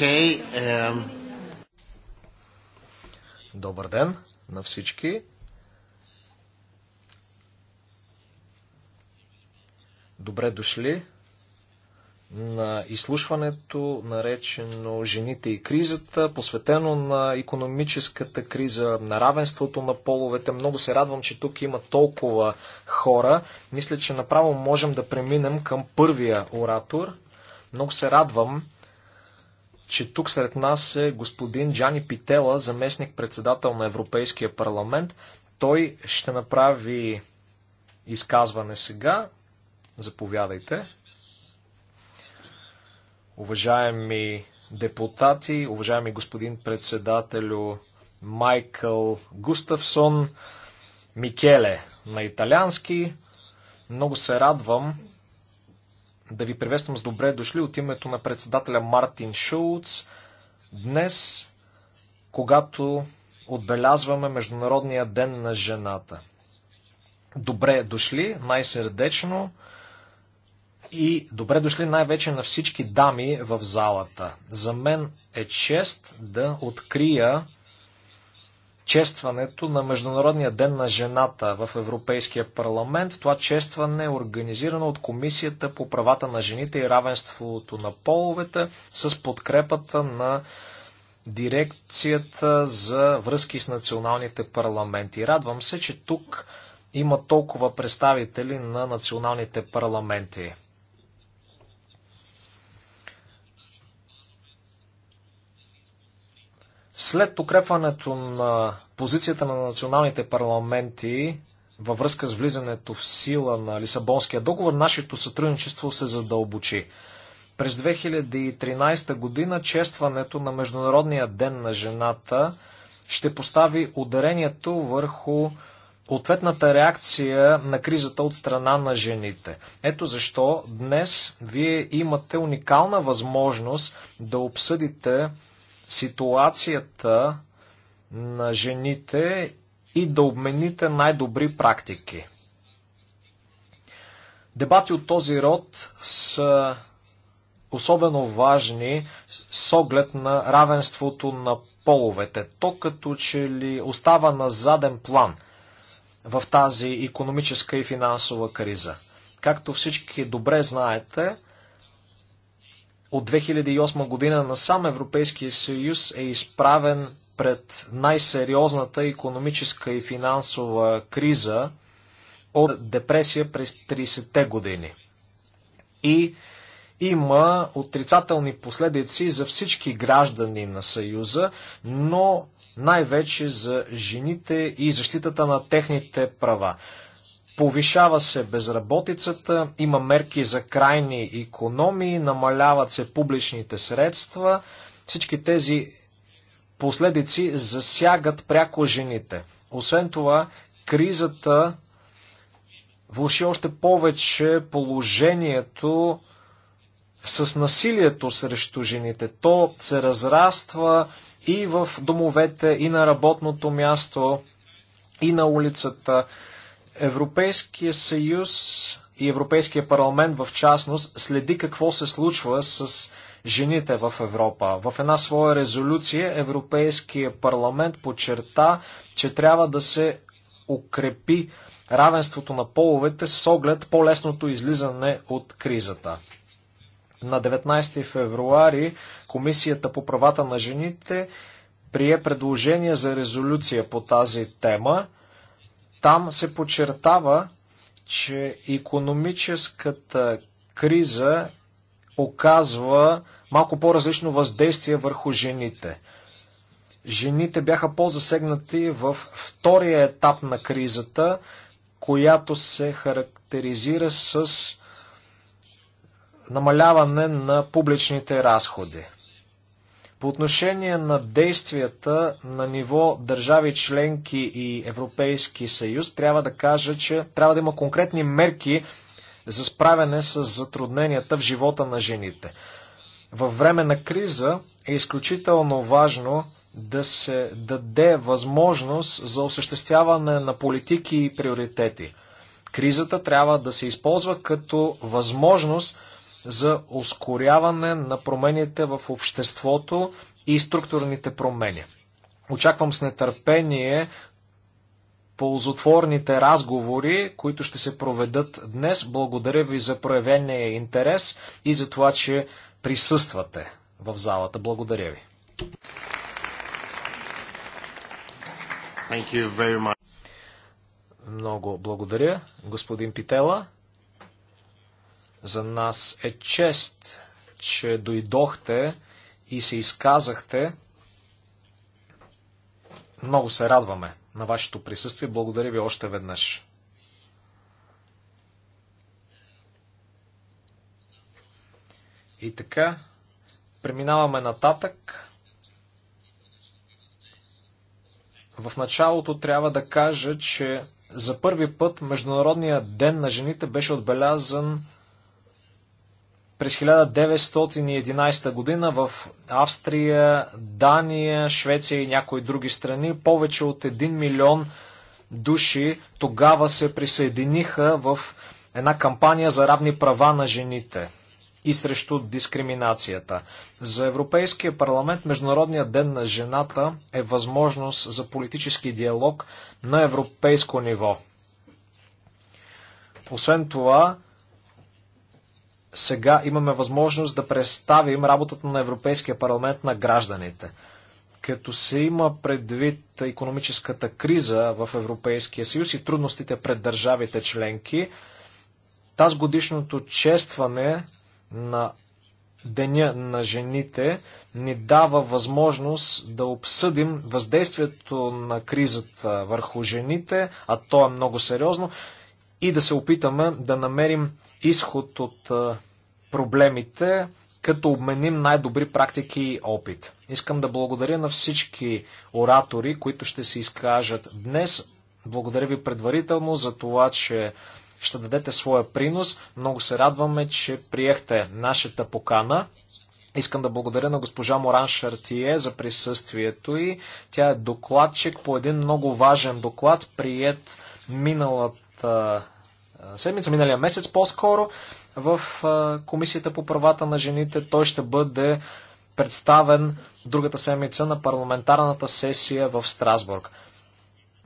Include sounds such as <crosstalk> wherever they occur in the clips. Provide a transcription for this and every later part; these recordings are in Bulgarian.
Okay, um... Добър ден на всички. Добре дошли на изслушването, наречено Жените и кризата, посветено на економическата криза, на равенството на половете. Много се радвам, че тук има толкова хора. Мисля, че направо можем да преминем към първия оратор. Много се радвам, че тук сред нас е господин Джани Питела, заместник-председател на Европейския парламент. Той ще направи изказване сега. Заповядайте. Уважаеми депутати, уважаеми господин председателю Майкъл Густавсон, Микеле на италиански. Много се радвам, да ви приветствам с добре дошли от името на председателя Мартин Шулц. Днес, когато отбелязваме Международния ден на жената. Добре дошли, най-сърдечно и добре дошли най-вече на всички дами в залата. За мен е чест да открия честването на Международния ден на жената в Европейския парламент. Това честване е организирано от Комисията по правата на жените и равенството на половете с подкрепата на Дирекцията за връзки с националните парламенти. Радвам се, че тук има толкова представители на националните парламенти. След укрепването на позицията на националните парламенти във връзка с влизането в сила на Лисабонския договор, нашето сътрудничество се задълбочи. През 2013 година честването на Международния ден на жената ще постави ударението върху ответната реакция на кризата от страна на жените. Ето защо днес вие имате уникална възможност да обсъдите ситуацията на жените и да обмените най-добри практики. Дебати от този род са особено важни с оглед на равенството на половете. То като че ли остава на заден план в тази економическа и финансова криза. Както всички добре знаете, от 2008 година на сам Европейския съюз е изправен пред най-сериозната економическа и финансова криза от депресия през 30-те години. И има отрицателни последици за всички граждани на Съюза, но най-вече за жените и защитата на техните права. Повишава се безработицата, има мерки за крайни економии, намаляват се публичните средства. Всички тези последици засягат пряко жените. Освен това, кризата влуши още повече положението с насилието срещу жените. То се разраства и в домовете, и на работното място, и на улицата. Европейския съюз и Европейския парламент в частност следи какво се случва с жените в Европа. В една своя резолюция Европейския парламент подчерта, че трябва да се укрепи равенството на половете с оглед по-лесното излизане от кризата. На 19 февруари Комисията по правата на жените прие предложение за резолюция по тази тема – там се подчертава, че економическата криза оказва малко по-различно въздействие върху жените. Жените бяха по-засегнати в втория етап на кризата, която се характеризира с намаляване на публичните разходи. По отношение на действията на ниво държави членки и Европейски съюз, трябва да кажа, че трябва да има конкретни мерки за справяне с затрудненията в живота на жените. Във време на криза е изключително важно да се даде възможност за осъществяване на политики и приоритети. Кризата трябва да се използва като възможност за ускоряване на промените в обществото и структурните промени. Очаквам с нетърпение ползотворните разговори, които ще се проведат днес. Благодаря ви за проявения интерес и за това, че присъствате в залата. Благодаря ви. Много благодаря, господин Питела. За нас е чест, че дойдохте и се изказахте. Много се радваме на вашето присъствие. Благодаря ви още веднъж. И така, преминаваме нататък. В началото трябва да кажа, че за първи път Международният ден на жените беше отбелязан през 1911 година в Австрия, Дания, Швеция и някои други страни повече от 1 милион души тогава се присъединиха в една кампания за равни права на жените и срещу дискриминацията. За Европейския парламент Международният ден на жената е възможност за политически диалог на европейско ниво. Освен това, сега имаме възможност да представим работата на Европейския парламент на гражданите. Като се има предвид економическата криза в Европейския съюз и трудностите пред държавите членки, таз годишното честване на Деня на жените ни дава възможност да обсъдим въздействието на кризата върху жените, а то е много сериозно и да се опитаме да намерим изход от проблемите, като обменим най-добри практики и опит. Искам да благодаря на всички оратори, които ще се изкажат днес. Благодаря ви предварително за това, че ще дадете своя принос. Много се радваме, че приехте нашата покана. Искам да благодаря на госпожа Моран Шартие за присъствието и тя е докладчик по един много важен доклад, прият миналата миналата седмица, миналия месец по-скоро, в Комисията по правата на жените. Той ще бъде представен другата седмица на парламентарната сесия в Страсбург.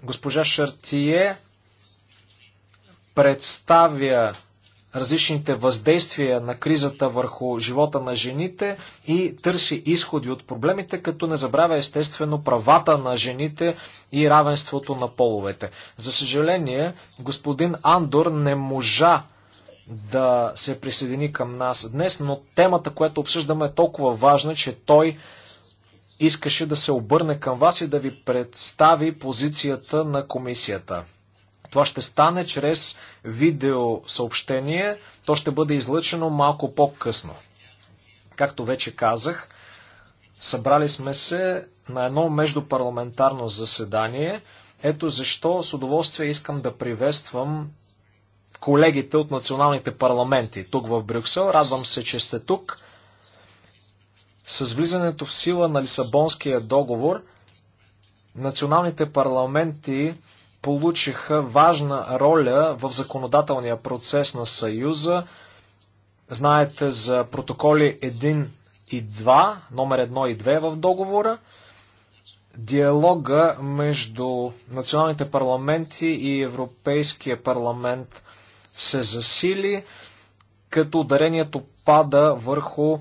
Госпожа Шартие представя различните въздействия на кризата върху живота на жените и търси изходи от проблемите, като не забравя естествено правата на жените и равенството на половете. За съжаление, господин Андор не можа да се присъедини към нас днес, но темата, която обсъждаме е толкова важна, че той искаше да се обърне към вас и да ви представи позицията на комисията. Това ще стане чрез видеосъобщение. То ще бъде излъчено малко по-късно. Както вече казах, събрали сме се на едно междупарламентарно заседание. Ето защо с удоволствие искам да приветствам колегите от националните парламенти тук в Брюксел. Радвам се, че сте тук. С влизането в сила на Лисабонския договор, националните парламенти получиха важна роля в законодателния процес на Съюза. Знаете за протоколи 1 и 2, номер 1 и 2 в договора. Диалога между националните парламенти и Европейския парламент се засили, като ударението пада върху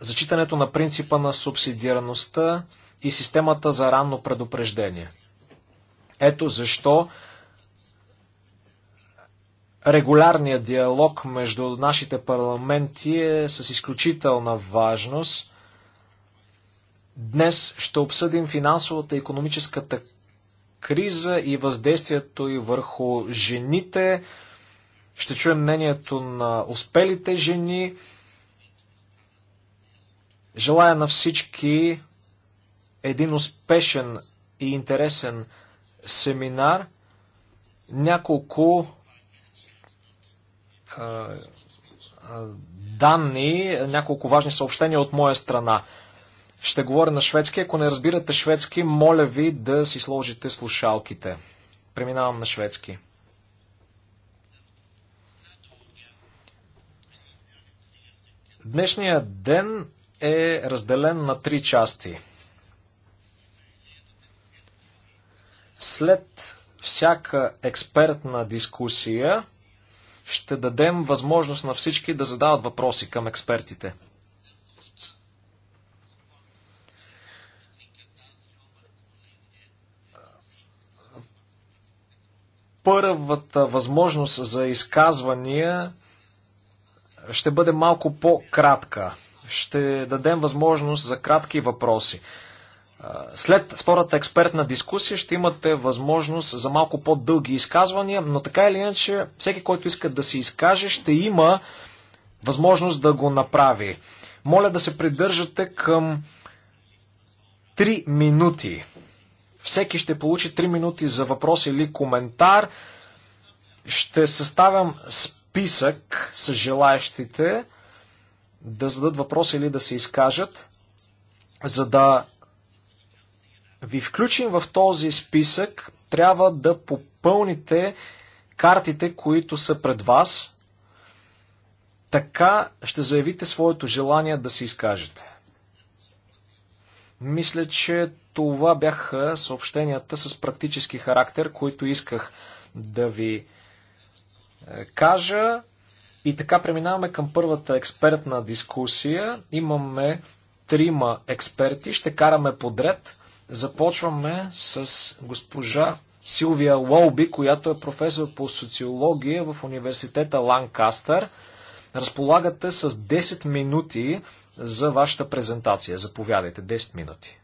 зачитането на принципа на субсидиарността и системата за ранно предупреждение – ето защо регулярният диалог между нашите парламенти е с изключителна важност. Днес ще обсъдим финансовата и економическата криза и въздействието и върху жените. Ще чуем мнението на успелите жени. Желая на всички един успешен и интересен семинар няколко е, данни, няколко важни съобщения от моя страна. Ще говоря на шведски. Ако не разбирате шведски, моля ви да си сложите слушалките. Преминавам на шведски. Днешният ден е разделен на три части – След всяка експертна дискусия ще дадем възможност на всички да задават въпроси към експертите. Първата възможност за изказвания ще бъде малко по-кратка. Ще дадем възможност за кратки въпроси. След втората експертна дискусия ще имате възможност за малко по-дълги изказвания, но така или иначе всеки, който иска да се изкаже, ще има възможност да го направи. Моля да се придържате към 3 минути. Всеки ще получи 3 минути за въпрос или коментар. Ще съставям списък с желаящите да зададат въпрос или да се изкажат, за да ви включим в този списък, трябва да попълните картите, които са пред вас. Така ще заявите своето желание да се изкажете. Мисля, че това бяха съобщенията с практически характер, които исках да ви е, кажа. И така преминаваме към първата експертна дискусия. Имаме трима експерти, ще караме подред. Започваме с госпожа Силвия Лоуби, която е професор по социология в университета Ланкастър. Разполагате с 10 минути за вашата презентация. Заповядайте, 10 минути.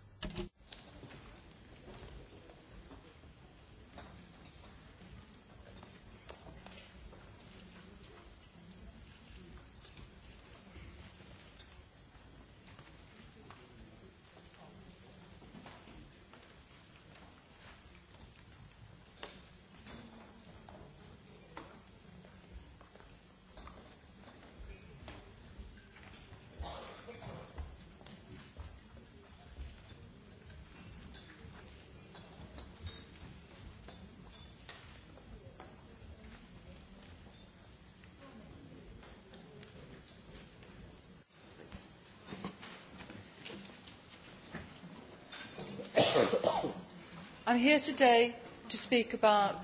I'm here today to speak about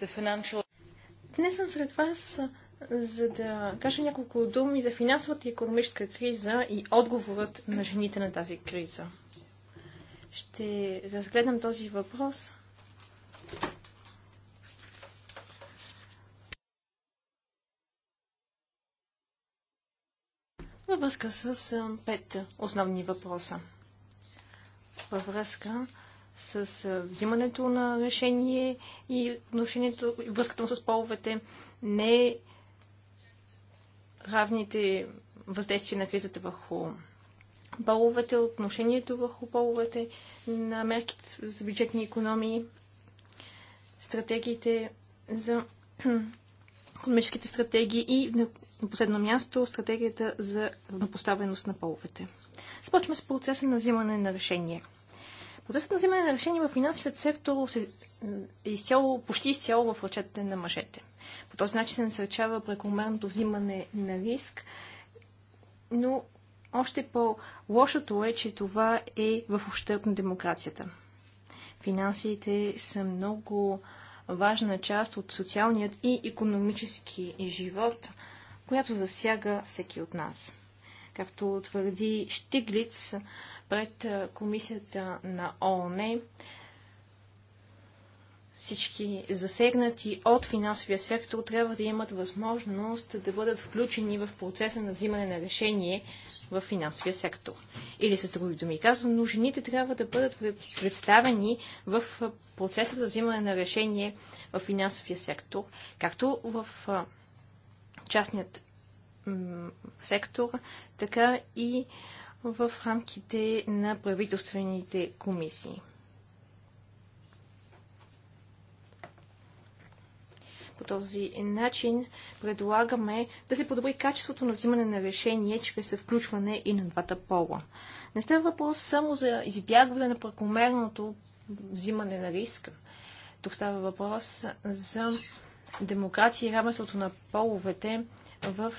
the financial... Днес съм сред вас, за да кажа няколко думи за финансовата и економическа криза и отговорът на жените на тази криза. Ще разгледам този въпрос във връзка с пет основни въпроса. Във връзка с взимането на решение и отношението, и връзката му с половете, не е равните въздействия на кризата върху половете, отношението върху половете, на мерките за бюджетни економии, стратегиите за <clears throat> економическите стратегии и на последно място стратегията за равнопоставеност на половете. Започваме с процеса на взимане на решение – Процесът на вземане на решение в финансовият сектор се е изцяло, почти изцяло в ръчете на мъжете. По този начин се насърчава прекомерното взимане на риск, но още по-лошото е, че това е в ущърп на демокрацията. Финансите са много важна част от социалният и економически живот, която засяга всеки от нас. Както твърди Штиглиц, пред комисията на ООН всички засегнати от финансовия сектор трябва да имат възможност да бъдат включени в процеса на взимане на решение в финансовия сектор. Или с други думи казано, жените трябва да бъдат представени в процеса за взимане на решение в финансовия сектор, както в частният сектор, така и в рамките на правителствените комисии. По този начин предлагаме да се подобри качеството на взимане на решение чрез включване и на двата пола. Не става въпрос само за избягване на прекомерното взимане на риск. Тук става въпрос за демокрация и равенството на половете в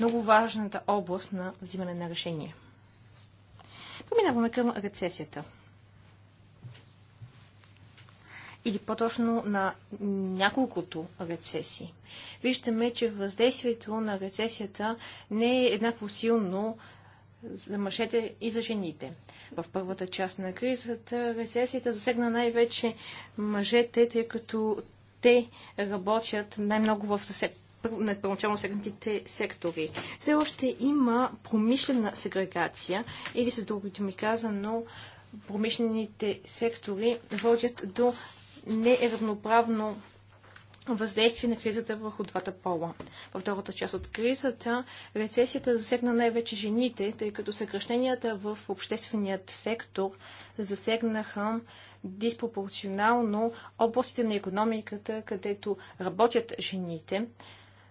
много важната област на взимане на решения преминаваме към рецесията. Или по-точно на няколкото рецесии. Виждаме, че въздействието на рецесията не е еднакво силно за мъжете и за жените. В първата част на кризата рецесията засегна най-вече мъжете, тъй като те работят най-много в съсед на първоначално сегнатите сектори. Все още има промишлена сегрегация или с другите ми казано, промишлените сектори водят до неравноправно въздействие на кризата върху двата пола. Във втората част от кризата рецесията засегна най-вече жените, тъй като съкръщенията в общественият сектор засегнаха диспропорционално областите на економиката, където работят жените,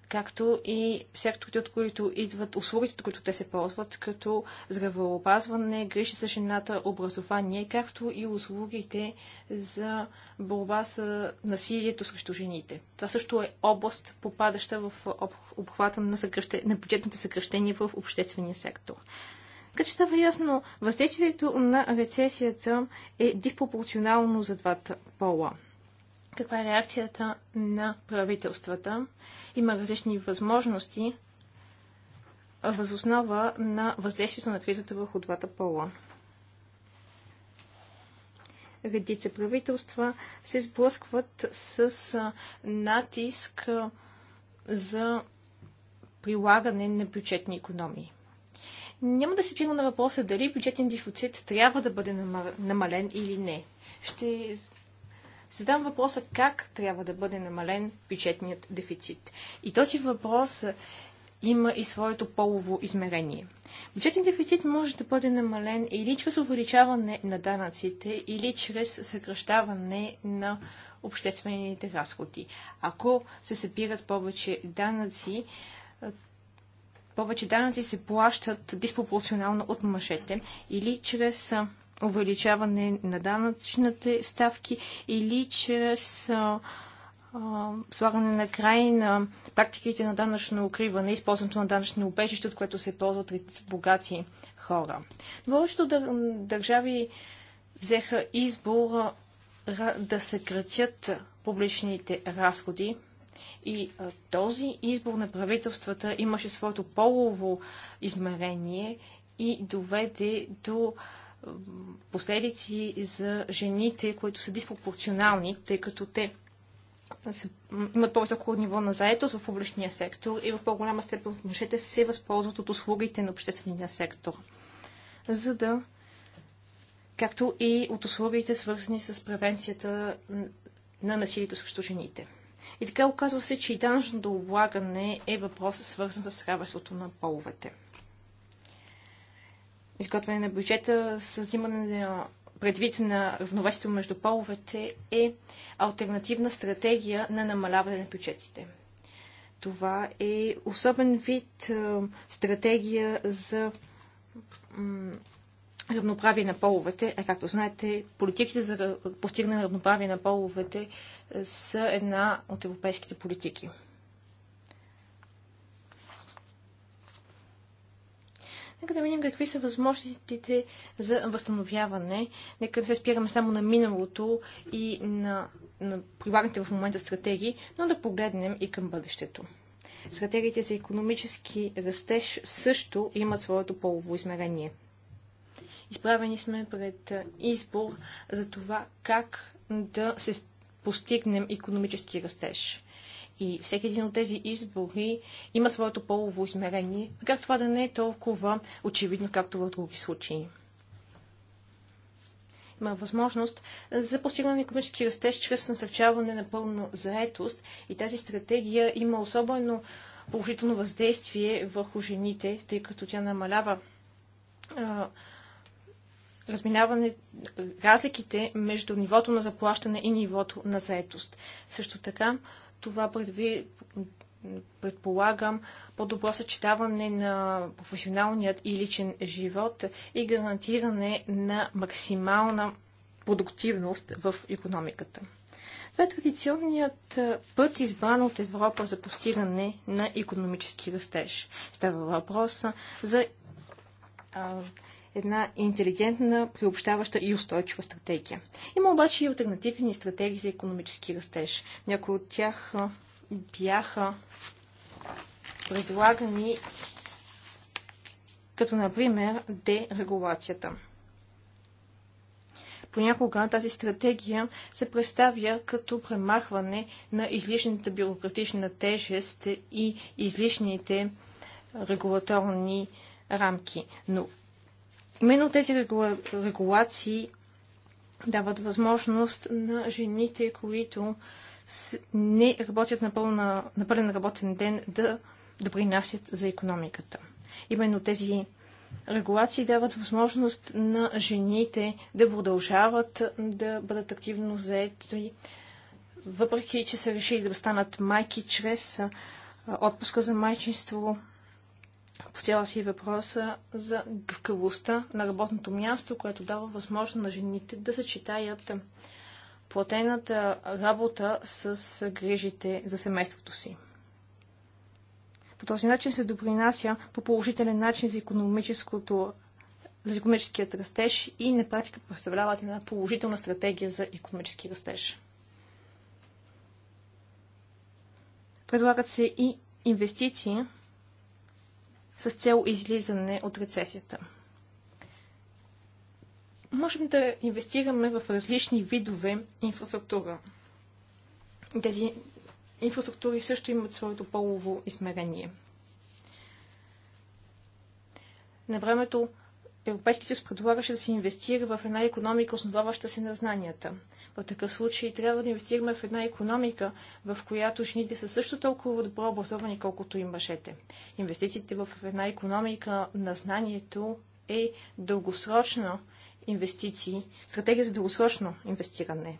както и секторите, от които идват услугите, от които те се ползват, като здравеопазване, грижи за жената, образование, както и услугите за борба с насилието срещу жените. Това също е област, попадаща в обхвата на, съкръщ... на бюджетните съкръщения в обществения сектор. Така че става ясно, въздействието на рецесията е диспропорционално за двата пола каква е реакцията на правителствата. Има различни възможности възоснова на въздействието на кризата върху двата пола. Редица правителства се сблъскват с натиск за прилагане на бюджетни економии. Няма да се пирам на въпроса дали бюджетен дефицит трябва да бъде намален или не. Ще задам въпроса как трябва да бъде намален бюджетният дефицит. И този въпрос има и своето полово измерение. Бюджетният дефицит може да бъде намален или чрез увеличаване на данъците, или чрез съкръщаване на обществените разходи. Ако се събират повече данъци, повече данъци се плащат диспропорционално от мъжете или чрез увеличаване на данъчните ставки или чрез слагане на край на практиките на данъчно укриване, използването на данъчни убежища, от което се ползват богати хора. Повечето държави взеха избор да съкратят публичните разходи, и този избор на правителствата имаше своето полово измерение и доведе до последици за жените, които са диспропорционални, тъй като те имат по-високо ниво на заетост в публичния сектор и в по-голяма степен мъжете се възползват от услугите на обществения сектор. За да както и от услугите, свързани с превенцията на насилието срещу жените. И така оказва се, че и данъчното облагане е въпрос свързан с равенството на половете изготвяне на бюджета с взимане на предвид на равновесието между половете е альтернативна стратегия на намаляване на бюджетите. Това е особен вид е, стратегия за равноправие на половете. А както знаете, политиките за постигане на равноправие на половете е, са една от европейските политики. Нека да видим какви са възможностите за възстановяване. Нека да се спираме само на миналото и на, на прилаганите в момента стратегии, но да погледнем и към бъдещето. Стратегиите за економически растеж също имат своето полово измерение. Изправени сме пред избор за това как да се постигнем економически растеж. И всеки един от тези избори има своето полово измерение, макар това да не е толкова очевидно, както в други случаи. Има възможност за постигане на економически растеж чрез насърчаване на пълна заетост и тази стратегия има особено положително въздействие върху жените, тъй като тя намалява разминаване, разликите между нивото на заплащане и нивото на заетост. Също така това предви... предполагам по-добро съчетаване на професионалният и личен живот и гарантиране на максимална продуктивност в економиката. Това е традиционният път, избран от Европа за постигане на економически растеж. Става въпроса за една интелигентна, приобщаваща и устойчива стратегия. Има обаче и альтернативни стратегии за економически растеж. Някои от тях бяха предлагани като например дерегулацията. Понякога тази стратегия се представя като премахване на излишната бюрократична тежест и излишните регулаторни рамки. Но Именно тези регулации дават възможност на жените, които не работят на, пълна, на пълен работен ден, да допринасят да за економиката. Именно тези регулации дават възможност на жените да продължават да бъдат активно заети, въпреки че са решили да станат майки чрез отпуска за майчинство Постява си въпроса за гъвкавостта на работното място, което дава възможност на жените да съчетаят платената работа с грижите за семейството си. По този начин се допринася по положителен начин за економическото за економическият растеж и на практика представляват една положителна стратегия за економически растеж. Предлагат се и инвестиции с цел излизане от рецесията. Можем да инвестираме в различни видове инфраструктура. Тези инфраструктури също имат своето полово измерение. На времето Европейски съюз предлагаше да се инвестира в една економика, основаваща се на знанията. В такъв случай трябва да инвестираме в една економика, в която жените са също толкова добро образовани, колкото и мъжете. Инвестициите в една економика на знанието е дългосрочна инвестиции, стратегия за дългосрочно инвестиране.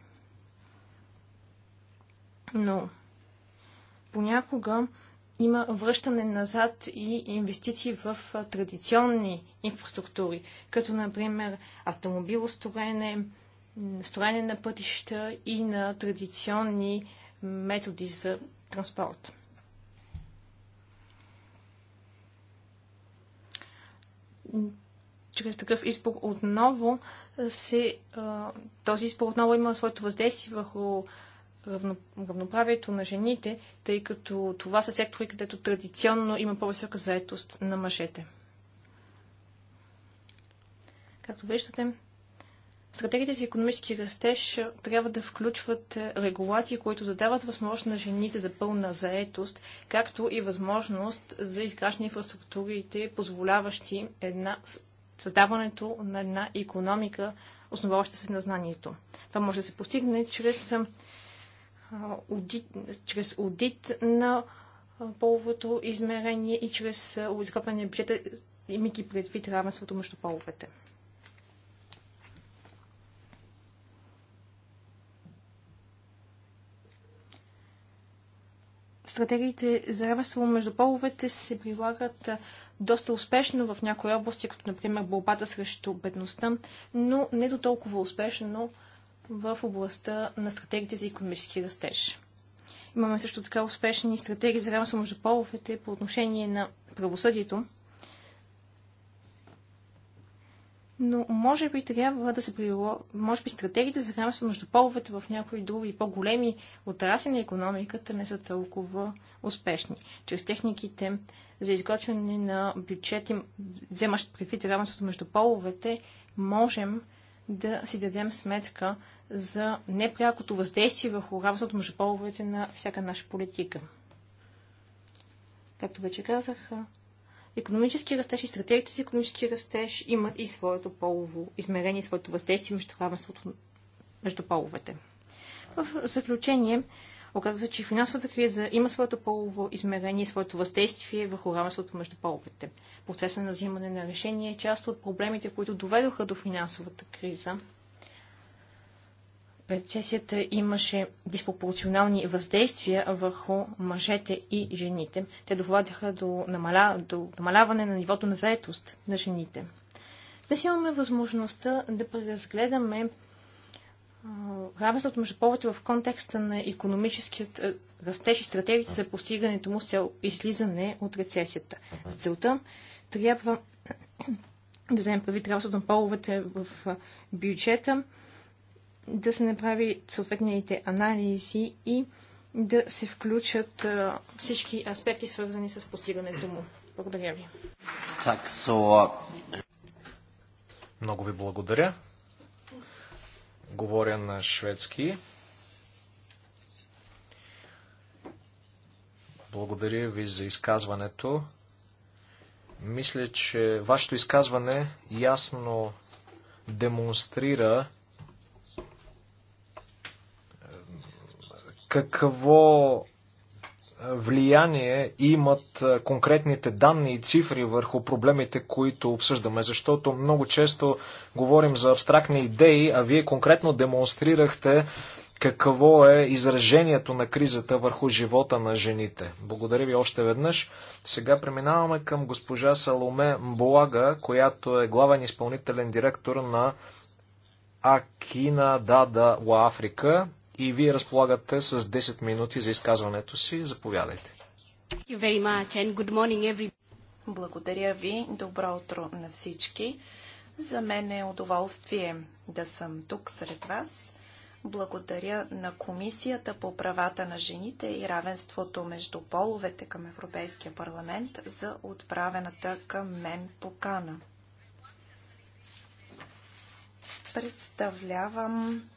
Но понякога има връщане назад и инвестиции в традиционни инфраструктури, като например автомобилостроене, строене на пътища и на традиционни методи за транспорт. Чрез такъв избор отново се, този избор отново има своето въздействие върху равноправието на жените, тъй като това са сектори, където традиционно има по-висока заетост на мъжете. Както виждате, Стратегиите за економически растеж трябва да включват е, регулации, които да дават възможност на жените за пълна заетост, както и възможност за изграждане инфраструктурите, позволяващи една, създаването на една економика, основаваща се на знанието. Това може да се постигне чрез аудит, чрез аудит на половото измерение и чрез изграждане на бюджета, имайки предвид равенството между половете. стратегиите за равенство между половете се прилагат доста успешно в някои области, като например борбата срещу бедността, но не до толкова успешно в областта на стратегиите за економически растеж. Имаме също така успешни стратегии за равенство между половете по отношение на правосъдието, но може би трябва да се прило... може би стратегията за са между половете в някои други по-големи отрасли на економиката не са толкова успешни. Чрез техниките за изготвяне на бюджети, вземащ предвид равенството между половете, можем да си дадем сметка за непрякото въздействие върху равенството между половете на всяка наша политика. Както вече казах, економически растеж и стратегията за економически растеж имат и своето полово измерение, и своето въздействие между равенството между половете. В заключение, оказва се, че финансовата криза има своето полово измерение и своето въздействие върху равенството между половете. Процесът на взимане на решение е част от проблемите, които доведоха до финансовата криза – рецесията имаше диспропорционални въздействия върху мъжете и жените. Те доводяха до, намаля, до намаляване на нивото на заетост на жените. Днес имаме възможността да преразгледаме равенството между повече в контекста на економическият растеж и стратегията за постигането му с цел излизане от рецесията. За целта трябва <clears throat> да вземем правителството на половете в бюджета, да се направи съответните анализи и да се включат всички аспекти, свързани с постигането му. Благодаря ви. Так, so... Много ви благодаря. Говоря на шведски. Благодаря ви за изказването. Мисля, че вашето изказване ясно демонстрира какво влияние имат конкретните данни и цифри върху проблемите, които обсъждаме, защото много често говорим за абстрактни идеи, а вие конкретно демонстрирахте какво е изражението на кризата върху живота на жените. Благодаря ви още веднъж. Сега преминаваме към госпожа Саломе Мболага, която е главен изпълнителен директор на Акина Дада Уа Африка и вие разполагате с 10 минути за изказването си. Заповядайте. Благодаря ви. Добро утро на всички. За мен е удоволствие да съм тук сред вас. Благодаря на Комисията по правата на жените и равенството между половете към Европейския парламент за отправената към мен покана. Представлявам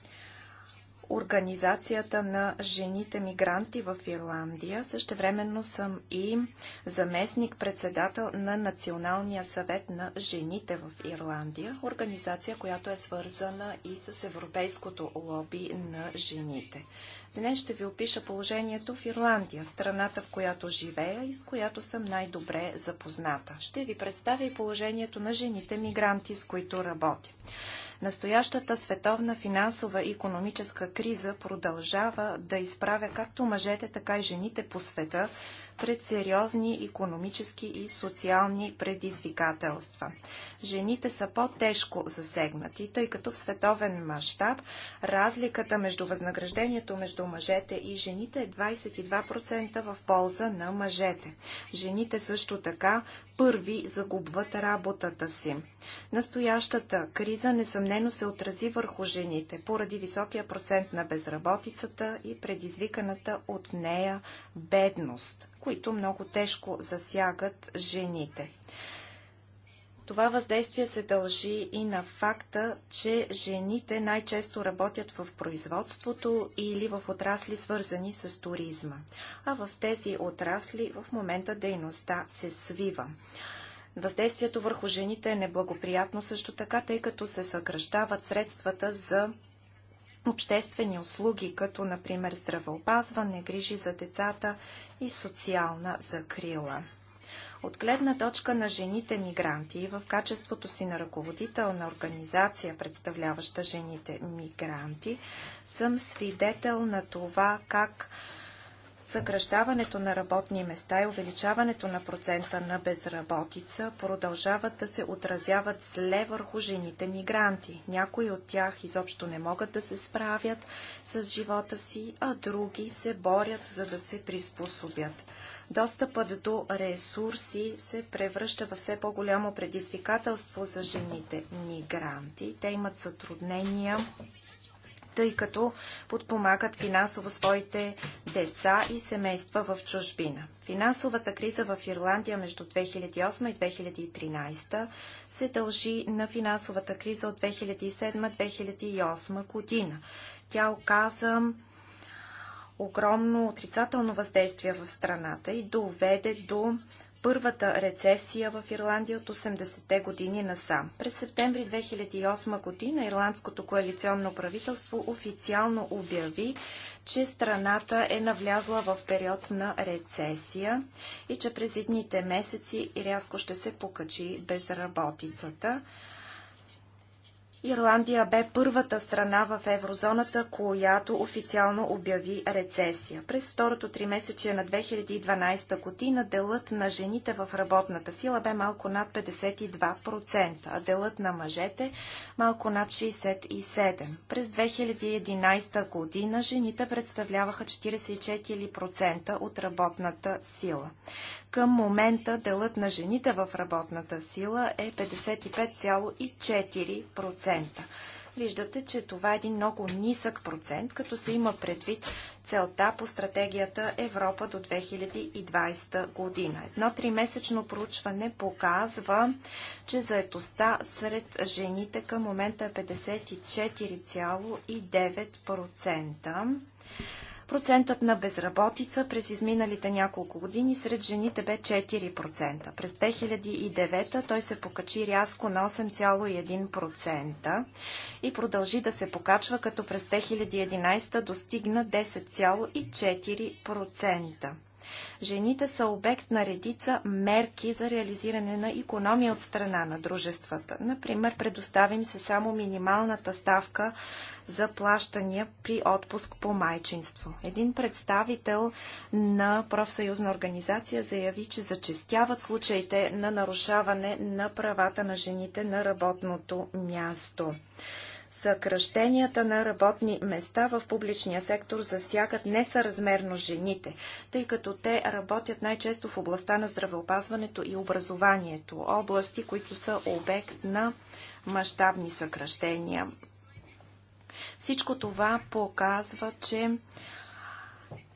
Организацията на жените мигранти в Ирландия. времено съм и заместник-председател на Националния съвет на жените в Ирландия. Организация, която е свързана и с европейското лоби на жените. Днес ще ви опиша положението в Ирландия, страната в която живея и с която съм най-добре запозната. Ще ви представя и положението на жените мигранти, с които работя. Настоящата световна финансова и економическа криза продължава да изправя както мъжете, така и жените по света пред сериозни економически и социални предизвикателства. Жените са по-тежко засегнати, тъй като в световен мащаб разликата между възнаграждението между мъжете и жените е 22% в полза на мъжете. Жените също така първи загубват работата си. Настоящата криза несъмнено се отрази върху жените поради високия процент на безработицата и предизвиканата от нея бедност които много тежко засягат жените. Това въздействие се дължи и на факта, че жените най-често работят в производството или в отрасли свързани с туризма. А в тези отрасли в момента дейността се свива. Въздействието върху жените е неблагоприятно също така, тъй като се съкръщават средствата за обществени услуги, като например здравеопазване, грижи за децата и социална закрила. От гледна точка на жените мигранти и в качеството си на ръководител на организация, представляваща жените мигранти, съм свидетел на това как Съкръщаването на работни места и увеличаването на процента на безработица продължават да се отразяват зле върху жените мигранти. Някои от тях изобщо не могат да се справят с живота си, а други се борят за да се приспособят. Достъпът до ресурси се превръща в все по-голямо предизвикателство за жените мигранти. Те имат затруднения тъй като подпомагат финансово своите деца и семейства в чужбина. Финансовата криза в Ирландия между 2008 и 2013 се дължи на финансовата криза от 2007-2008 година. Тя оказа огромно отрицателно въздействие в страната и доведе до първата рецесия в Ирландия от 80-те години насам. През септември 2008 година Ирландското коалиционно правителство официално обяви, че страната е навлязла в период на рецесия и че през едните месеци рязко ще се покачи безработицата. Ирландия бе първата страна в еврозоната, която официално обяви рецесия. През второто три месече на 2012 година делът на жените в работната сила бе малко над 52%, а делът на мъжете малко над 67%. През 2011 година жените представляваха 44% от работната сила. Към момента делът на жените в работната сила е 55,4%. Виждате, че това е един много нисък процент, като се има предвид целта по стратегията Европа до 2020 година. Едно тримесечно проучване показва, че заетостта сред жените към момента е 54,9%. Процентът на безработица през изминалите няколко години сред жените бе 4%. През 2009 той се покачи рязко на 8,1% и продължи да се покачва, като през 2011 достигна 10,4%. Жените са обект на редица мерки за реализиране на економия от страна на дружествата. Например, предоставим се само минималната ставка за плащания при отпуск по майчинство. Един представител на профсъюзна организация заяви, че зачестяват случаите на нарушаване на правата на жените на работното място. Съкръщенията на работни места в публичния сектор засягат несъразмерно жените, тъй като те работят най-често в областта на здравеопазването и образованието, области, които са обект на мащабни съкръщения. Всичко това показва, че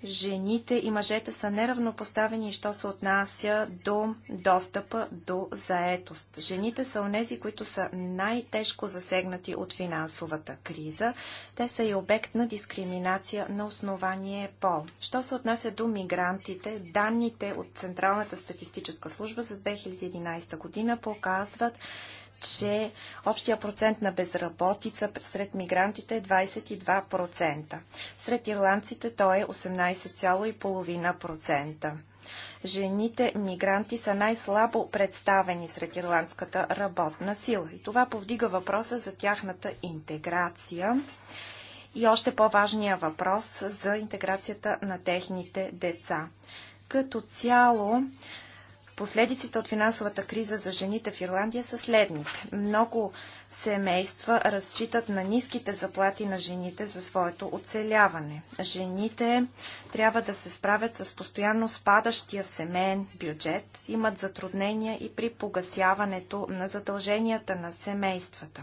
жените и мъжете са неравнопоставени, що се отнася до достъпа до заетост. Жените са онези, които са най-тежко засегнати от финансовата криза. Те са и обект на дискриминация на основание пол. Що се отнася до мигрантите, данните от Централната статистическа служба за 2011 година показват, че общия процент на безработица сред мигрантите е 22%. Сред ирландците той е 18,5%. Жените мигранти са най-слабо представени сред ирландската работна сила и това повдига въпроса за тяхната интеграция и още по-важния въпрос за интеграцията на техните деца. Като цяло, Последиците от финансовата криза за жените в Ирландия са следните. Много семейства разчитат на ниските заплати на жените за своето оцеляване. Жените трябва да се справят с постоянно спадащия семейен бюджет, имат затруднения и при погасяването на задълженията на семействата.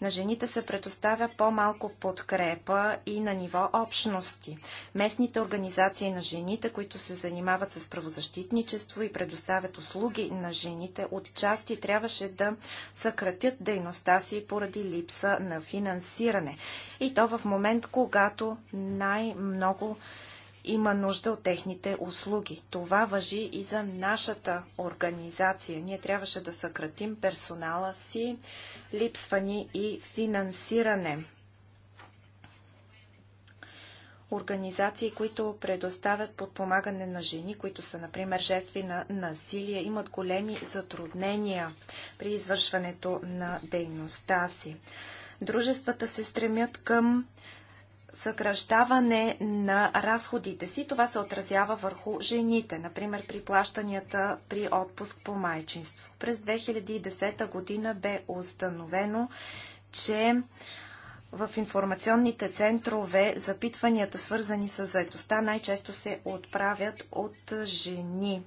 На жените се предоставя по-малко подкрепа и на ниво общности. Местните организации на жените, които се занимават с правозащитничество и предоставят услуги на жените, от части трябваше да съкратят дейността си поради липса на финансиране. И то в момент, когато най-много има нужда от техните услуги. Това въжи и за нашата организация. Ние трябваше да съкратим персонала си, липсва ни и финансиране организации, които предоставят подпомагане на жени, които са, например, жертви на насилие, имат големи затруднения при извършването на дейността си. Дружествата се стремят към съкръщаване на разходите си. Това се отразява върху жените, например при плащанията при отпуск по майчинство. През 2010 година бе установено, че в информационните центрове запитванията, свързани с заедостта, най-често се отправят от жени.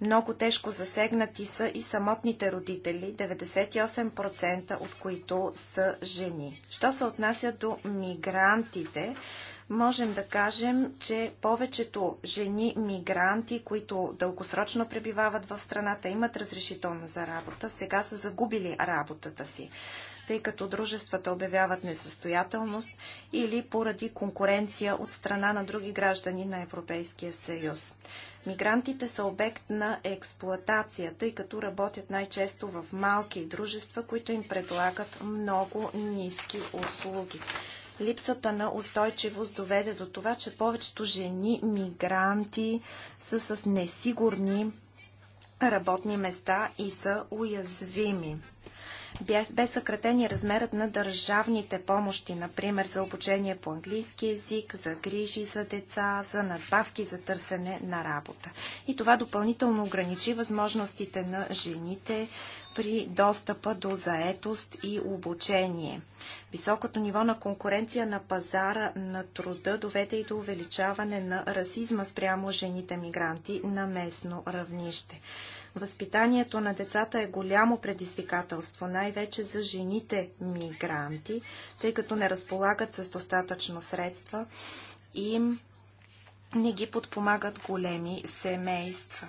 Много тежко засегнати са и самотните родители, 98% от които са жени. Що се отнася до мигрантите, можем да кажем, че повечето жени мигранти, които дългосрочно пребивават в страната, имат разрешително за работа, сега са загубили работата си тъй като дружествата обявяват несъстоятелност или поради конкуренция от страна на други граждани на Европейския съюз. Мигрантите са обект на експлоатация, тъй като работят най-често в малки дружества, които им предлагат много ниски услуги. Липсата на устойчивост доведе до това, че повечето жени мигранти са с несигурни работни места и са уязвими бе съкратен и размерът на държавните помощи, например за обучение по английски язик, за грижи за деца, за надбавки за търсене на работа. И това допълнително ограничи възможностите на жените при достъпа до заетост и обучение. Високото ниво на конкуренция на пазара на труда доведе и до увеличаване на расизма спрямо жените мигранти на местно равнище. Възпитанието на децата е голямо предизвикателство, най-вече за жените мигранти, тъй като не разполагат с достатъчно средства и им не ги подпомагат големи семейства.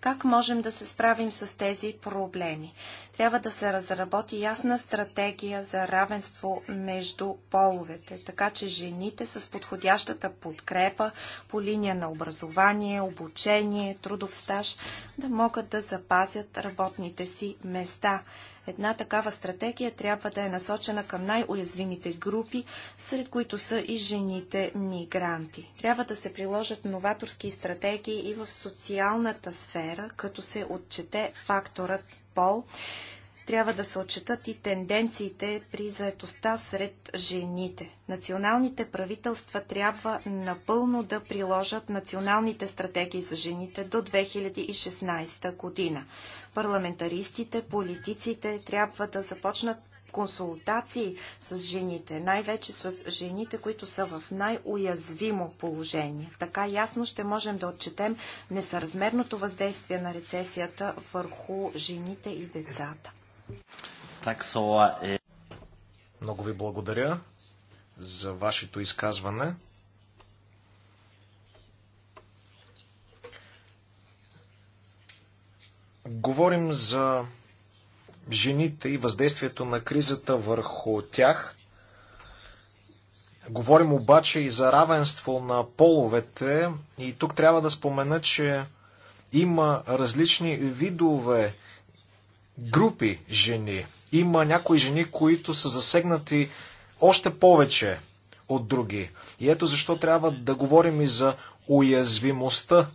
Как можем да се справим с тези проблеми? Трябва да се разработи ясна стратегия за равенство между половете, така че жените с подходящата подкрепа по линия на образование, обучение, трудов стаж да могат да запазят работните си места. Една такава стратегия трябва да е насочена към най-уязвимите групи, сред които са и жените мигранти. Трябва да се приложат новаторски стратегии и в социалната сфера, като се отчете факторът пол трябва да се отчетат и тенденциите при заетостта сред жените. Националните правителства трябва напълно да приложат националните стратегии за жените до 2016 година. Парламентаристите, политиците трябва да започнат консултации с жените, най-вече с жените, които са в най-уязвимо положение. Така ясно ще можем да отчетем несъразмерното въздействие на рецесията върху жените и децата. Е, Много ви благодаря за вашето изказване. Говорим за жените и въздействието на кризата върху тях. Говорим обаче и за равенство на половете и тук трябва да спомена, че има различни видове групи жени. Има някои жени, които са засегнати още повече от други. И ето защо трябва да говорим и за уязвимостта.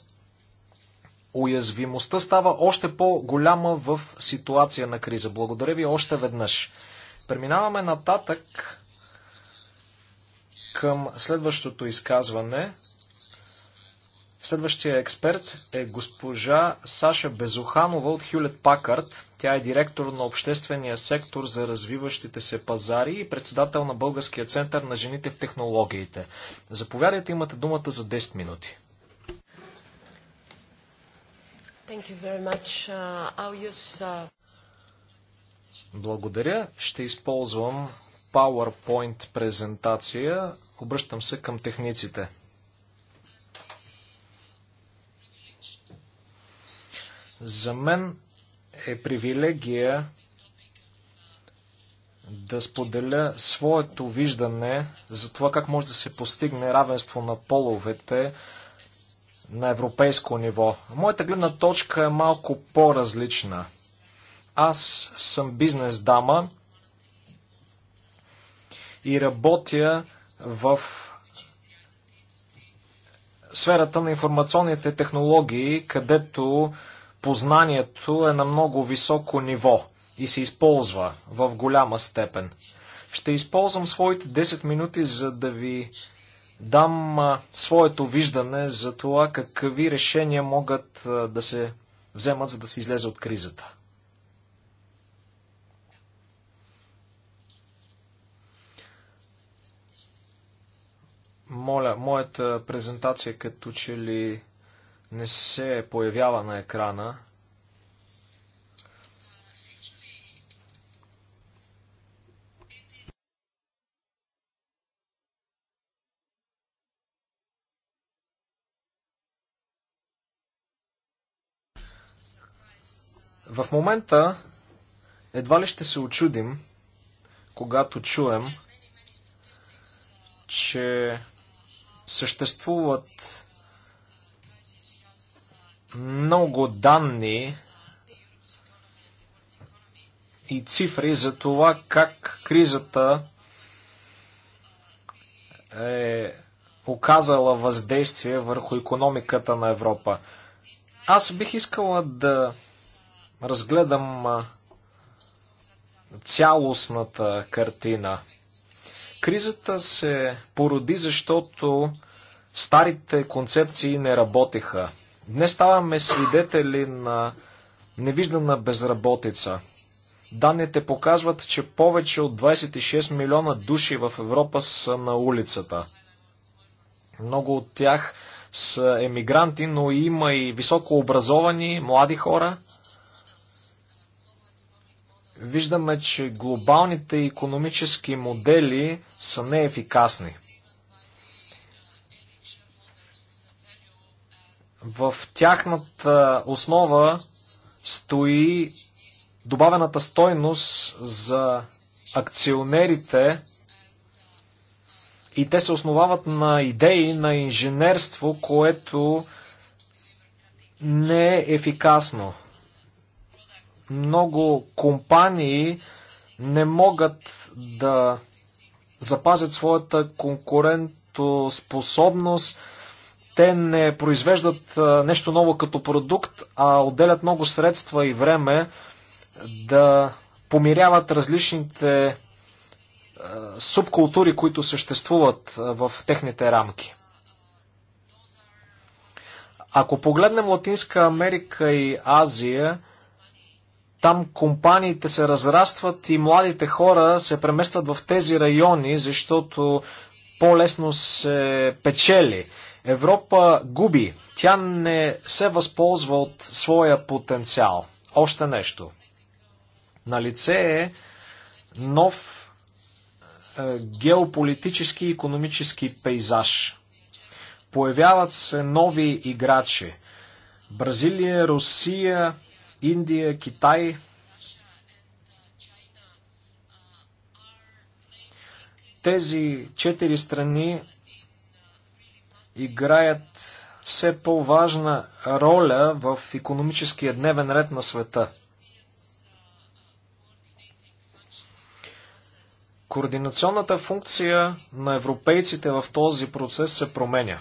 Уязвимостта става още по-голяма в ситуация на криза. Благодаря ви още веднъж. Преминаваме нататък към следващото изказване. Следващия експерт е госпожа Саша Безоханова от Хюлет Пакарт. Тя е директор на обществения сектор за развиващите се пазари и председател на Българския център на жените в технологиите. Заповядайте, имате думата за 10 минути. Uh, uh. Благодаря. Ще използвам PowerPoint презентация. Обръщам се към техниците. За мен е привилегия да споделя своето виждане за това как може да се постигне равенство на половете на европейско ниво. Моята гледна точка е малко по-различна. Аз съм бизнес дама и работя в сферата на информационните технологии, където познанието е на много високо ниво и се използва в голяма степен. Ще използвам своите 10 минути, за да ви дам своето виждане за това какви решения могат да се вземат, за да се излезе от кризата. Моля, моята презентация като че ли не се появява на екрана. В момента едва ли ще се очудим, когато чуем, че съществуват много данни и цифри за това как кризата е оказала въздействие върху економиката на Европа. Аз бих искала да разгледам цялостната картина. Кризата се породи, защото старите концепции не работеха. Днес ставаме свидетели на невиждана безработица. Данните показват, че повече от 26 милиона души в Европа са на улицата. Много от тях са емигранти, но има и високообразовани млади хора. Виждаме, че глобалните економически модели са неефикасни. в тяхната основа стои добавената стойност за акционерите и те се основават на идеи, на инженерство, което не е ефикасно. Много компании не могат да запазят своята конкурентоспособност, те не произвеждат нещо ново като продукт, а отделят много средства и време да помиряват различните субкултури, които съществуват в техните рамки. Ако погледнем Латинска Америка и Азия, там компаниите се разрастват и младите хора се преместват в тези райони, защото по-лесно се печели Европа губи. Тя не се възползва от своя потенциал. Още нещо. На лице е нов е, геополитически и економически пейзаж. Появяват се нови играчи. Бразилия, Русия, Индия, Китай. Тези четири страни играят все по-важна роля в економическия дневен ред на света. Координационната функция на европейците в този процес се променя.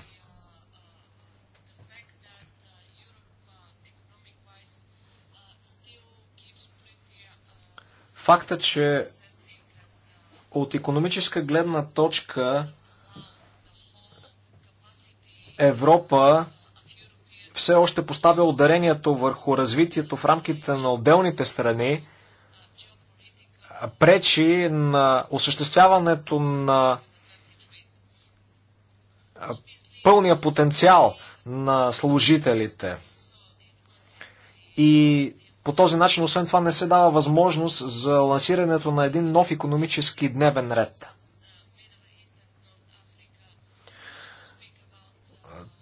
Факта, че от економическа гледна точка Европа все още поставя ударението върху развитието в рамките на отделните страни, пречи на осъществяването на пълния потенциал на служителите. И по този начин, освен това, не се дава възможност за лансирането на един нов економически дневен ред.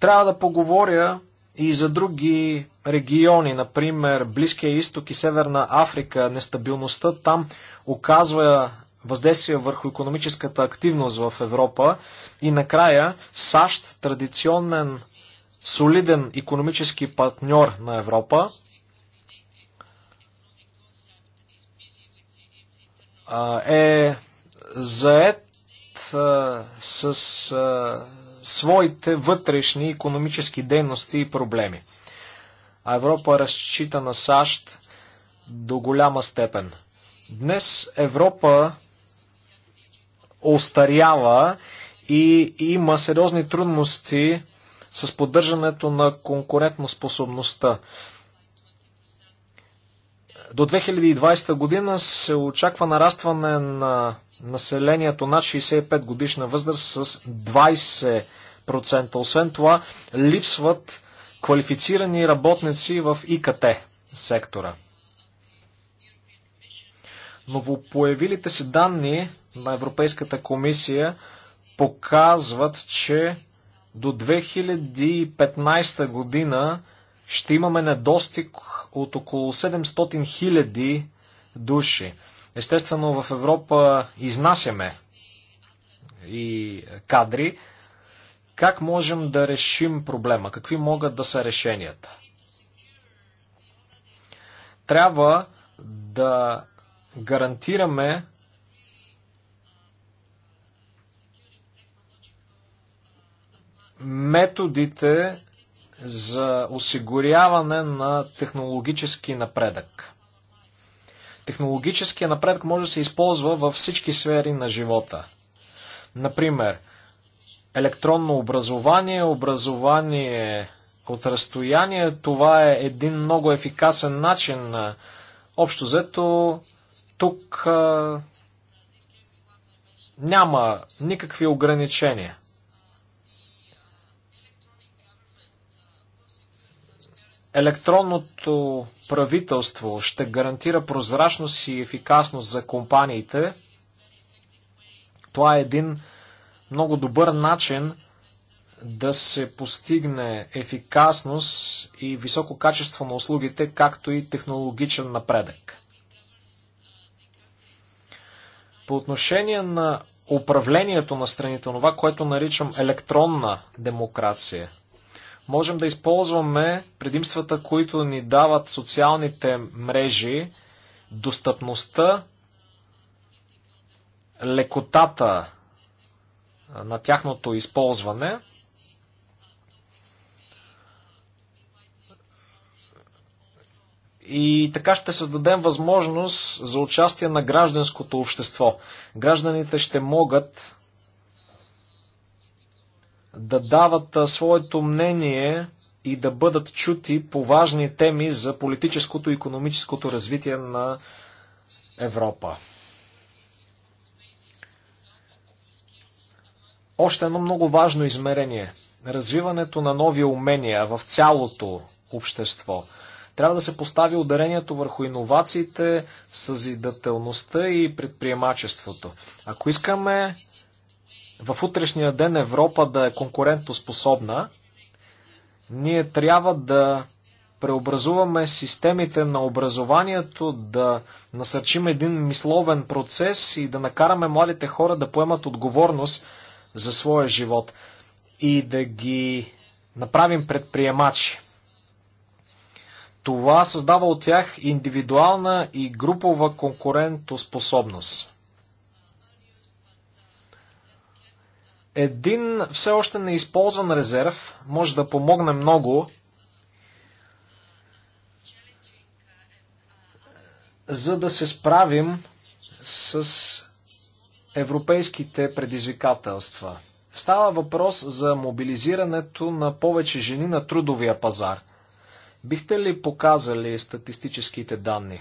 Трябва да поговоря и за други региони, например Близкия изток и Северна Африка. Нестабилността там оказва въздействие върху економическата активност в Европа. И накрая САЩ, традиционен солиден економически партньор на Европа, е заед с своите вътрешни економически дейности и проблеми. А Европа разчита на САЩ до голяма степен. Днес Европа остарява и има сериозни трудности с поддържането на конкурентоспособността. До 2020 година се очаква нарастване на населението над 65 годишна възраст с 20%. Освен това, липсват квалифицирани работници в ИКТ сектора. Новопоявилите се данни на Европейската комисия показват, че до 2015 година ще имаме недостиг от около 700 000 души. Естествено, в Европа изнасяме и кадри. Как можем да решим проблема? Какви могат да са решенията? Трябва да гарантираме методите за осигуряване на технологически напредък. Технологическия напредък може да се използва във всички сфери на живота. Например, електронно образование, образование от разстояние, това е един много ефикасен начин. Общо взето, тук а, няма никакви ограничения. електронното правителство ще гарантира прозрачност и ефикасност за компаниите, това е един много добър начин да се постигне ефикасност и високо качество на услугите, както и технологичен напредък. По отношение на управлението на страните, това, което наричам електронна демокрация – можем да използваме предимствата, които ни дават социалните мрежи, достъпността, лекотата на тяхното използване. И така ще създадем възможност за участие на гражданското общество. Гражданите ще могат да дават своето мнение и да бъдат чути по важни теми за политическото и економическото развитие на Европа. Още едно много важно измерение развиването на нови умения в цялото общество. Трябва да се постави ударението върху иновациите, съзидателността и предприемачеството. Ако искаме в утрешния ден Европа да е конкурентоспособна, ние трябва да преобразуваме системите на образованието, да насърчим един мисловен процес и да накараме младите хора да поемат отговорност за своя живот и да ги направим предприемачи. Това създава от тях индивидуална и групова конкурентоспособност. Един все още неизползван резерв може да помогне много за да се справим с европейските предизвикателства. Става въпрос за мобилизирането на повече жени на трудовия пазар. Бихте ли показали статистическите данни?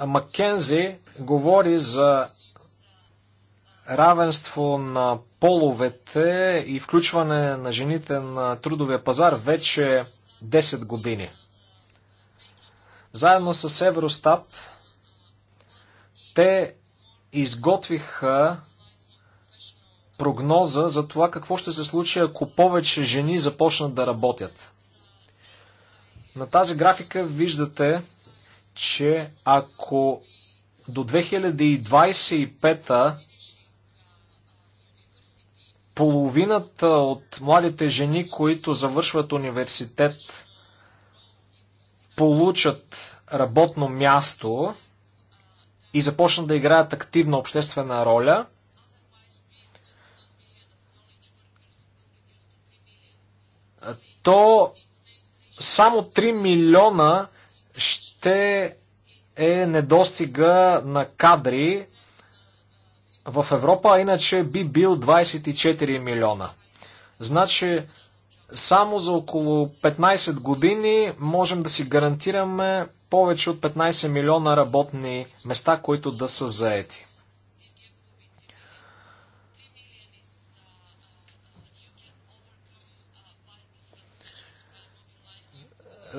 Маккензи говори за равенство на половете и включване на жените на трудовия пазар вече 10 години. Заедно с Евростат те изготвиха прогноза за това какво ще се случи, ако повече жени започнат да работят. На тази графика виждате че ако до 2025 половината от младите жени, които завършват университет, получат работно място и започнат да играят активна обществена роля, то само 3 милиона те е недостига на кадри в Европа, а иначе би бил 24 милиона. Значи, само за около 15 години можем да си гарантираме повече от 15 милиона работни места, които да са заети.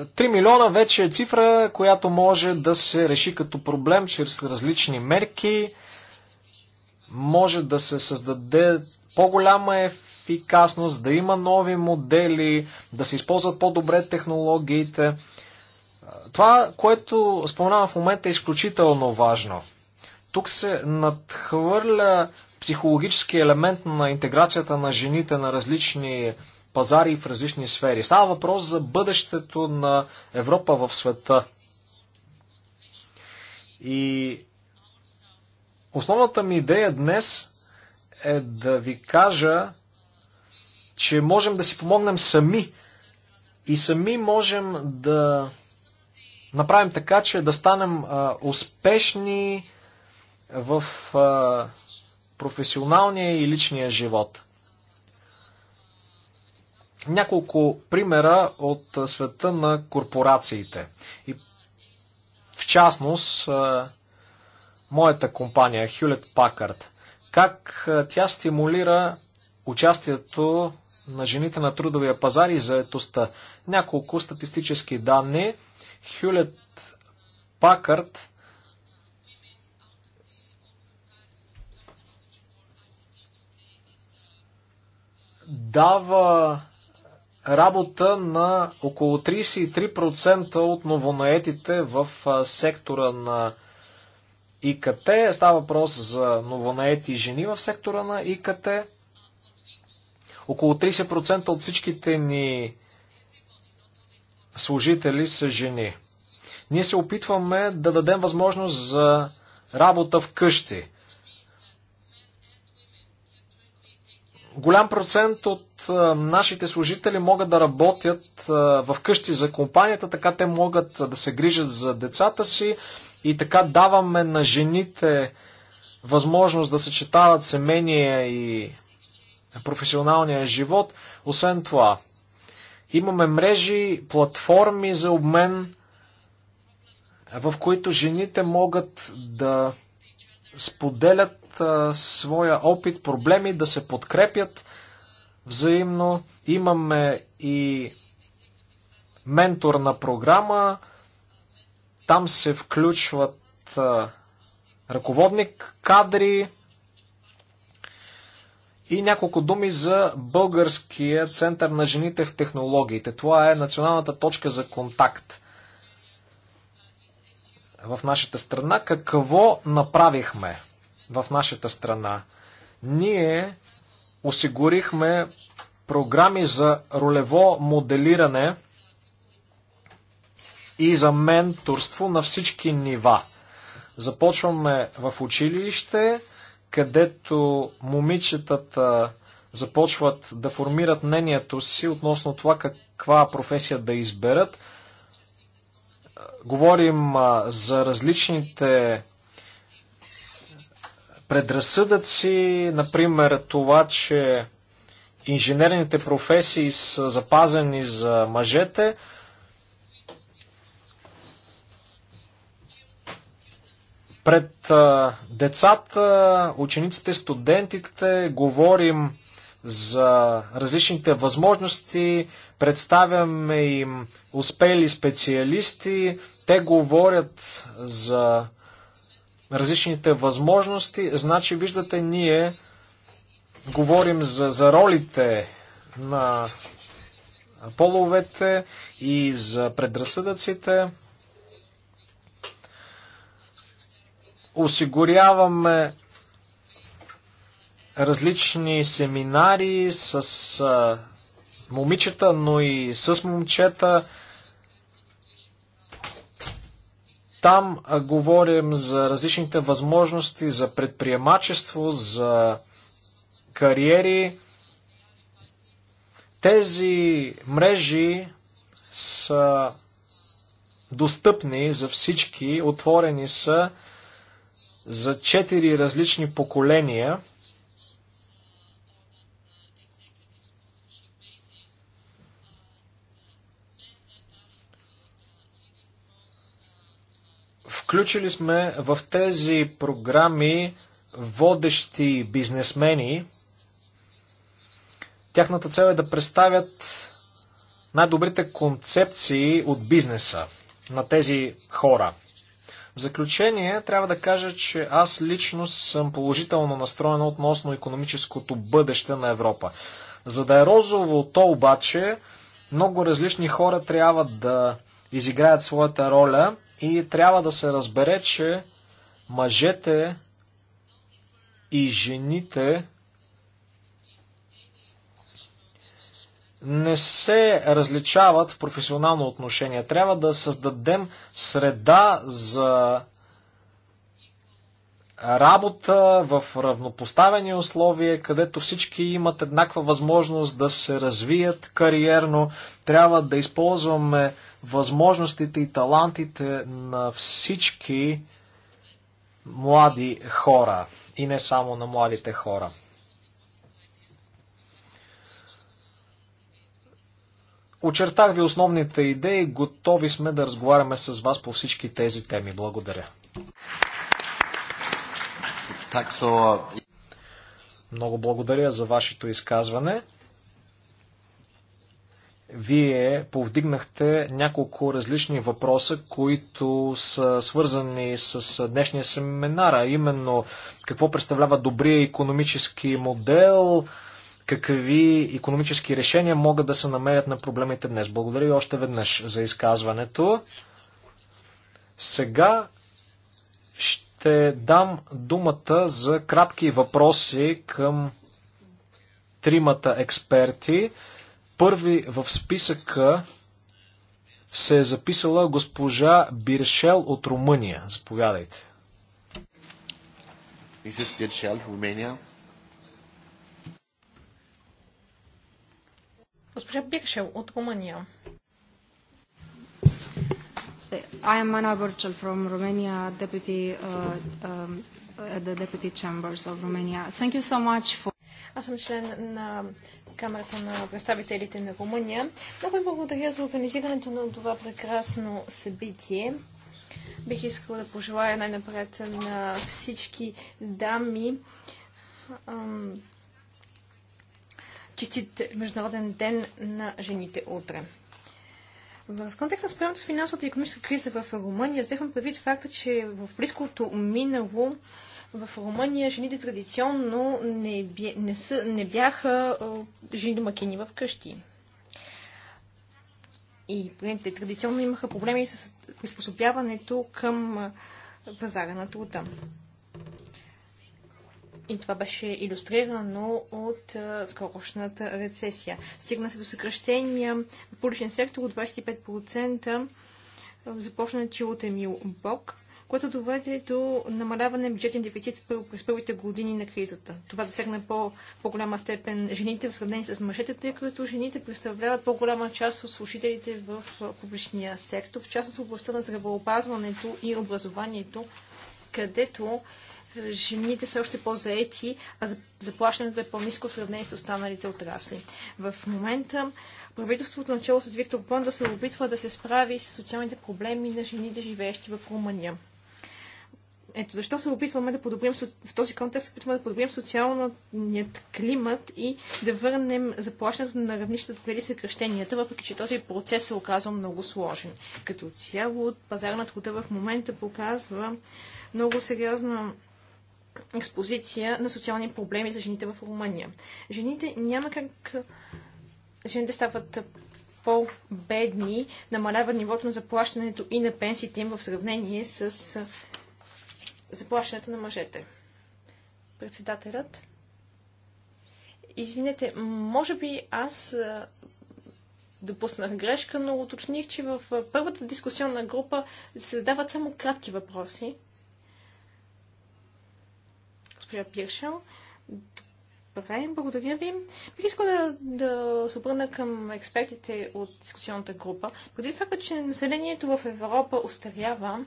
3 милиона вече е цифра, която може да се реши като проблем чрез различни мерки. Може да се създаде по-голяма ефикасност, да има нови модели, да се използват по-добре технологиите. Това, което споменавам в момента е изключително важно. Тук се надхвърля психологически елемент на интеграцията на жените на различни пазари в различни сфери. Става въпрос за бъдещето на Европа в света. И основната ми идея днес е да ви кажа, че можем да си помогнем сами и сами можем да направим така, че да станем а, успешни в а, професионалния и личния живот няколко примера от света на корпорациите. И в частност, моята компания Hewlett Packard. Как тя стимулира участието на жените на трудовия пазар и заетостта. Няколко статистически данни. Хюлет Пакърт дава работа на около 33% от новонаетите в сектора на ИКТ. Става въпрос за новонаети жени в сектора на ИКТ. Около 30% от всичките ни служители са жени. Ние се опитваме да дадем възможност за работа в къщи голям процент от нашите служители могат да работят в къщи за компанията, така те могат да се грижат за децата си и така даваме на жените възможност да съчетават семейния и професионалния живот. Освен това, имаме мрежи, платформи за обмен, в които жените могат да споделят а, своя опит, проблеми, да се подкрепят взаимно. Имаме и менторна програма. Там се включват а, ръководник, кадри и няколко думи за Българския център на жените в технологиите. Това е националната точка за контакт в нашата страна. Какво направихме в нашата страна. Ние осигурихме програми за ролево моделиране и за менторство на всички нива. Започваме в училище, където момичетата започват да формират мнението си относно това каква професия да изберат. Говорим за различните предразсъдъци, например това, че инженерните професии са запазени за мъжете. Пред децата, учениците, студентите говорим за различните възможности, представяме им успели специалисти, те говорят за различните възможности. Значи, виждате, ние говорим за, за ролите на половете и за предразсъдъците. Осигуряваме различни семинари с момичета, но и с момчета. Там а, говорим за различните възможности за предприемачество, за кариери. Тези мрежи са достъпни за всички, отворени са за четири различни поколения – Включили сме в тези програми водещи бизнесмени. Тяхната цел е да представят най-добрите концепции от бизнеса на тези хора. В заключение трябва да кажа, че аз лично съм положително настроен относно економическото бъдеще на Европа. За да е розово то обаче, много различни хора трябва да изиграят своята роля и трябва да се разбере, че мъжете и жените не се различават в професионално отношение. Трябва да създадем среда за работа в равнопоставени условия, където всички имат еднаква възможност да се развият кариерно. Трябва да използваме възможностите и талантите на всички млади хора и не само на младите хора. Очертах ви основните идеи, готови сме да разговаряме с вас по всички тези теми. Благодаря. Много благодаря за вашето изказване. Вие повдигнахте няколко различни въпроса, които са свързани с днешния семинар, а именно какво представлява добрия економически модел, какви економически решения могат да се намерят на проблемите днес. Благодаря ви още веднъж за изказването. Сега ще ще дам думата за кратки въпроси към тримата експерти. Първи в списъка се е записала госпожа Биршел от Румъния. Заповядайте. Мисис Биршел, Румъния. Госпожа Биршел от Румъния. I am Ana Burcel from Romania, deputy, uh, um, the deputy chambers of Romania. Thank you so much for... Аз съм член на Камерата на представителите на Румъния. Много ви благодаря за организирането на това прекрасно събитие. Бих искала да пожелая най-напред на всички дами чистит Международен ден на жените утре. В контекста с проблемата с финансовата и економическа криза в Румъния взехме предвид факта, че в близкото минало в Румъния жените традиционно не, бе, не, са, не бяха жени домакини в къщи. И те традиционно имаха проблеми с приспособяването към пазара на труда. И това беше иллюстрирано от скорошната рецесия. Стигна се до съкръщения в публичен сектор от 25%, започнати от Емил Бог, което доведе до намаляване на бюджетен дефицит през първите години на кризата. Това засегна по, по-голяма степен жените в сравнение с мъжете, тъй като жените представляват по-голяма част от служителите в публичния сектор, в частност в областта на здравеопазването и образованието, където жените са още по-заети, а заплащането е по-низко в сравнение с останалите отрасли. В момента правителството начало с Виктор Понда се опитва да се справи с социалните проблеми на жените, живеещи в Румъния. Ето защо се опитваме да подобрим, в този контекст се опитваме да подобрим социалният климат и да върнем заплащането на равнищата преди съкръщенията, въпреки че този процес се оказва много сложен. Като цяло, пазарната труда в момента показва много сериозна експозиция на социални проблеми за жените в Румъния. Жените няма как... Жените стават по-бедни, намалява нивото на заплащането и на пенсиите им в сравнение с заплащането на мъжете. Председателят. Извинете, може би аз допуснах грешка, но уточних, че в първата дискусионна група се задават само кратки въпроси госпожа Пиршел. Добре, благодаря ви. Бих искала да, да се обърна към експертите от дискусионната група. Преди факта, че населението в Европа остарява,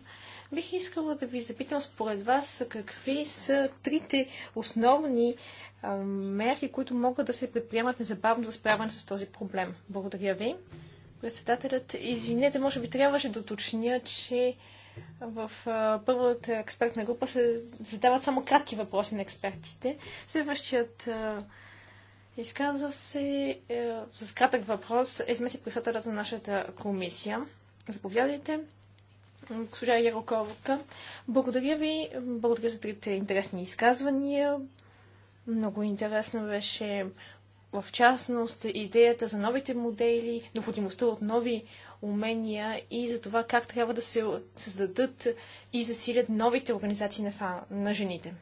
бих искала да ви запитам според вас какви са трите основни а, мерки, които могат да се предприемат незабавно за справяне с този проблем. Благодаря ви. Председателят, извинете, може би трябваше да уточня, че в първата експертна група се задават само кратки въпроси на експертите. Следващият изказва се а, е, с кратък въпрос е смеси председателят на нашата комисия. Заповядайте. Госпожа Яроковка, благодаря ви. Благодаря за трите интересни изказвания. Много интересно беше в частност идеята за новите модели, необходимостта от нови умения и за това как трябва да се създадат и засилят новите организации на, фа, на жените.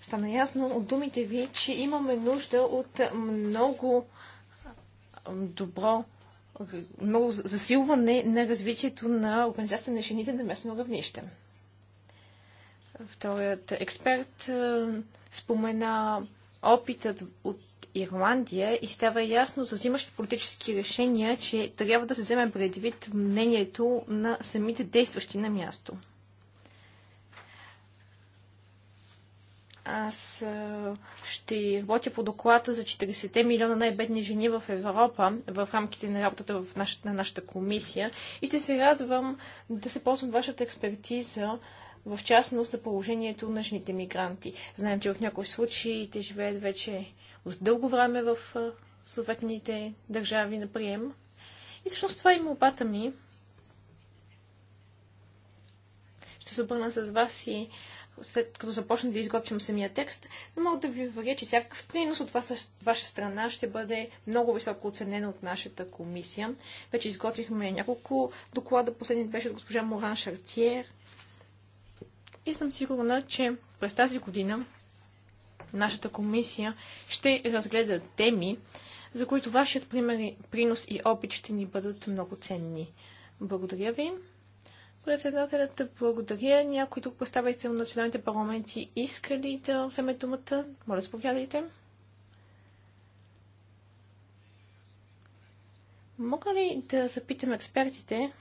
Стана ясно от думите ви, че имаме нужда от много добро много засилване на развитието на организацията на жените на местно равнище. Вторият експерт е, спомена опитът от Ирландия и става ясно за взимащи политически решения, че трябва да се вземе предвид мнението на самите действащи на място. Аз ще работя по доклада за 40 милиона най-бедни жени в Европа в рамките на работата в нашата, на нашата комисия и ще се радвам да се ползвам вашата експертиза в частност за положението на жените мигранти. Знаем, че в някои случаи те живеят вече дълго време в съответните държави на прием. И всъщност това и е молбата ми. Ще се обърна с вас и след като започна да изготвям самия текст, но мога да ви уверя, че всякакъв принос от вас, ваша страна ще бъде много високо оценен от нашата комисия. Вече изготвихме няколко доклада, последният беше от госпожа Моран Шартиер. И съм сигурна, че през тази година нашата комисия ще разгледа теми, за които вашият пример, принос и опит ще ни бъдат много ценни. Благодаря ви. Председателят, благодаря. Някой друг представител на националните парламенти иска ли да вземе думата? Моля, заповядайте. Мога ли да запитам експертите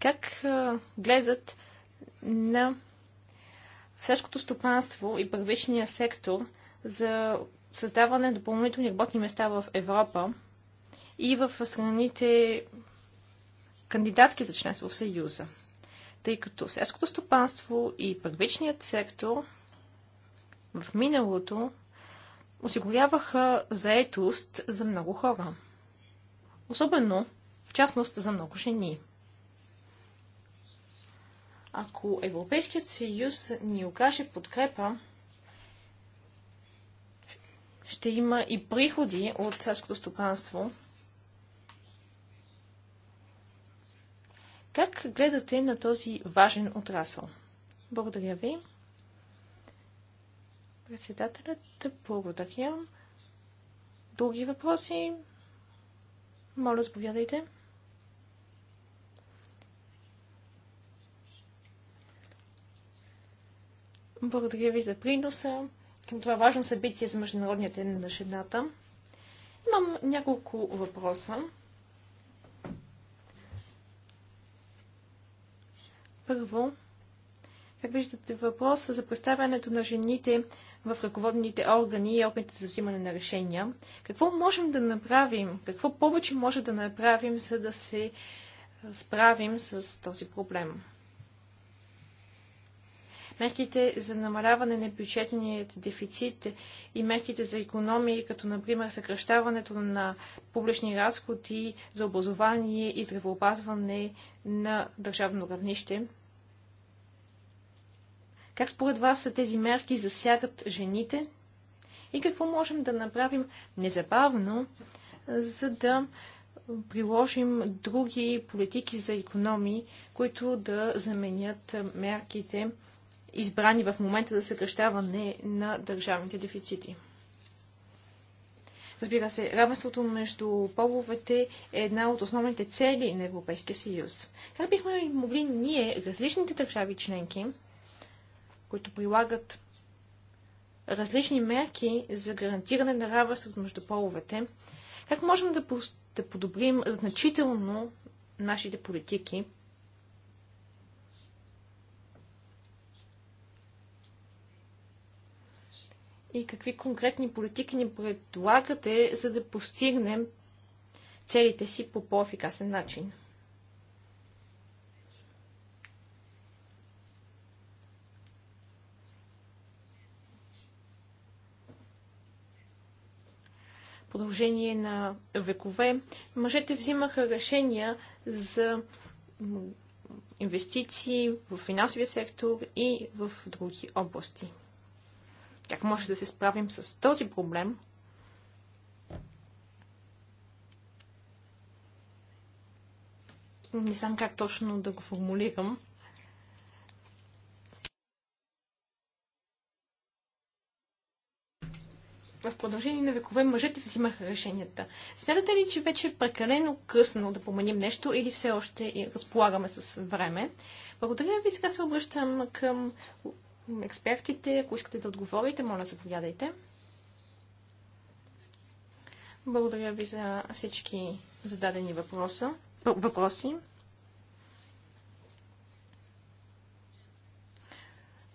как гледат на селското стопанство и първичния сектор за създаване на допълнителни работни места в Европа и в страните кандидатки за членство в Съюза. Тъй като селското стопанство и първичният сектор в миналото осигуряваха заетост за много хора. Особено, в частност, за много жени. Ако Европейският съюз ни окаже подкрепа, ще има и приходи от селското стопанство. Как гледате на този важен отрасъл? Благодаря ви. Председателят, благодаря. Други въпроси? Моля, заповядайте. Благодаря ви за приноса към това важно събитие за Международния ден на жената. Имам няколко въпроса. Първо, как виждате въпроса за представянето на жените в ръководните органи и опитите за взимане на решения? Какво можем да направим? Какво повече може да направим, за да се справим с този проблем? мерките за намаляване на бюджетният дефицит и мерките за економии, като например съкръщаването на публични разходи за образование и здравеопазване на държавно равнище. Как според вас тези мерки засягат жените? И какво можем да направим незабавно, за да приложим други политики за економии, които да заменят мерките избрани в момента за съкръщаване на държавните дефицити. Разбира се, равенството между половете е една от основните цели на Европейския съюз. Как бихме могли ние, различните държави членки, които прилагат различни мерки за гарантиране на равенството между половете, как можем да, да подобрим значително нашите политики и какви конкретни политики ни предлагате, за да постигнем целите си по по-ефикасен начин? продължение на векове, мъжете взимаха решения за инвестиции в финансовия сектор и в други области. Как може да се справим с този проблем? Не знам как точно да го формулирам. в продължение на векове мъжете взимаха решенията. Смятате ли, че вече е прекалено късно да променим нещо или все още разполагаме с време? Благодаря ви. Сега се обръщам към експертите. Ако искате да отговорите, моля, заповядайте. Благодаря ви за всички зададени въпроса, въпроси.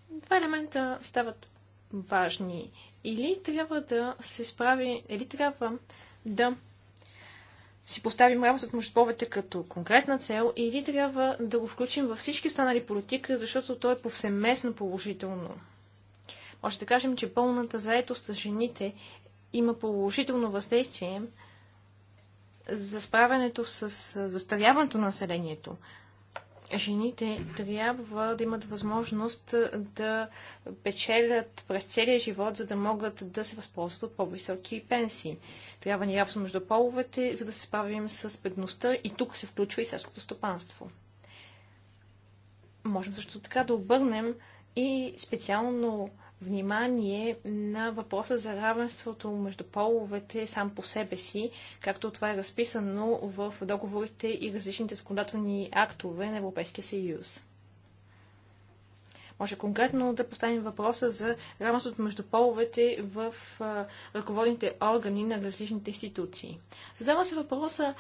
Два елемента стават важни. Или трябва да се справи, или трябва да си поставим равенството между половете като конкретна цел или трябва да го включим във всички останали политики, защото то е повсеместно положително. Може да кажем, че пълната заетост с жените има положително въздействие за справянето с застаряването на населението жените трябва да имат възможност да печелят през целия живот, за да могат да се възползват от по-високи пенсии. Трябва ни равство между половете, за да се справим с бедността и тук се включва и селското стопанство. Можем също така да обърнем и специално внимание на въпроса за равенството между половете сам по себе си, както това е разписано в договорите и различните законодателни актове на Европейския съюз. Може конкретно да поставим въпроса за равенството между половете в ръководните органи на различните институции. Задава се въпроса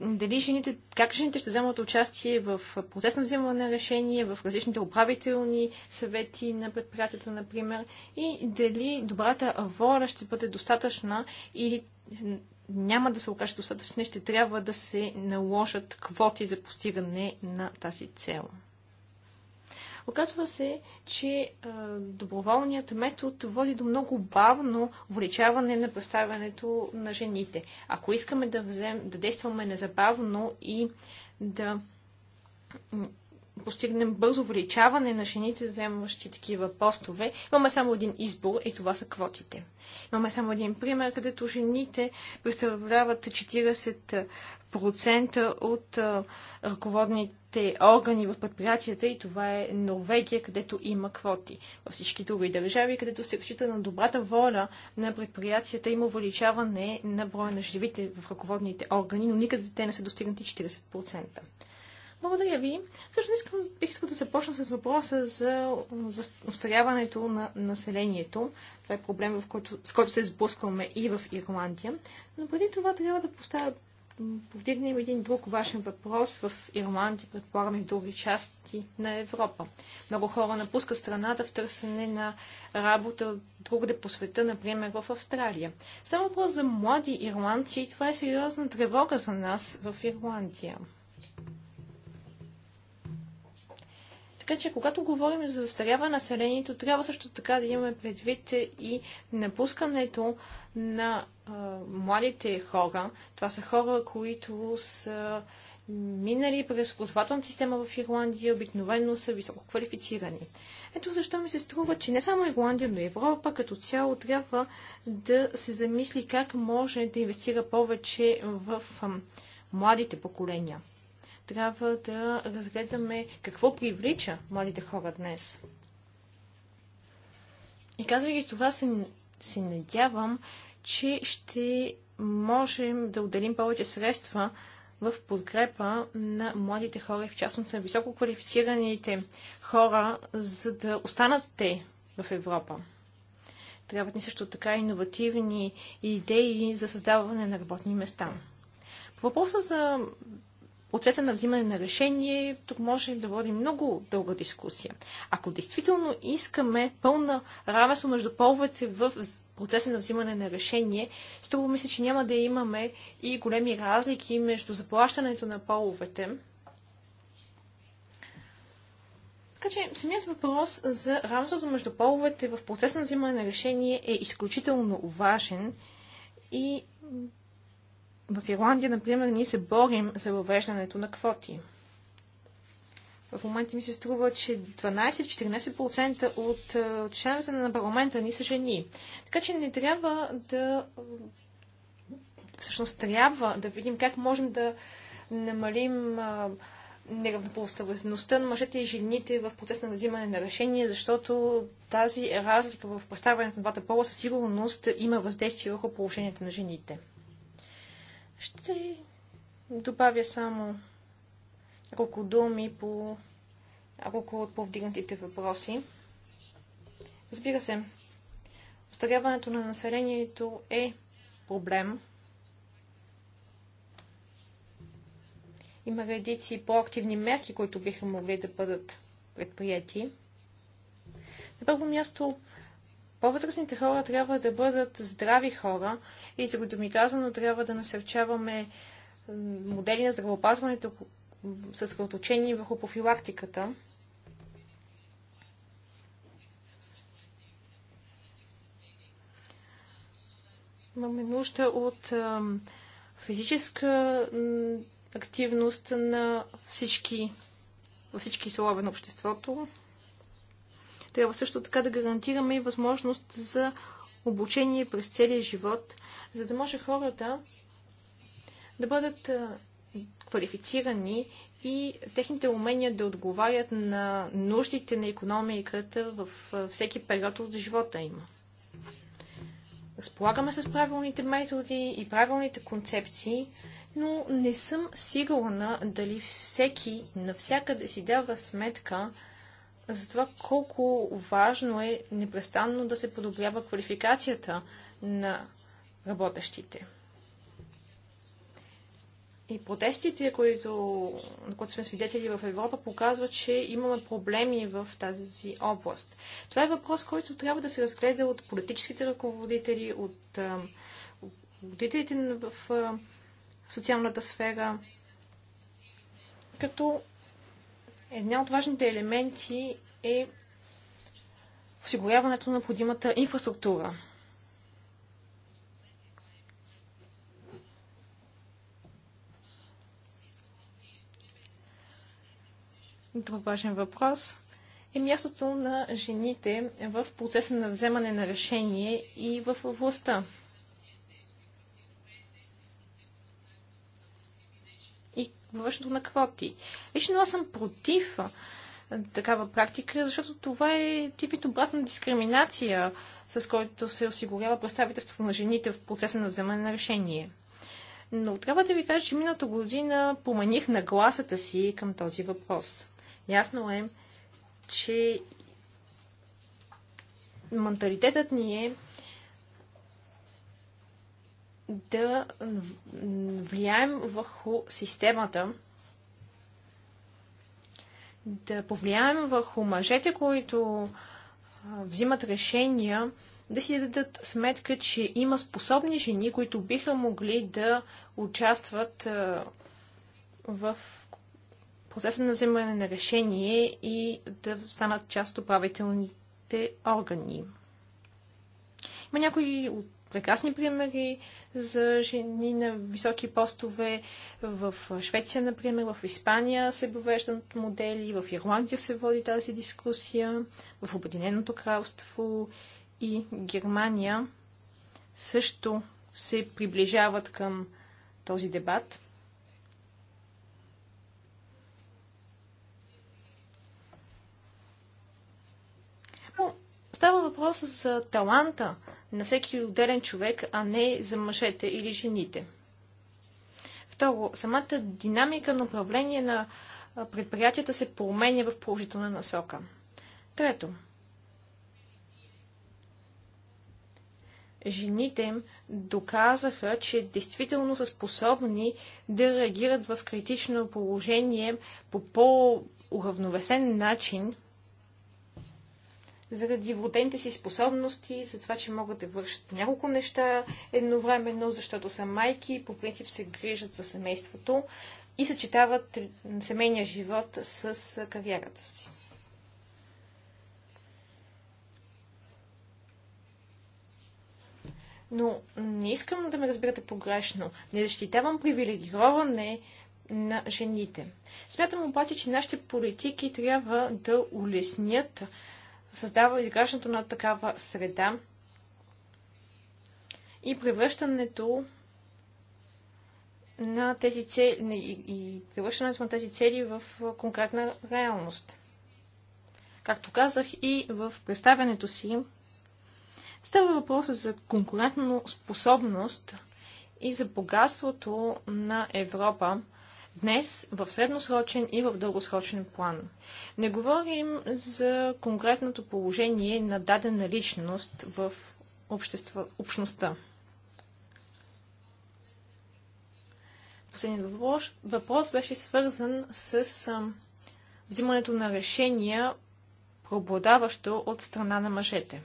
дали жените, как жените ще вземат участие в процес на вземане на решение, в различните управителни съвети на предприятията, например, и дали добрата воля ще бъде достатъчна и няма да се окаже достатъчно, ще трябва да се наложат квоти за постигане на тази цел. Оказва се, че доброволният метод води до много бавно увеличаване на представянето на жените. Ако искаме да, взем, да действаме незабавно и да постигнем бързо увеличаване на жените, заемащи такива постове, имаме само един избор и това са квотите. Имаме само един пример, където жените представляват 40% от а, ръководните органи в предприятията и това е Норвегия, където има квоти. Във всички други държави, където се разчита на добрата воля на предприятията, има увеличаване на броя на живите в ръководните органи, но никъде те не са достигнати 40%. Благодаря ви. Също искам, бих искал да започна с въпроса за, за устаряването на населението. Това е проблем, в който, с който се сблъскваме и в Ирландия. Но преди това трябва да поставя, повдигнем един друг важен въпрос в Ирландия, предполагам и в други части на Европа. Много хора напускат страната в търсене на работа другаде по света, например в Австралия. Става въпрос за млади ирландци и това е сериозна тревога за нас в Ирландия. Така че, когато говорим за застаряване на населението, трябва също така да имаме предвид и напускането на а, младите хора. Това са хора, които са минали през образователната система в Ирландия, обикновено са високо квалифицирани. Ето защо ми се струва, че не само Ирландия, но и Европа като цяло трябва да се замисли как може да инвестира повече в младите поколения трябва да разгледаме какво привлича младите хора днес. И казвайки това, се, се надявам, че ще можем да отделим повече средства в подкрепа на младите хора и в частност на високо квалифицираните хора, за да останат те в Европа. Трябват ни също така иновативни идеи за създаване на работни места. По въпроса за процеса на взимане на решение, тук може да водим много дълга дискусия. Ако действително искаме пълна равенство между половете в процеса на взимане на решение, струва мисля, че няма да имаме и големи разлики между заплащането на половете. Така че самият въпрос за равенството между половете в процеса на взимане на решение е изключително важен и в Ирландия, например, ние се борим за въвеждането на квоти. В момента ми се струва, че 12-14% е, от, членовете на парламента ни са жени. Така че не трябва да. Всъщност трябва да видим как можем да намалим е, неравнополставеността на мъжете и жените в процес на взимане на решение, защото тази разлика в представянето на двата пола със сигурност има въздействие върху положението на жените. Ще добавя само няколко думи по няколко от повдигнатите въпроси. Разбира се, остаряването на населението е проблем. Има редици по-активни мерки, които биха могли да бъдат предприяти. На първо място по-възрастните хора трябва да бъдат здрави хора и, за да ми казано, трябва да насърчаваме модели на здравеопазването, съсредоточени върху профилактиката. Имаме нужда от физическа активност на всички, във всички слове на обществото. Трябва също така да гарантираме и възможност за обучение през целия живот, за да може хората да бъдат квалифицирани и техните умения да отговарят на нуждите на економиката в всеки период от живота им. Разполагаме с правилните методи и правилните концепции, но не съм сигурна дали всеки навсякъде си дава сметка за това колко важно е непрестанно да се подобрява квалификацията на работещите. И протестите, които, на които сме свидетели в Европа, показват, че имаме проблеми в тази област. Това е въпрос, който трябва да се разгледа от политическите ръководители, от ръководителите в социалната сфера, като Една от важните елементи е осигуряването на необходимата инфраструктура. Друг важен въпрос е мястото на жените в процеса на вземане на решение и в властта. въвеждането на квоти. Лично аз съм против такава практика, защото това е типит обратна дискриминация, с който се осигурява представителство на жените в процеса на вземане на решение. Но трябва да ви кажа, че миналата година помених нагласата си към този въпрос. Ясно е, че менталитетът ни е да влияем върху системата, да повлияем върху мъжете, които взимат решения, да си дадат сметка, че има способни жени, които биха могли да участват в процеса на вземане на решение и да станат част от управителните органи. Има някои прекрасни примери за жени на високи постове в Швеция, например, в Испания се провеждат модели, в Ирландия се води тази дискусия, в Обединеното кралство и Германия също се приближават към този дебат. става въпрос за таланта на всеки отделен човек, а не за мъжете или жените. Второ, самата динамика на управление на предприятията се променя в положителна насока. Трето, жените доказаха, че действително са способни да реагират в критично положение по по-уравновесен начин заради вродените си способности, за това, че могат да вършат няколко неща едновременно, защото са майки, по принцип се грижат за семейството и съчетават семейния живот с кариерата си. Но не искам да ме разбирате погрешно. Не защитавам привилегироване на жените. Смятам обаче, че нашите политики трябва да улеснят създава изграждането на такава среда и превръщането на тези цели и превръщането на тези цели в конкретна реалност. Както казах и в представянето си, става въпроса за конкурентно способност и за богатството на Европа, днес, в средносрочен и в дългосрочен план. Не говорим за конкретното положение на дадена личност в общество, общността. Последният въпрос, въпрос беше свързан с а, взимането на решения, преобладаващо от страна на мъжете.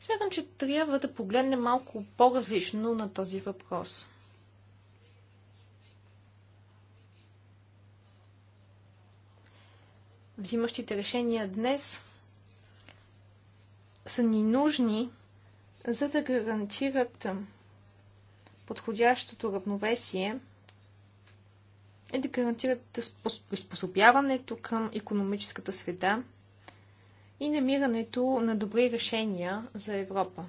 Смятам, че трябва да погледнем малко по-различно на този въпрос. взимащите решения днес са ни нужни, за да гарантират подходящото равновесие и да гарантират приспособяването към економическата среда и намирането на добри решения за Европа.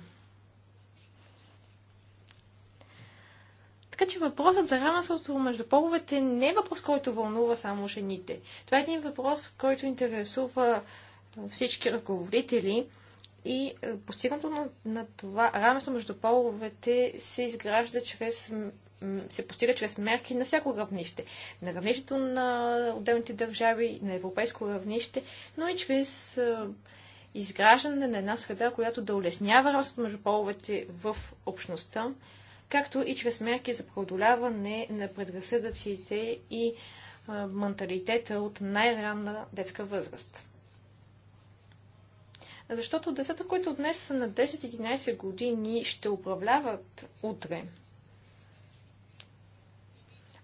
Така че въпросът за равенството между половете не е въпрос, който вълнува само жените. Това е един въпрос, който интересува всички ръководители и е, постигането на, на това равенство между половете се изгражда чрез се постига чрез мерки на всяко равнище. На равнището на отделните държави, на европейско равнище, но и чрез е, изграждане на една среда, която да улеснява равенството между половете в общността, както и чрез мерки за преодоляване на предразсъдъците и менталитета от най-ранна детска възраст. Защото децата, които днес са на 10-11 години, ще управляват утре.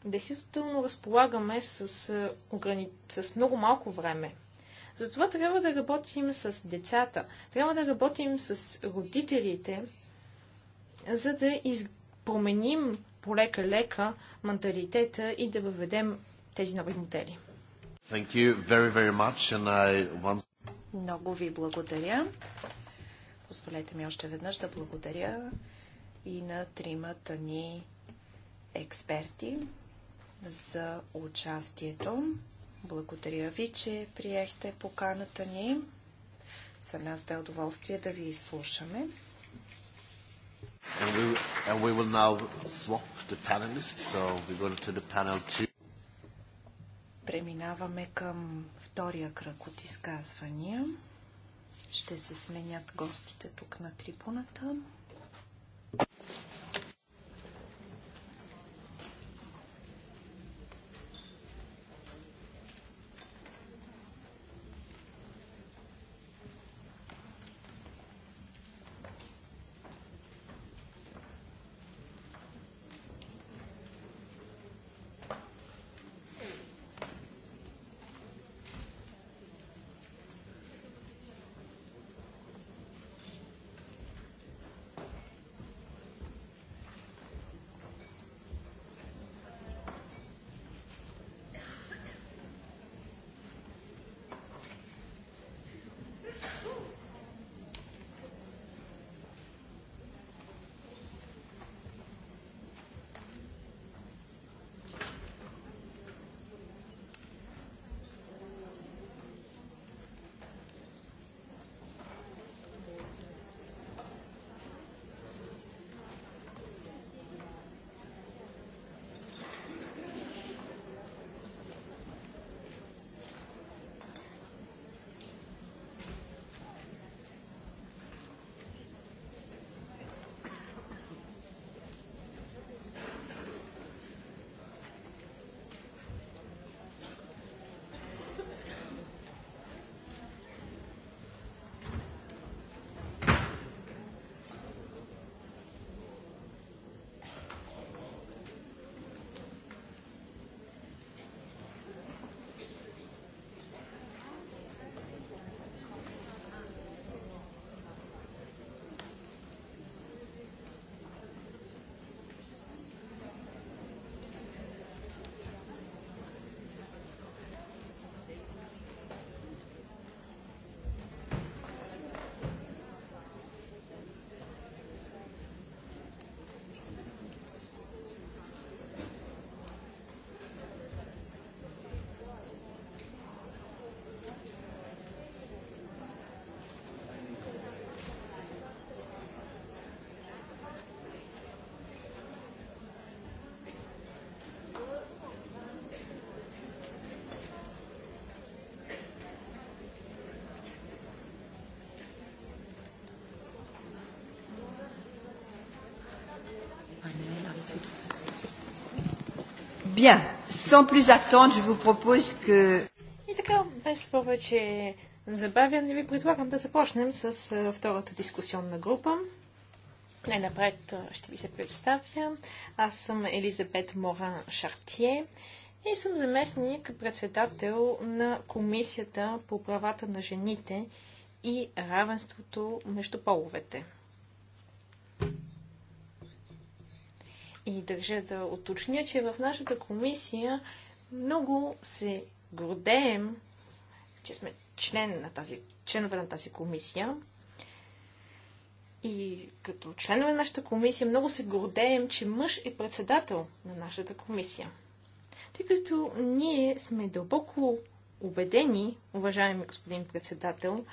Действително разполагаме с, ограни... с много малко време. Затова трябва да работим с децата, трябва да работим с родителите, за да из променим полека-лека менталитета и да въведем тези нови модели. Thank you very, very much and I want... Много ви благодаря. Позволете ми още веднъж да благодаря и на тримата ни експерти за участието. Благодаря ви, че приехте поканата ни. За нас бе удоволствие да ви изслушаме. And we, and we will now swap the panelists, so we go to the panel two. Преминаваме към втория кръг от изказвания. Ще се сменят гостите тук на трибуната. Bien, sans plus attendre, je vous propose que... И така, без повече забавяне ви предлагам да започнем с втората дискусионна група. Най-напред ще ви се представя. Аз съм Елизабет Моран Шартие и съм заместник председател на Комисията по правата на жените и равенството между половете. държа да уточня, че в нашата комисия много се гордеем, че сме член на тази, членове на тази комисия. И като членове на нашата комисия много се гордеем, че мъж е председател на нашата комисия. Тъй като ние сме дълбоко убедени, уважаеми господин председател,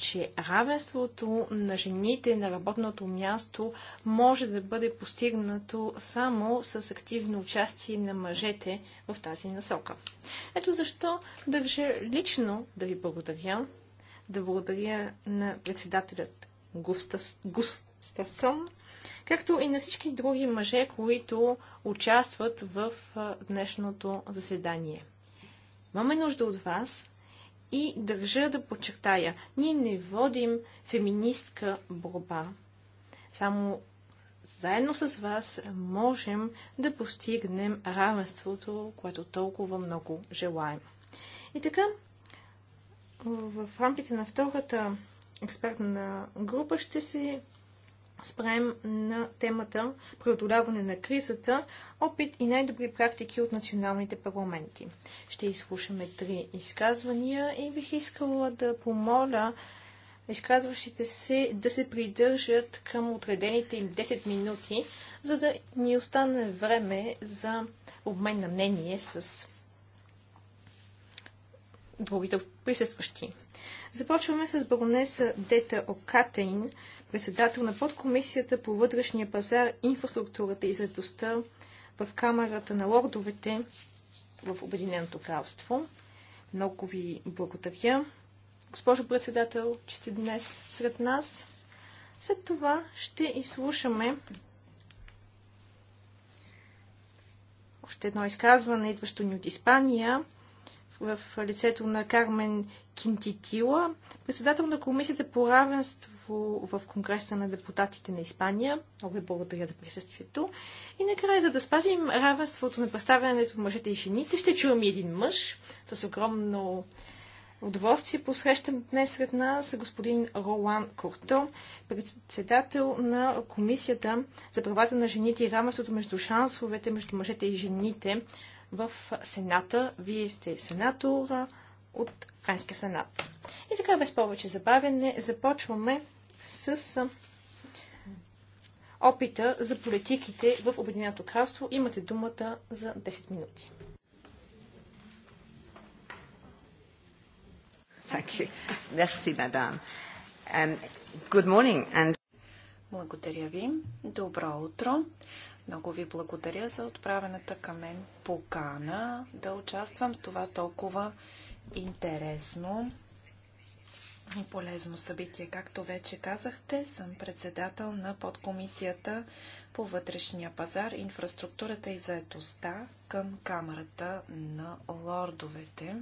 че равенството на жените на работното място може да бъде постигнато само с активно участие на мъжете в тази насока. Ето защо държа лично да ви благодаря, да благодаря на председателят Густасон, както и на всички други мъже, които участват в днешното заседание. Имаме нужда от вас, и държа да подчертая, ние не водим феминистка борба. Само заедно с вас можем да постигнем равенството, което толкова много желаем. И така, в рамките на втората експертна група ще се спрем на темата преодоляване на кризата, опит и най-добри практики от националните парламенти. Ще изслушаме три изказвания и бих искала да помоля изказващите се да се придържат към отредените им 10 минути, за да ни остане време за обмен на мнение с другите присъстващи. Започваме с баронеса Дета Окатейн, председател на подкомисията по вътрешния пазар, инфраструктурата и заедостта в Камерата на лордовете в Обединеното кралство. Много ви благодаря. Госпожо председател, че сте днес сред нас. След това ще изслушаме още едно изказване, идващо ни от Испания в лицето на Кармен Кинтитила, председател на Комисията по равенство в Конгреса на депутатите на Испания. Много ви благодаря за присъствието. И накрая, за да спазим равенството на представянето мъжете и жените, ще чуем един мъж с огромно удоволствие посрещам днес сред нас господин Ролан Курто, председател на Комисията за правата на жените и равенството между шансовете между мъжете и жените в Сената. Вие сте сенатор от Френския сенат. И така, без повече забавяне, започваме с опита за политиките в Обединеното кралство. Имате думата за 10 минути. Merci, um, and... Благодаря ви. Добро утро. Много ви благодаря за отправената към мен покана да участвам в това толкова интересно и полезно събитие. Както вече казахте, съм председател на подкомисията по вътрешния пазар, инфраструктурата и заетостта към Камерата на лордовете.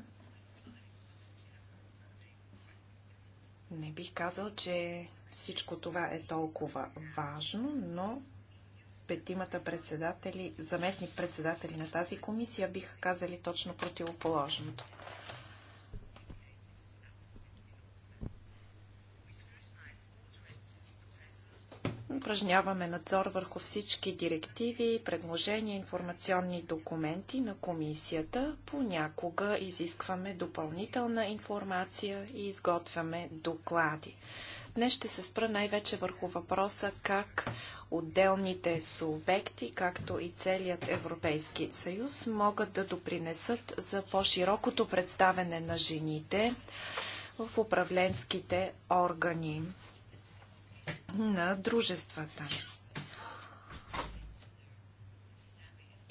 Не бих казал, че всичко това е толкова важно, но петимата председатели, заместник председатели на тази комисия биха казали точно противоположното. Упражняваме надзор върху всички директиви, предложения, информационни документи на комисията. Понякога изискваме допълнителна информация и изготвяме доклади. Днес ще се спра най-вече върху въпроса как отделните субекти, както и целият Европейски съюз, могат да допринесат за по-широкото представене на жените в управленските органи на дружествата.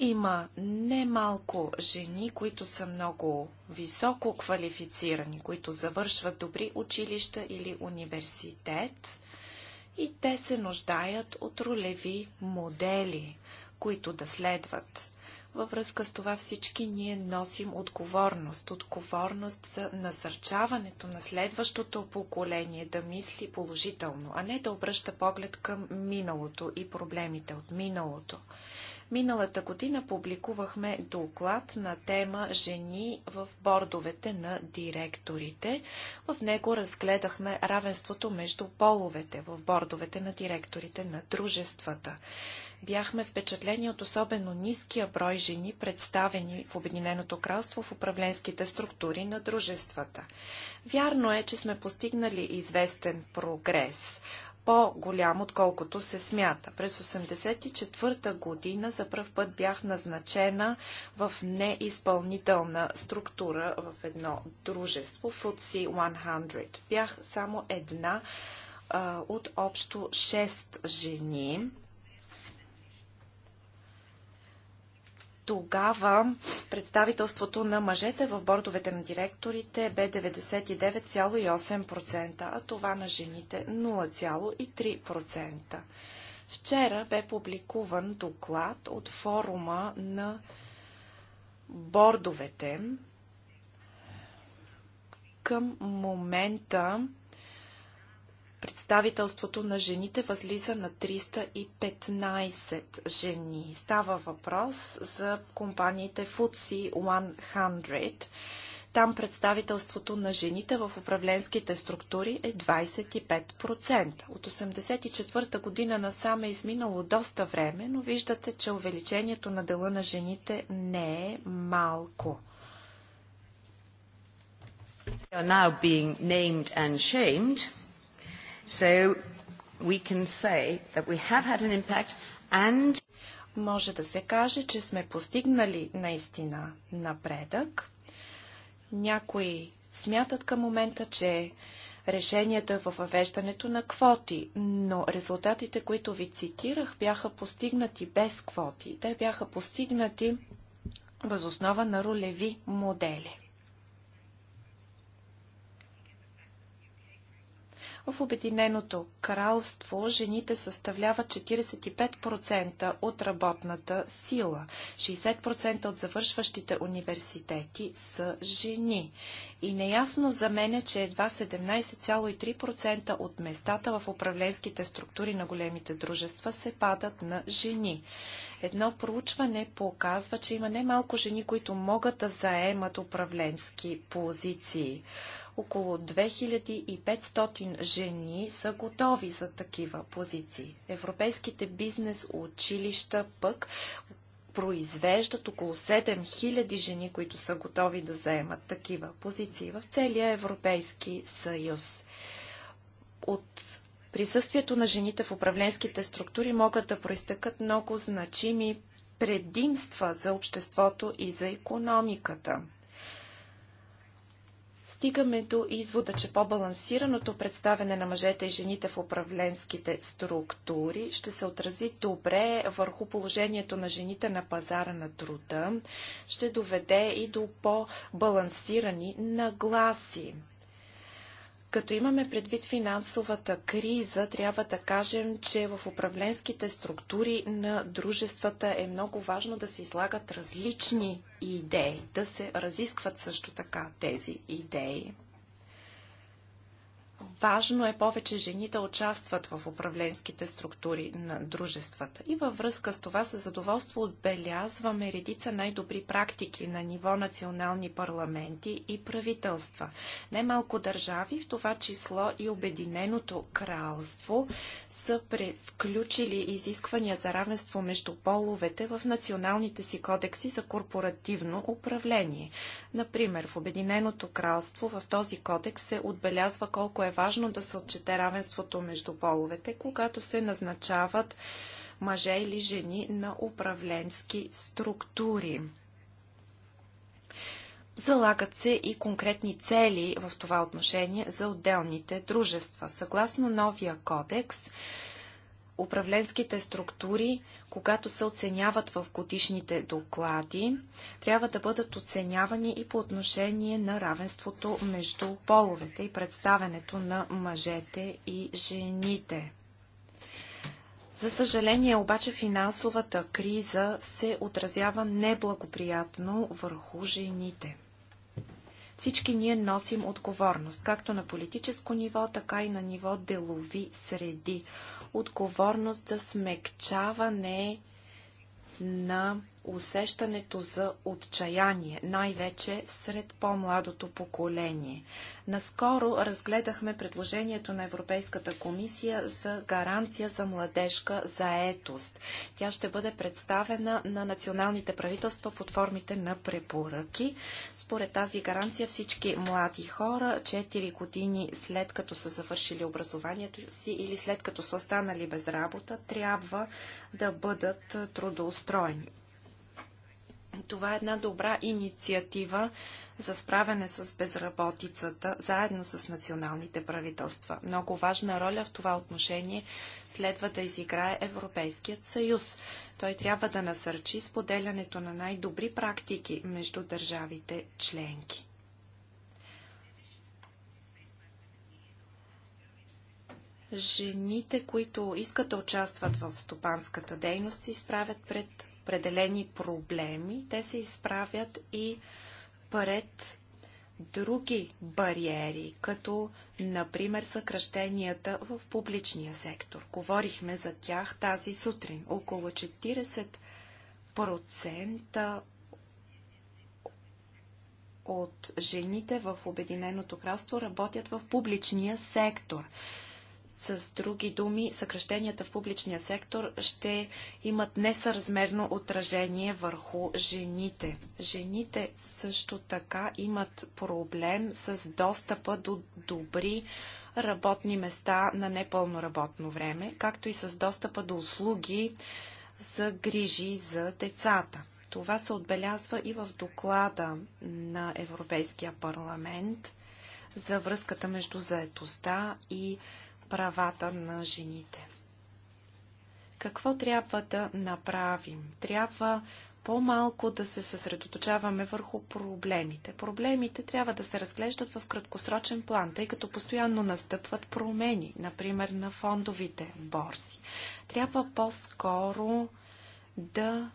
Има немалко жени, които са много високо квалифицирани, които завършват добри училища или университет и те се нуждаят от ролеви модели, които да следват. Във връзка с това всички ние носим отговорност. Отговорност за насърчаването на следващото поколение да мисли положително, а не да обръща поглед към миналото и проблемите от миналото. Миналата година публикувахме доклад на тема Жени в бордовете на директорите. В него разгледахме равенството между половете в бордовете на директорите на дружествата. Бяхме впечатлени от особено ниския брой жени, представени в Обединеното кралство в управленските структури на дружествата. Вярно е, че сме постигнали известен прогрес по-голям, отколкото се смята. През 1984 година за първ път бях назначена в неизпълнителна структура в едно дружество, FTSE 100. Бях само една а, от общо 6 жени тогава представителството на мъжете в бордовете на директорите бе 99,8%, а това на жените 0,3%. Вчера бе публикуван доклад от форума на бордовете. Към момента представителството на жените възлиза на 315 жени. Става въпрос за компаниите FTSE 100. Там представителството на жените в управленските структури е 25%. От 1984 година насам е изминало доста време, но виждате, че увеличението на дела на жените не е малко. They are now being named and shamed So we can say that we have had an impact and може да се каже, че сме постигнали наистина напредък. Някои смятат към момента, че решението е във въвеждането на квоти, но резултатите, които ви цитирах, бяха постигнати без квоти. Те бяха постигнати възоснова на ролеви модели. В Обединеното кралство жените съставляват 45% от работната сила. 60% от завършващите университети са жени. И неясно за мен е, че едва 17,3% от местата в управленските структури на големите дружества се падат на жени. Едно проучване показва, че има немалко жени, които могат да заемат управленски позиции около 2500 жени са готови за такива позиции. Европейските бизнес училища пък произвеждат около 7000 жени, които са готови да заемат такива позиции в целия Европейски съюз. От присъствието на жените в управленските структури могат да проистъкат много значими предимства за обществото и за економиката стигаме до извода, че по-балансираното представяне на мъжете и жените в управленските структури ще се отрази добре върху положението на жените на пазара на труда, ще доведе и до по-балансирани нагласи. Като имаме предвид финансовата криза, трябва да кажем, че в управленските структури на дружествата е много важно да се излагат различни идеи, да се разискват също така тези идеи. Важно е повече жени да участват в управленските структури на дружествата. И във връзка с това със задоволство отбелязваме редица най-добри практики на ниво национални парламенти и правителства. Немалко държави, в това число и Обединеното кралство, са включили изисквания за равенство между половете в националните си кодекси за корпоративно управление. Например, в Обединеното кралство в този кодекс се отбелязва колко е важно важно да се отчете равенството между половете, когато се назначават мъже или жени на управленски структури. Залагат се и конкретни цели в това отношение за отделните дружества. Съгласно новия кодекс, управленските структури, когато се оценяват в годишните доклади, трябва да бъдат оценявани и по отношение на равенството между половете и представенето на мъжете и жените. За съжаление обаче финансовата криза се отразява неблагоприятно върху жените. Всички ние носим отговорност, както на политическо ниво, така и на ниво делови среди отговорност за смекчаване на усещането за отчаяние, най-вече сред по-младото поколение. Наскоро разгледахме предложението на Европейската комисия за гаранция за младежка заетост. Тя ще бъде представена на националните правителства под формите на препоръки. Според тази гаранция всички млади хора, 4 години след като са завършили образованието си или след като са останали без работа, трябва да бъдат трудоустроени. Това е една добра инициатива за справяне с безработицата, заедно с националните правителства. Много важна роля в това отношение следва да изиграе Европейският съюз. Той трябва да насърчи споделянето на най-добри практики между държавите членки. Жените, които искат да участват в стопанската дейност, се изправят пред определени проблеми, те се изправят и пред други бариери, като например съкръщенията в публичния сектор. Говорихме за тях тази сутрин. Около 40% от жените в Обединеното кралство работят в публичния сектор. С други думи, съкръщенията в публичния сектор ще имат несъразмерно отражение върху жените. Жените също така имат проблем с достъпа до добри работни места на непълно работно време, както и с достъпа до услуги за грижи за децата. Това се отбелязва и в доклада на Европейския парламент за връзката между заетостта и правата на жените. Какво трябва да направим? Трябва по-малко да се съсредоточаваме върху проблемите. Проблемите трябва да се разглеждат в краткосрочен план, тъй като постоянно настъпват промени, например на фондовите борси. Трябва по-скоро да.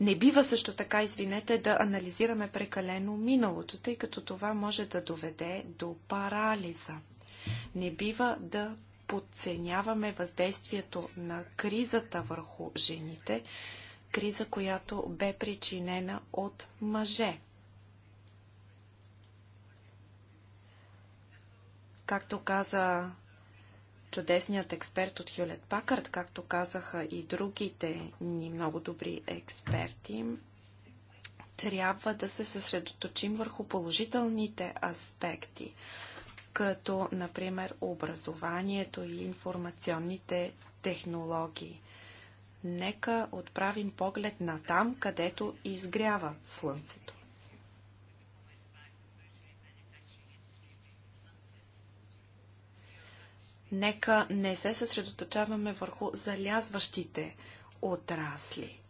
Не бива също така, извинете, да анализираме прекалено миналото, тъй като това може да доведе до парализа. Не бива да подценяваме въздействието на кризата върху жените, криза, която бе причинена от мъже. Както каза чудесният експерт от Хюлет Пакърт, както казаха и другите ни много добри експерти, трябва да се съсредоточим върху положителните аспекти като например образованието и информационните технологии. Нека отправим поглед на там, където изгрява слънцето. Нека не се съсредоточаваме върху залязващите отрасли.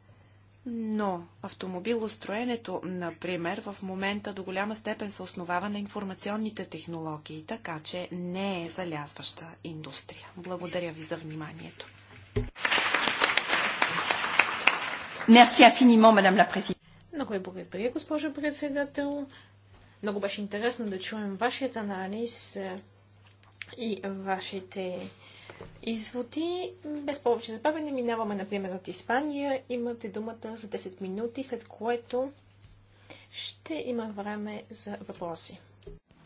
Но автомобилостроенето, например, в момента до голяма степен се основава на информационните технологии, така че не е залязваща индустрия. Благодаря ви за вниманието. Много ви благодаря, госпожо председател. Много беше интересно да чуем вашият анализ е, и вашите изводи. Без повече забавяне минаваме, например, от Испания. Имате думата за 10 минути, след което ще има време за въпроси.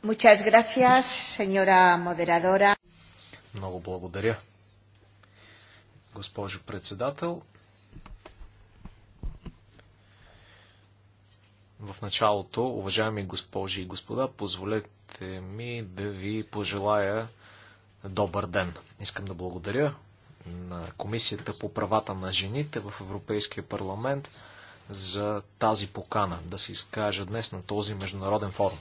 Muchas gracias, señora moderadora. Много благодаря. Госпожо председател, в началото, уважаеми госпожи и господа, позволете ми да ви пожелая Добър ден! Искам да благодаря на Комисията по правата на жените в Европейския парламент за тази покана да се изкажа днес на този международен форум.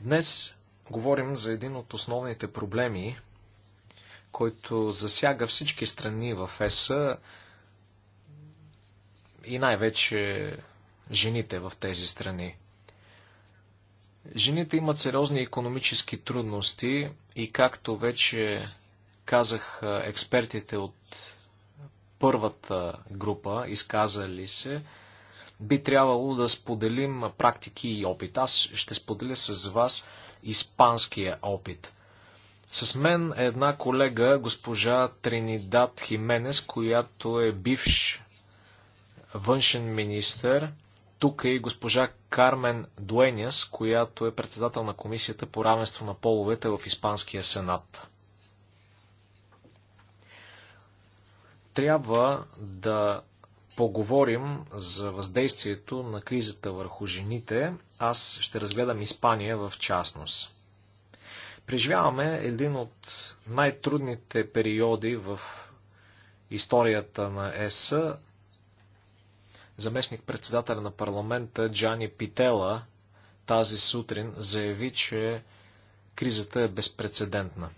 Днес говорим за един от основните проблеми, който засяга всички страни в ЕСА и най-вече жените в тези страни. Жените имат сериозни економически трудности и както вече казах експертите от първата група, изказали се, би трябвало да споделим практики и опит. Аз ще споделя с вас испанския опит. С мен е една колега, госпожа Тринидад Хименес, която е бивш външен министър тук е и госпожа Кармен Дуеняс, която е председател на Комисията по равенство на половете в Испанския сенат. Трябва да поговорим за въздействието на кризата върху жените. Аз ще разгледам Испания в частност. Преживяваме един от най-трудните периоди в историята на ЕС. Заместник председателя на парламента Джани Питела тази сутрин заяви, че кризата е безпредседентна.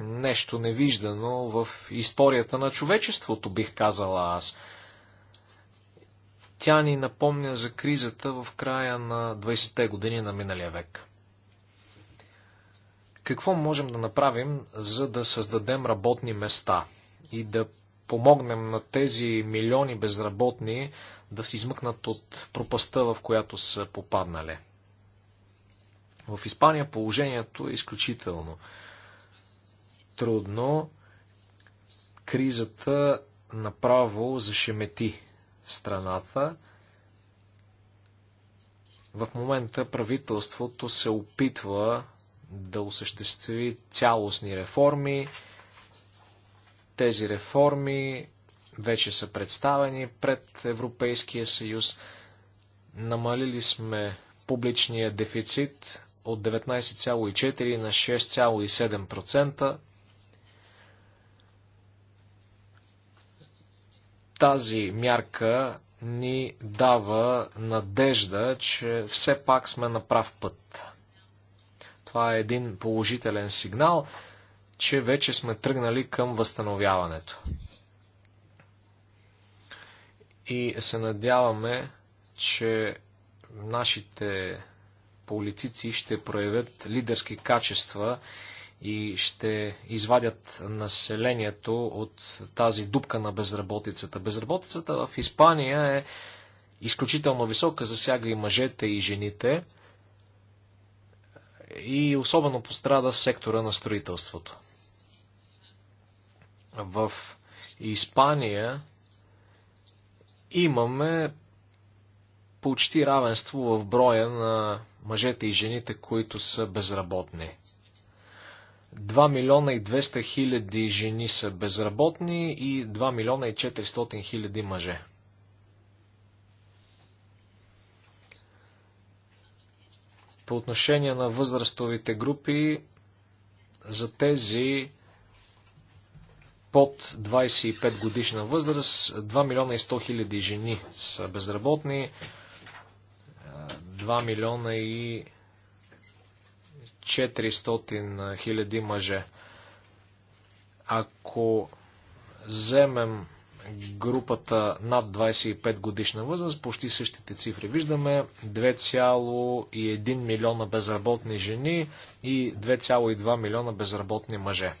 Нещо невиждано в историята на човечеството, бих казала аз. Тя ни напомня за кризата в края на 20-те години на миналия век. Какво можем да направим, за да създадем работни места и да помогнем на тези милиони безработни да се измъкнат от пропаста, в която са попаднали? В Испания положението е изключително трудно. Кризата направо зашемети страната. В момента правителството се опитва да осъществи цялостни реформи. Тези реформи вече са представени пред Европейския съюз. Намалили сме публичния дефицит от 19,4 на 6,7%. Тази мярка ни дава надежда, че все пак сме на прав път. Това е един положителен сигнал, че вече сме тръгнали към възстановяването. И се надяваме, че нашите политици ще проявят лидерски качества и ще извадят населението от тази дупка на безработицата. Безработицата в Испания е изключително висока, засяга и мъжете и жените и особено пострада сектора на строителството. В Испания имаме почти равенство в броя на мъжете и жените, които са безработни. 2 милиона и 200 хиляди жени са безработни и 2 милиона и 400 хиляди мъже. По отношение на възрастовите групи, за тези под 25 годишна възраст, 2 милиона и 100 хиляди жени са безработни, 2 милиона и 400 хиляди мъже. Ако вземем групата над 25 годишна възраст, почти същите цифри. Виждаме 2,1 милиона безработни жени и 2,2 милиона безработни мъже.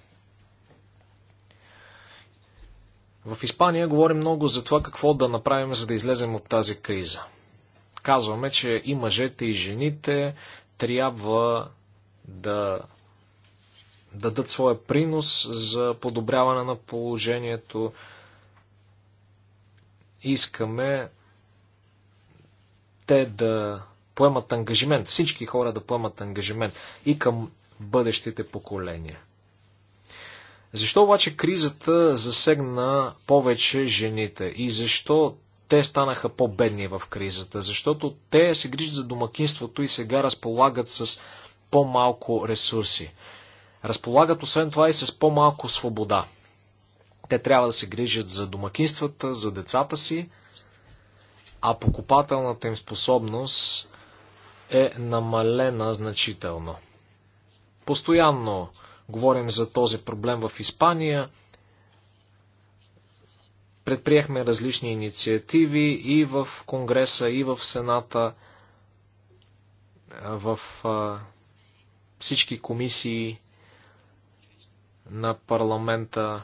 В Испания говорим много за това какво да направим, за да излезем от тази криза. Казваме, че и мъжете, и жените трябва да дадат своя принос за подобряване на положението искаме те да поемат ангажимент, всички хора да поемат ангажимент и към бъдещите поколения. Защо обаче кризата засегна повече жените и защо те станаха по-бедни в кризата? Защото те се грижат за домакинството и сега разполагат с по-малко ресурси. Разполагат освен това и с по-малко свобода. Те трябва да се грижат за домакинствата, за децата си, а покупателната им способност е намалена значително. Постоянно говорим за този проблем в Испания. Предприехме различни инициативи и в Конгреса, и в Сената, в всички комисии на парламента.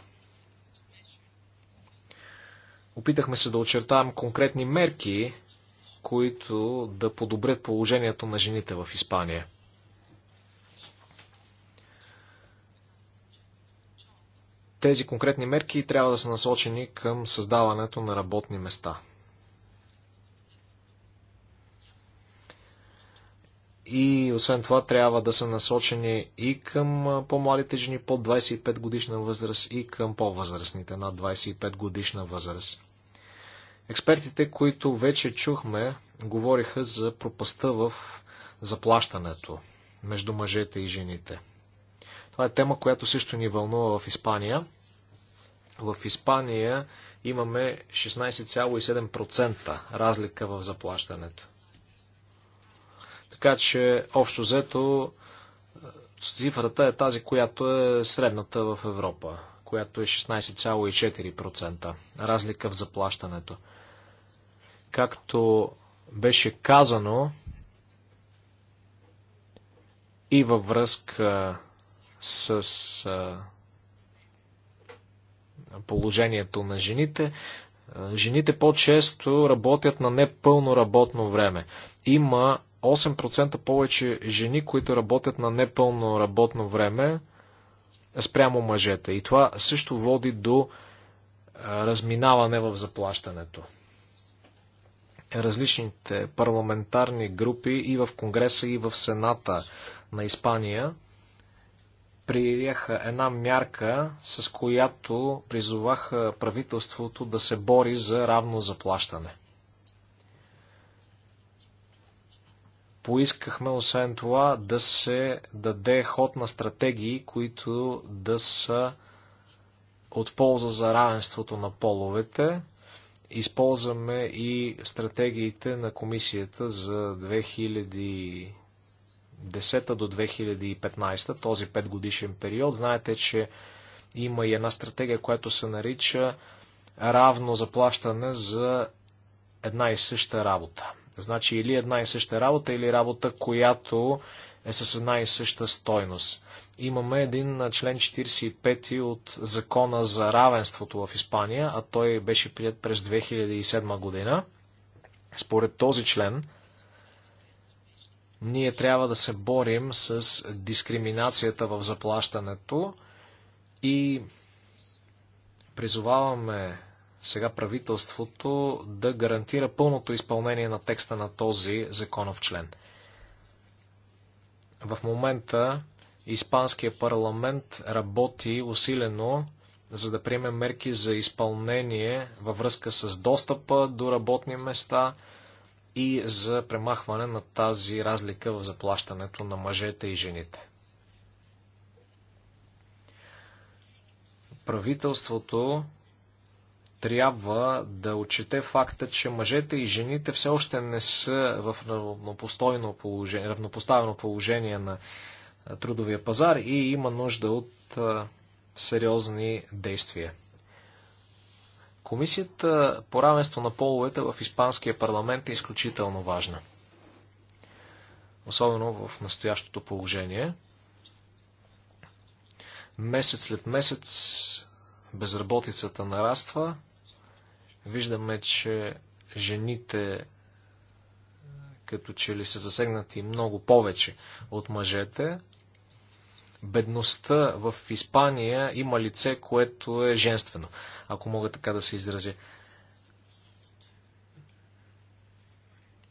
Опитахме се да очертаем конкретни мерки, които да подобрят положението на жените в Испания. Тези конкретни мерки трябва да са насочени към създаването на работни места – и освен това трябва да са насочени и към по-младите жени под 25 годишна възраст и към по-възрастните над 25 годишна възраст. Експертите, които вече чухме, говориха за пропаста в заплащането между мъжете и жените. Това е тема, която също ни вълнува в Испания. В Испания имаме 16,7% разлика в заплащането. Така че, общо взето, цифрата е тази, която е средната в Европа, която е 16,4% разлика в заплащането. Както беше казано и във връзка с положението на жените, жените по-често работят на непълно работно време. Има 8% повече жени, които работят на непълно работно време спрямо мъжете. И това също води до разминаване в заплащането. Различните парламентарни групи и в Конгреса, и в Сената на Испания приеха една мярка, с която призоваха правителството да се бори за равно заплащане. Поискахме, освен това, да се даде ход на стратегии, които да са от полза за равенството на половете. Използваме и стратегиите на комисията за 2010 до 2015, този 5 годишен период. Знаете, че има и една стратегия, която се нарича равно заплащане за една и съща работа. Значи или една и съща работа, или работа, която е с една и съща стойност. Имаме един член 45 от Закона за равенството в Испания, а той беше прият през 2007 година. Според този член, ние трябва да се борим с дискриминацията в заплащането и призоваваме сега правителството да гарантира пълното изпълнение на текста на този законов член. В момента Испанския парламент работи усилено за да приеме мерки за изпълнение във връзка с достъпа до работни места и за премахване на тази разлика в заплащането на мъжете и жените. Правителството трябва да отчете факта, че мъжете и жените все още не са в равнопоставено положение, равнопоставено положение на трудовия пазар и има нужда от сериозни действия. Комисията по равенство на половете в Испанския парламент е изключително важна. Особено в настоящото положение. Месец след месец безработицата нараства, Виждаме, че жените като че ли са засегнати много повече от мъжете. Бедността в Испания има лице, което е женствено, ако мога така да се изразя.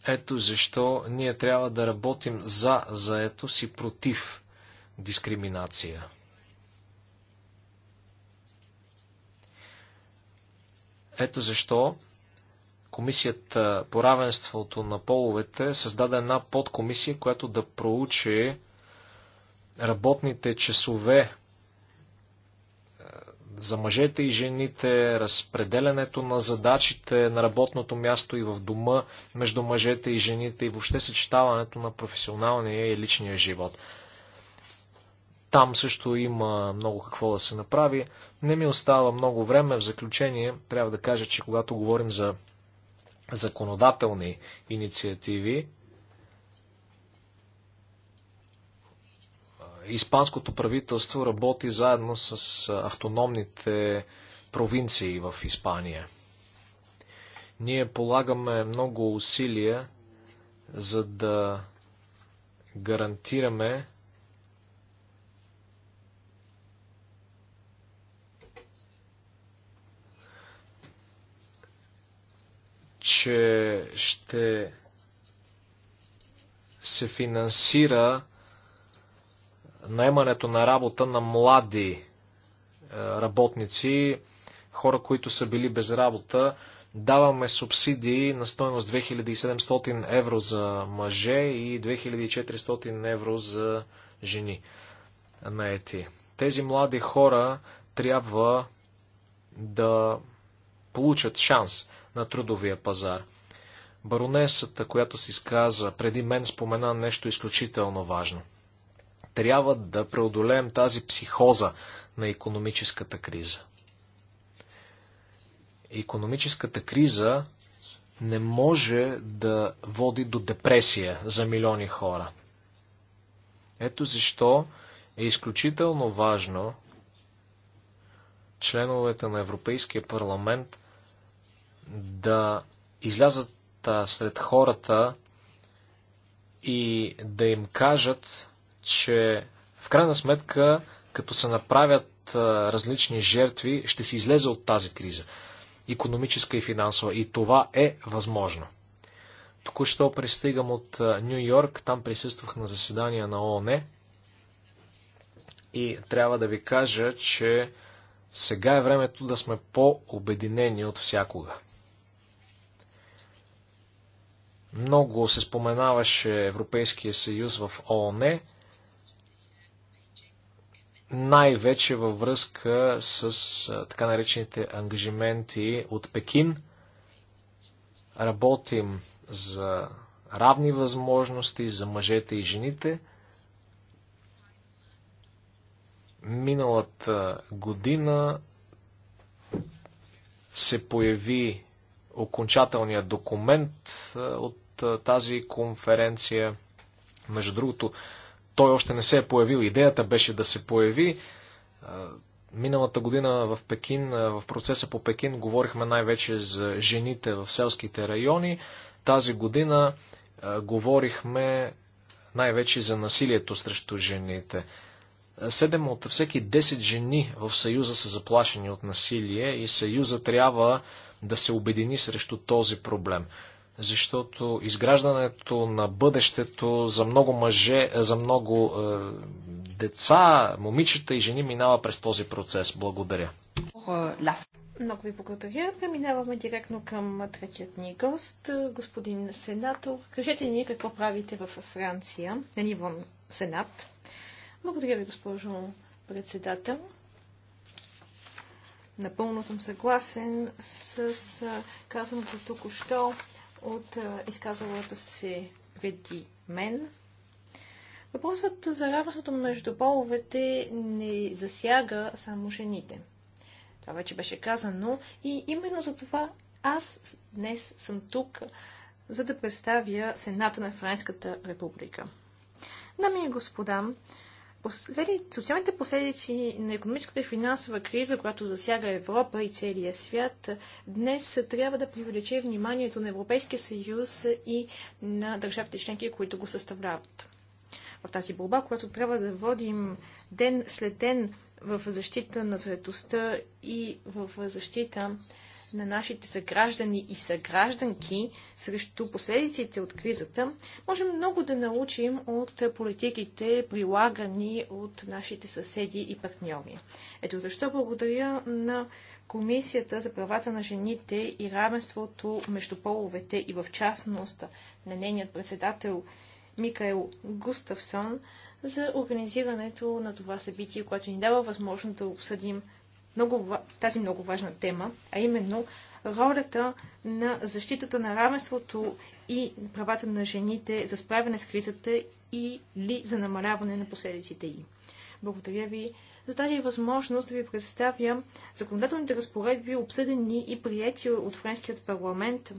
Ето защо ние трябва да работим за заето си против дискриминация. Ето защо Комисията по равенството на половете създаде една подкомисия, която да проучи работните часове е, за мъжете и жените, разпределянето на задачите на работното място и в дома между мъжете и жените и въобще съчетаването на професионалния и личния живот. Там също има много какво да се направи. Не ми остава много време. В заключение трябва да кажа, че когато говорим за законодателни инициативи, Испанското правителство работи заедно с автономните провинции в Испания. Ние полагаме много усилия, за да гарантираме че ще се финансира наемането на работа на млади е, работници, хора, които са били без работа. Даваме субсидии на стоеност 2700 евро за мъже и 2400 евро за жени ети. Тези млади хора трябва да получат шанс на трудовия пазар. Баронесата, която си изказа преди мен, спомена нещо изключително важно. Трябва да преодолеем тази психоза на економическата криза. Економическата криза не може да води до депресия за милиони хора. Ето защо е изключително важно членовете на Европейския парламент да излязат сред хората и да им кажат, че в крайна сметка, като се направят различни жертви, ще се излезе от тази криза. Економическа и финансова. И това е възможно. Току-що пристигам от Нью Йорк, там присъствах на заседание на ООН и трябва да ви кажа, че сега е времето да сме по-обединени от всякога. Много се споменаваше Европейския съюз в ООН, най-вече във връзка с така наречените ангажименти от Пекин. Работим за равни възможности за мъжете и жените. Миналата година се появи окончателният документ от тази конференция. Между другото, той още не се е появил. Идеята беше да се появи. Миналата година в Пекин, в процеса по Пекин, говорихме най-вече за жените в селските райони. Тази година говорихме най-вече за насилието срещу жените. Седем от всеки 10 жени в Съюза са заплашени от насилие и Съюза трябва да се обедини срещу този проблем защото изграждането на бъдещето за много мъже, за много е, деца, момичета и жени минава през този процес. Благодаря. Много ви благодаря. Преминаваме директно към третият ни гост, е, господин сенатор. Кажете ни какво правите в Франция на ниво сенат. Благодаря ви, госпожо председател. Напълно съм съгласен с е, казаното тук-що от изказалата се преди мен. Въпросът за равенството между половете не засяга само жените. Това вече беше казано и именно за това аз днес съм тук, за да представя Сената на Франската република. Дами и господа, социалните последици на економическата и финансова криза, която засяга Европа и целия свят, днес трябва да привлече вниманието на Европейския съюз и на държавите членки, които го съставляват. В тази борба, която трябва да водим ден след ден в защита на заедостта и в защита на нашите съграждани и съгражданки срещу последиците от кризата, можем много да научим от политиките, прилагани от нашите съседи и партньори. Ето защо благодаря на Комисията за правата на жените и равенството между половете и в частност на нейният председател Микаел Густавсон за организирането на това събитие, което ни дава възможност да обсъдим много, тази много важна тема, а именно ролята на защитата на равенството и правата на жените за справяне с кризата или за намаляване на последиците й. Благодаря ви за тази възможност да ви представя законодателните разпоредби, обсъдени и прияти от Френският парламент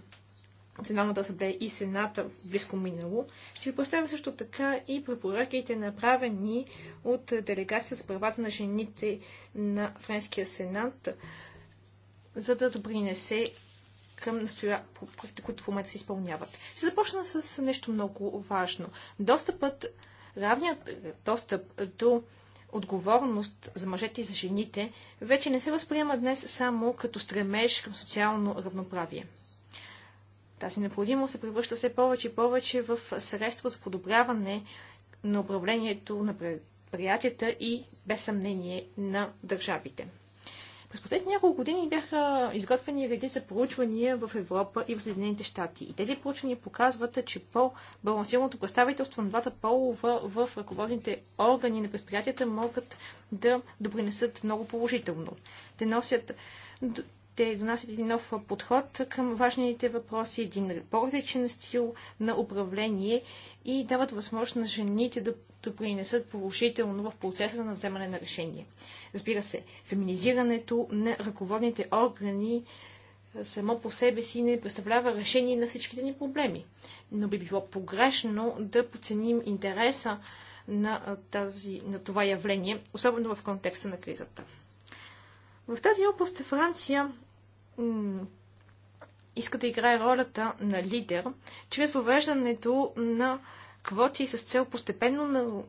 Националната асамблея и Сената в близко минало. Ще ви представя също така и препоръките, направени от делегация с правата на жените на Френския Сенат, за да допринесе към настоя... които в момента се изпълняват. Ще започна с нещо много важно. Достъпът, равният достъп до отговорност за мъжете и за жените вече не се възприема днес само като стремеж към социално равноправие. Тази необходимост се превръща все повече и повече в средство за подобряване на управлението на предприятията и без съмнение на държавите. През последните няколко години бяха изготвени редица проучвания в Европа и в Съединените щати. И тези проучвания показват, че по-балансираното представителство на двата полова в ръководните органи на предприятията могат да допринесат много положително. Те носят те донасят един нов подход към важните въпроси, един по-различен стил на управление и дават възможност на жените да допринесат положително в процеса на вземане на решение. Разбира се, феминизирането на ръководните органи само по себе си не представлява решение на всичките ни проблеми. Но би било погрешно да поценим интереса на, тази, на това явление, особено в контекста на кризата. В тази област е Франция иска да играе ролята на лидер чрез въвеждането на квоти с цел постепенно на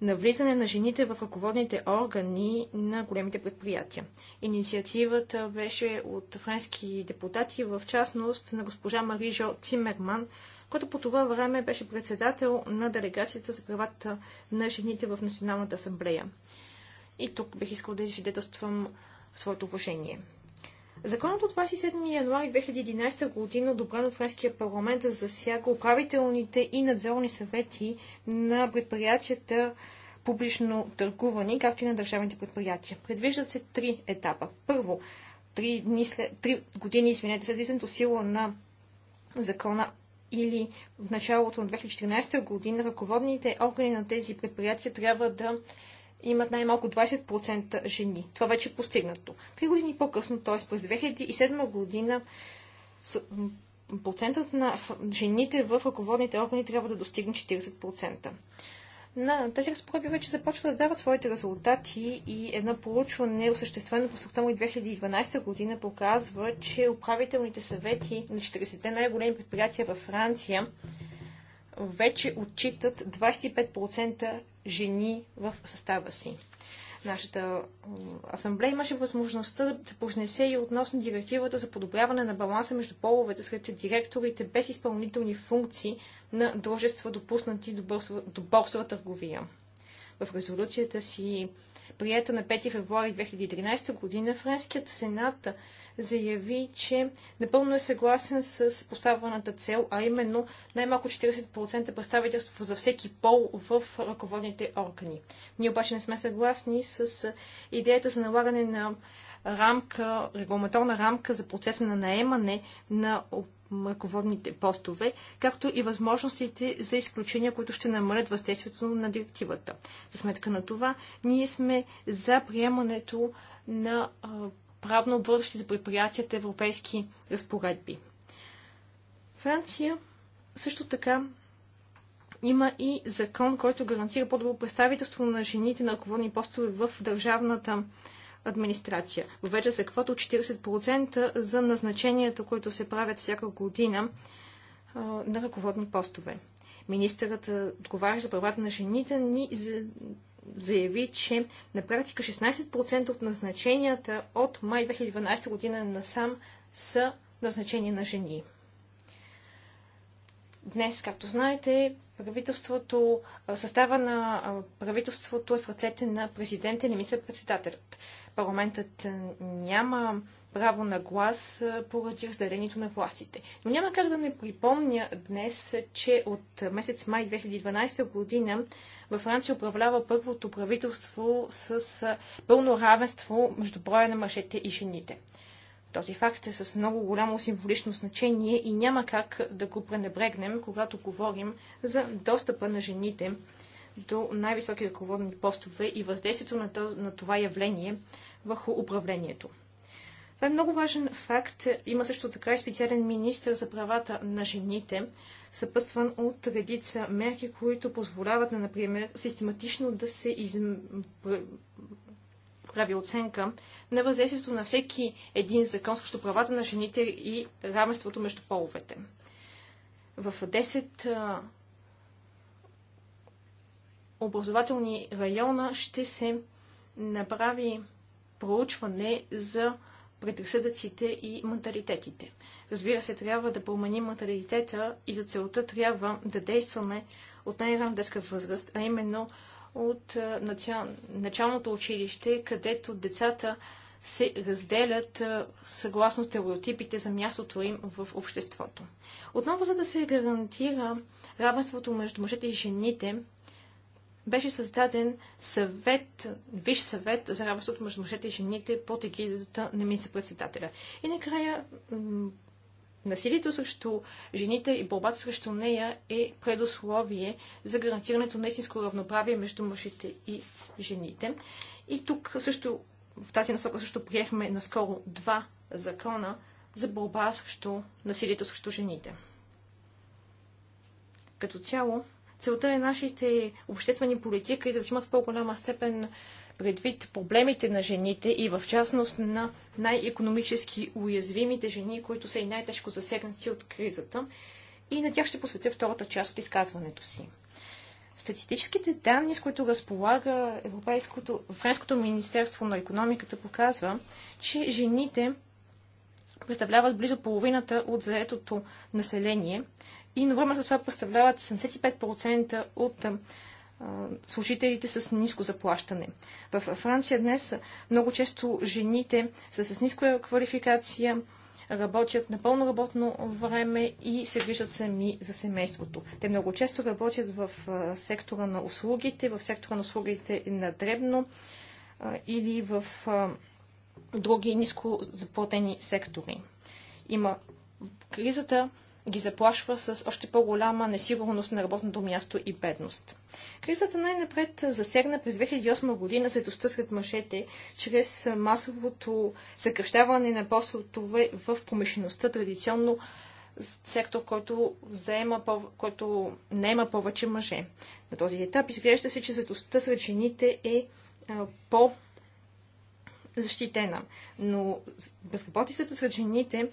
навлизане на жените в ръководните органи на големите предприятия. Инициативата беше от френски депутати, в частност на госпожа Мари Жо Цимерман, който по това време беше председател на делегацията за правата на жените в Националната асамблея. И тук бих искал да извидетелствам своето уважение. Законът от 27 януари 2011 година, одобрен от Френския парламент, засяга управителните и надзорни съвети на предприятията публично търгувани, както и на държавните предприятия. Предвиждат се три етапа. Първо, три, дни след, три години извинете, след излизането сила на закона или в началото на 2014 година, ръководните органи на тези предприятия трябва да имат най-малко 20% жени. Това вече е постигнато. Три години по-късно, т.е. през 2007 година, процентът на жените в ръководните органи трябва да достигне 40%. На тези разпоръби вече започват да дават своите резултати и едно проучване, осъществено по октомври 2012 година, показва, че управителните съвети на 40-те най-големи предприятия във Франция вече отчитат 25% жени в състава си. Нашата асамблея имаше възможността да се произнесе и относно директивата за подобряване на баланса между половете сред директорите без изпълнителни функции на дружества, допуснати до борсова, до борсова търговия. В резолюцията си прията на 5 февруари 2013 година, Френският сенат заяви, че напълно е съгласен с поставената цел, а именно най-малко 40% представителство за всеки пол в ръководните органи. Ние обаче не сме съгласни с идеята за налагане на рамка, регламаторна рамка за процеса на наемане на Мъководните постове, както и възможностите за изключения, които ще намалят въздействието на директивата. За сметка на това, ние сме за приемането на правно обвързващи за предприятията европейски разпоредби. Франция също така има и закон, който гарантира по-добро представителство на жените на ръководни постове в държавната администрация. Въвежда се квота от 40% за назначенията, които се правят всяка година на ръководни постове. Министърът отговаря за правата на жените ни за, заяви, че на практика 16% от назначенията от май 2012 година насам са назначени на жени. Днес, както знаете, правителството, състава на правителството е в ръцете на президента и на мисля председателят Парламентът няма право на глас поради разделението на властите. Но няма как да не припомня днес, че от месец май 2012 година във Франция управлява първото правителство с пълно равенство между броя на мъжете и жените. Този факт е с много голямо символично значение и няма как да го пренебрегнем, когато говорим за достъпа на жените до най-високи ръководни постове и въздействието на, това явление върху управлението. Това е много важен факт. Има също така и специален министр за правата на жените, съпъстван от редица мерки, които позволяват, например, систематично да се изм прави оценка на въздействието на всеки един закон срещу правата на жените и равенството между половете. В 10 образователни района ще се направи проучване за предразсъдъците и менталитетите. Разбира се, трябва да променим менталитета и за целта трябва да действаме от най-ран детска възраст, а именно от начал... началното училище, където децата се разделят съгласно стереотипите за мястото им в обществото. Отново, за да се гарантира равенството между мъжете и жените, беше създаден съвет, виш съвет за равенството между мъжете и жените под егидата на министър-председателя. И накрая Насилието срещу жените и борбата срещу нея е предусловие за гарантирането на истинско равноправие между мъжете и жените. И тук също, в тази насока също приехме наскоро два закона за борба срещу насилието срещу жените. Като цяло, целта е нашите обществени политики да взимат в по-голяма степен предвид проблемите на жените и в частност на най-економически уязвимите жени, които са и най-тежко засегнати от кризата. И на тях ще посветя втората част от изказването си. Статистическите данни, с които разполага Европейското, Френското министерство на економиката, показва, че жените представляват близо половината от заетото население и едновременно с това представляват 75% от служителите с ниско заплащане. В Франция днес много често жените са с ниска квалификация, работят на пълно работно време и се грижат сами за семейството. Те много често работят в сектора на услугите, в сектора на услугите на дребно или в други ниско заплатени сектори. Има кризата ги заплашва с още по-голяма несигурност на работното място и бедност. Кризата най-напред засегна през 2008 година заедостта сред мъжете чрез масовото съкръщаване на постове в промишлеността, традиционно сектор, който, заема, който не има повече мъже. На този етап изглежда се, че заедостта сред жените е, е по- защитена. Но безработицата сред жените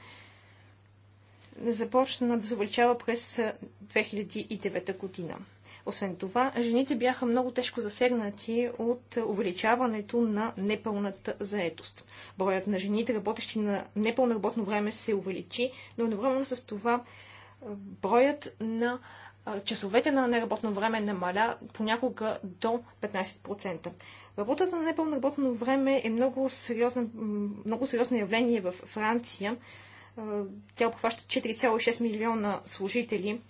започна да се увеличава през 2009 година. Освен това, жените бяха много тежко засегнати от увеличаването на непълната заетост. Броят на жените, работещи на непълно работно време, се увеличи, но едновременно с това броят на часовете на неработно време намаля понякога до 15%. Работата на непълно работно време е много сериозно, много сериозно явление в Франция. Е, тя обхваща 4,6 милиона служители.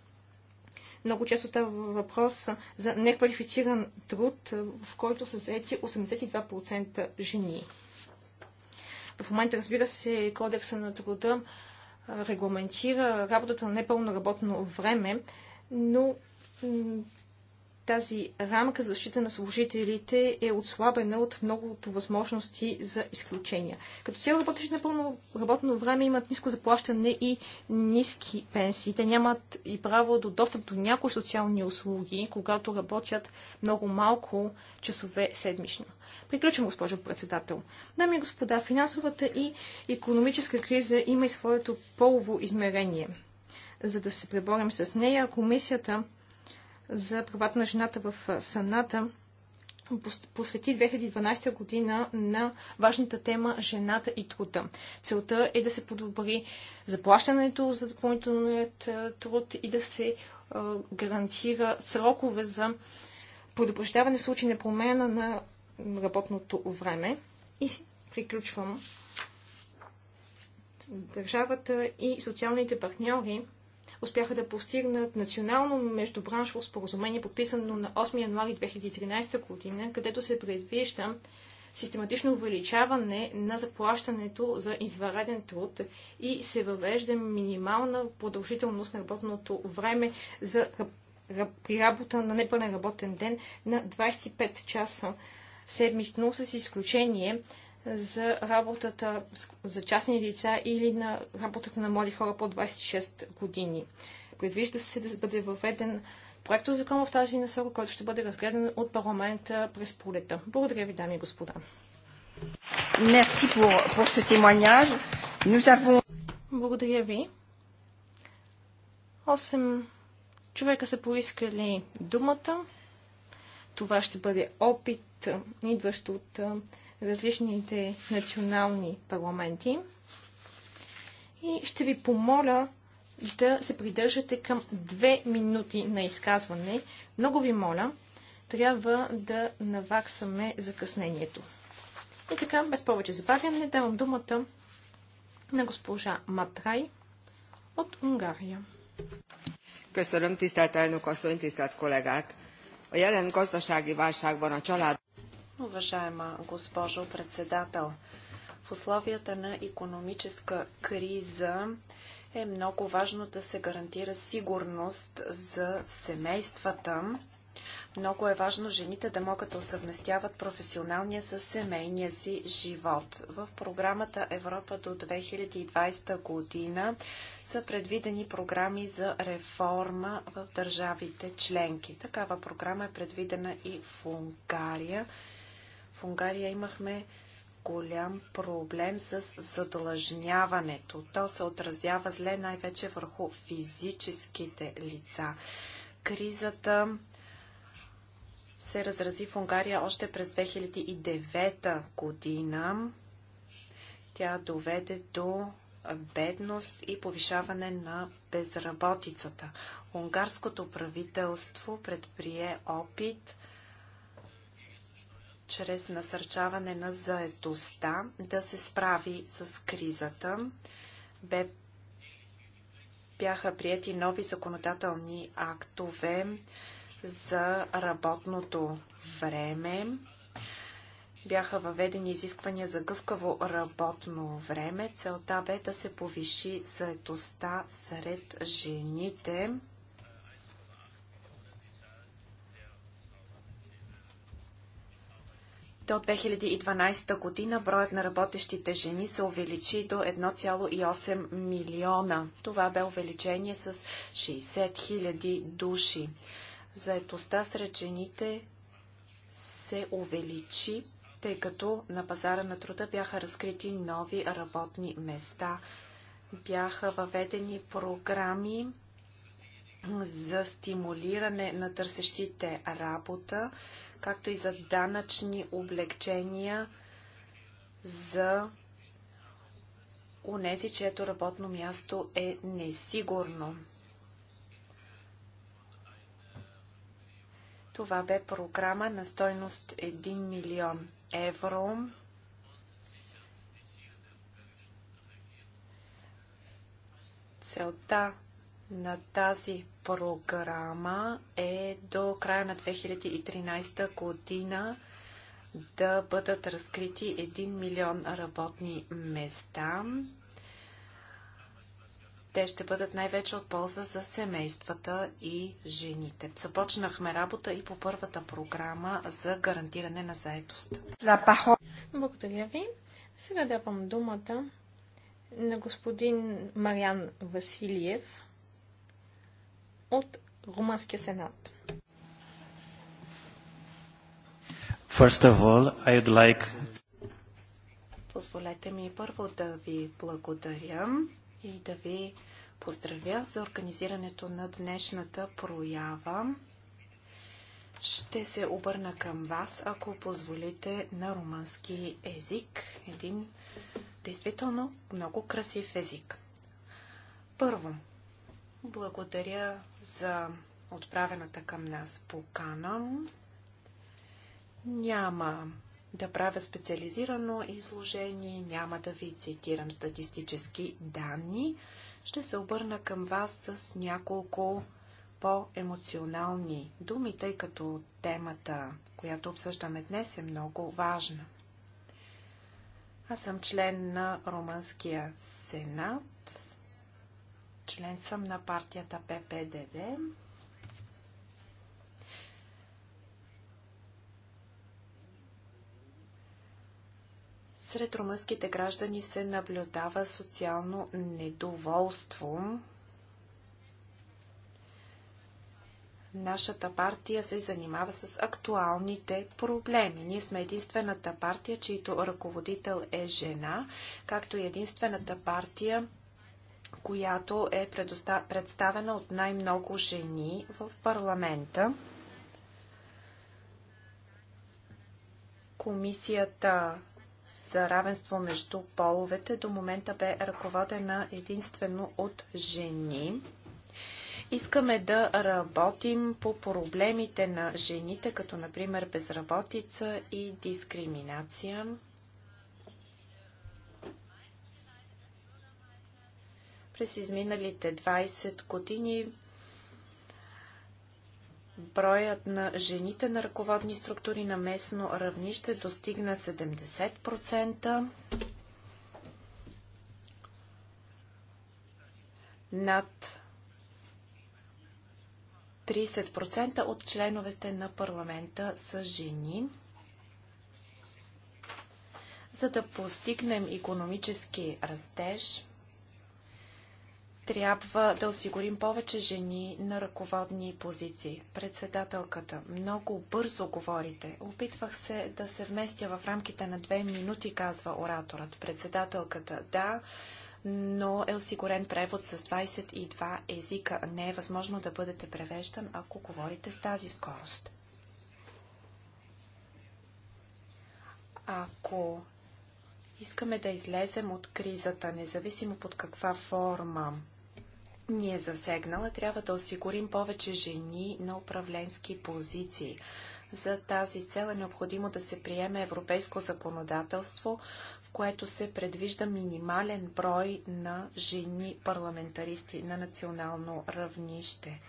Много често става въпрос за неквалифициран труд, е, в който са заети 82% жени. В момента, разбира се, кодекса на труда е, регламентира работата на непълно работно време, но тази рамка за защита на служителите е отслабена от многото възможности за изключения. Като цяло работещи на пълно работно време имат ниско заплащане и ниски пенсии. Те нямат и право до достъп до някои социални услуги, когато работят много малко часове седмично. Приключвам, госпожо председател. Дами и господа, финансовата и економическа криза има и своето полово измерение. За да се преборим с нея, комисията за правата на жената в Саната посвети 2012 година на важната тема жената и труда. Целта е да се подобри заплащането за допълнителният труд и да се гарантира срокове за предупреждаване в случай на промена на работното време. И приключвам. Държавата и социалните партньори успяха да постигнат национално междубраншово споразумение, подписано на 8 януари 2013 година, където се предвижда систематично увеличаване на заплащането за извареден труд и се въвежда минимална продължителност на работното време за при работа на непълен работен ден на 25 часа седмично, с изключение за работата за частни лица или на работата на млади хора по 26 години. Предвижда се да бъде въведен проекто закон в тази насока, който ще бъде разгледан от парламента през полета. Благодаря ви, дами и господа. Благодаря ви. Осем човека са поискали думата. Това ще бъде опит, идващ от различните национални парламенти. И ще ви помоля да се придържате към две минути на изказване. Много ви моля, трябва да наваксаме закъснението. И така, без повече забавяне, давам думата на госпожа Матрай от Унгария. Köszönöm, tisztelt elnök asszony, tisztelt kollégák! A jelen gazdasági válságban a család... Уважаема госпожо председател, в условията на економическа криза е много важно да се гарантира сигурност за семействата. Много е важно жените да могат да съвместяват професионалния с семейния си живот. В програмата Европа до 2020 година са предвидени програми за реформа в държавите членки. Такава програма е предвидена и в Унгария в Унгария имахме голям проблем с задлъжняването. То се отразява зле най-вече върху физическите лица. Кризата се разрази в Унгария още през 2009 година. Тя доведе до бедност и повишаване на безработицата. Унгарското правителство предприе опит – чрез насърчаване на заетостта да се справи с кризата. Бе бяха прияти нови законодателни актове за работното време. Бяха въведени изисквания за гъвкаво работно време. Целта бе да се повиши заетостта сред жените. До 2012 година броят на работещите жени се увеличи до 1,8 милиона. Това бе увеличение с 60 хиляди души. Заетостта сред жените се увеличи, тъй като на пазара на труда бяха разкрити нови работни места. Бяха въведени програми за стимулиране на търсещите работа, както и за данъчни облегчения за унези, чието работно място е несигурно. Това бе програма на стойност 1 милион евро. Целта на тази програма е до края на 2013 година да бъдат разкрити 1 милион работни места. Те ще бъдат най-вече от полза за семействата и жените. Започнахме работа и по първата програма за гарантиране на заедост. Благодаря ви. Сега давам думата на господин Мариан Василиев от Румънския сенат. First of all, I would like... Позволете ми първо да ви благодаря и да ви поздравя за организирането на днешната проява. Ще се обърна към вас, ако позволите, на румънски език. Един действително много красив език. Първо, благодаря за отправената към нас покана. Няма да правя специализирано изложение, няма да ви цитирам статистически данни. Ще се обърна към вас с няколко по-емоционални думи, тъй като темата, която обсъждаме днес, е много важна. Аз съм член на Румънския сенат Член съм на партията ППДД. Сред румънските граждани се наблюдава социално недоволство. Нашата партия се занимава с актуалните проблеми. Ние сме единствената партия, чийто ръководител е жена, както и единствената партия, която е представена от най-много жени в парламента. Комисията за равенство между половете до момента бе ръководена единствено от жени. Искаме да работим по проблемите на жените, като например безработица и дискриминация. През изминалите 20 години броят на жените на ръководни структури на местно равнище достигна 70%. Над 30% от членовете на парламента са жени. За да постигнем економически растеж, трябва да осигурим повече жени на ръководни позиции. Председателката, много бързо говорите. Опитвах се да се вместя в рамките на две минути, казва ораторът. Председателката, да, но е осигурен превод с 22 езика. Не е възможно да бъдете превеждан, ако говорите с тази скорост. Ако искаме да излезем от кризата, независимо под каква форма, ни е засегнала, трябва да осигурим повече жени на управленски позиции. За тази цел е необходимо да се приеме европейско законодателство, в което се предвижда минимален брой на жени парламентаристи на национално равнище.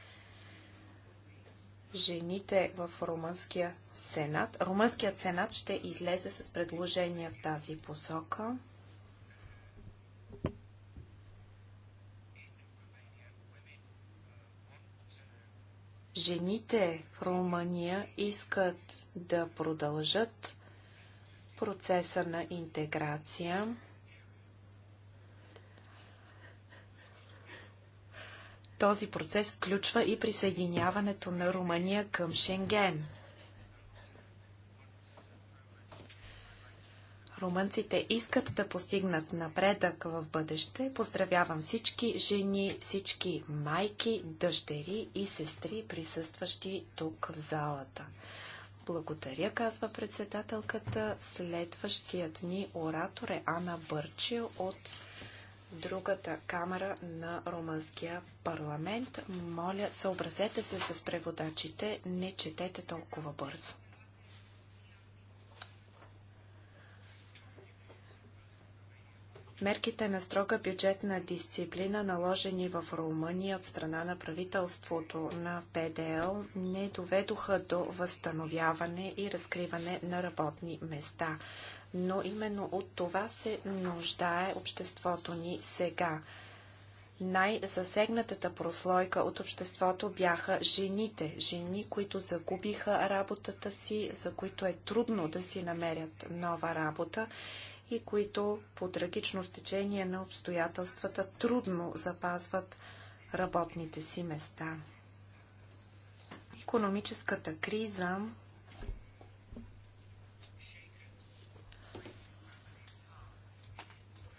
Жените в Румънския сенат. Румънският сенат ще излезе с предложение в тази посока. Жените в Румъния искат да продължат процеса на интеграция. Този процес включва и присъединяването на Румъния към Шенген. румънците искат да постигнат напредък в бъдеще, поздравявам всички жени, всички майки, дъщери и сестри, присъстващи тук в залата. Благодаря, казва председателката. Следващият ни оратор е Ана Бърчил от другата камера на Румънския парламент. Моля, съобразете се с преводачите, не четете толкова бързо. Мерките на строга бюджетна дисциплина, наложени в Румъния от страна на правителството на ПДЛ, не доведоха до възстановяване и разкриване на работни места. Но именно от това се нуждае обществото ни сега. Най-засегнатата прослойка от обществото бяха жените. Жени, които загубиха работата си, за които е трудно да си намерят нова работа и които по трагично стечение на обстоятелствата трудно запазват работните си места. Економическата криза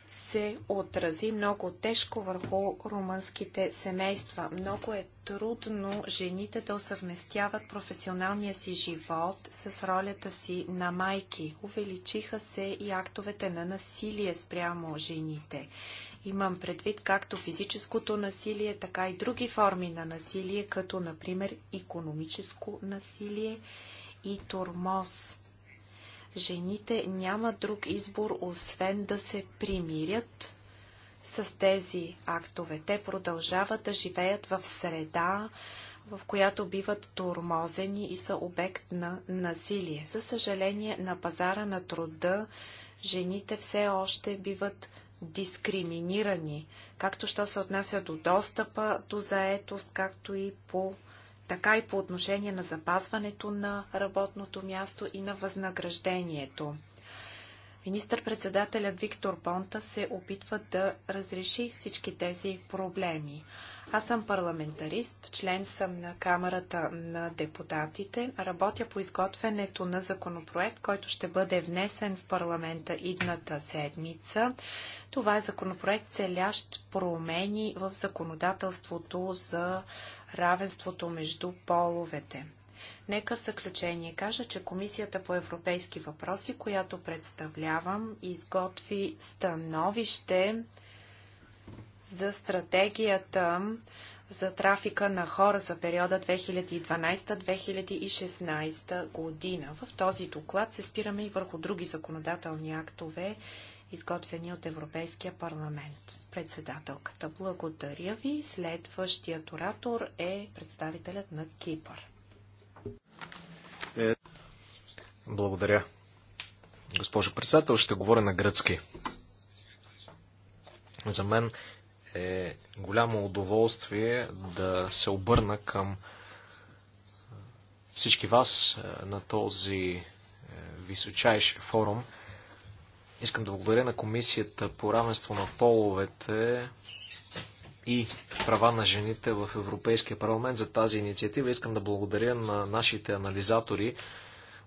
се отрази много тежко върху румънските семейства. Много е трудно жените да съвместяват професионалния си живот с ролята си на майки. Увеличиха се и актовете на насилие спрямо жените. Имам предвид както физическото насилие, така и други форми на насилие, като например економическо насилие и тормоз. Жените нямат друг избор, освен да се примирят с тези актове. Те продължават да живеят в среда, в която биват тормозени и са обект на насилие. За съжаление, на пазара на труда жените все още биват дискриминирани, както що се отнася до достъпа до заетост, както и по така и по отношение на запазването на работното място и на възнаграждението. Министър-председателят Виктор Понта се опитва да разреши всички тези проблеми. Аз съм парламентарист, член съм на Камерата на депутатите, работя по изготвянето на законопроект, който ще бъде внесен в парламента идната седмица. Това е законопроект, целящ промени в законодателството за равенството между половете. Нека в заключение кажа, че Комисията по европейски въпроси, която представлявам, изготви становище за стратегията за трафика на хора за периода 2012-2016 година. В този доклад се спираме и върху други законодателни актове, изготвени от Европейския парламент. Председателката, благодаря ви. Следващият оратор е представителят на Кипър. Благодаря. Госпожо председател, ще говоря на гръцки. За мен е голямо удоволствие да се обърна към всички вас е, на този е, височайш форум. Искам да благодаря на Комисията по равенство на половете и права на жените в Европейския парламент за тази инициатива. Искам да благодаря на нашите анализатори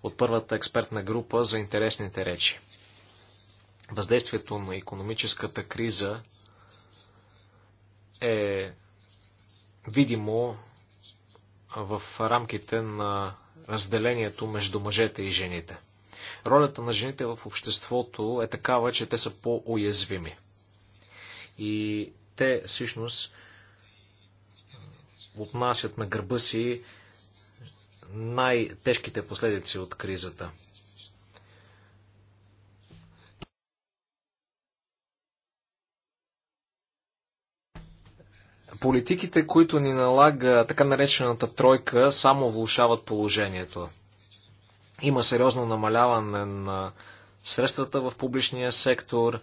от първата експертна група за интересните речи. Въздействието на економическата криза е видимо в рамките на разделението между мъжете и жените. Ролята на жените в обществото е такава, че те са по-уязвими. И те всъщност отнасят на гърба си най-тежките последици от кризата. Политиките, които ни налага така наречената тройка, само влушават положението. Има сериозно намаляване на средствата в публичния сектор,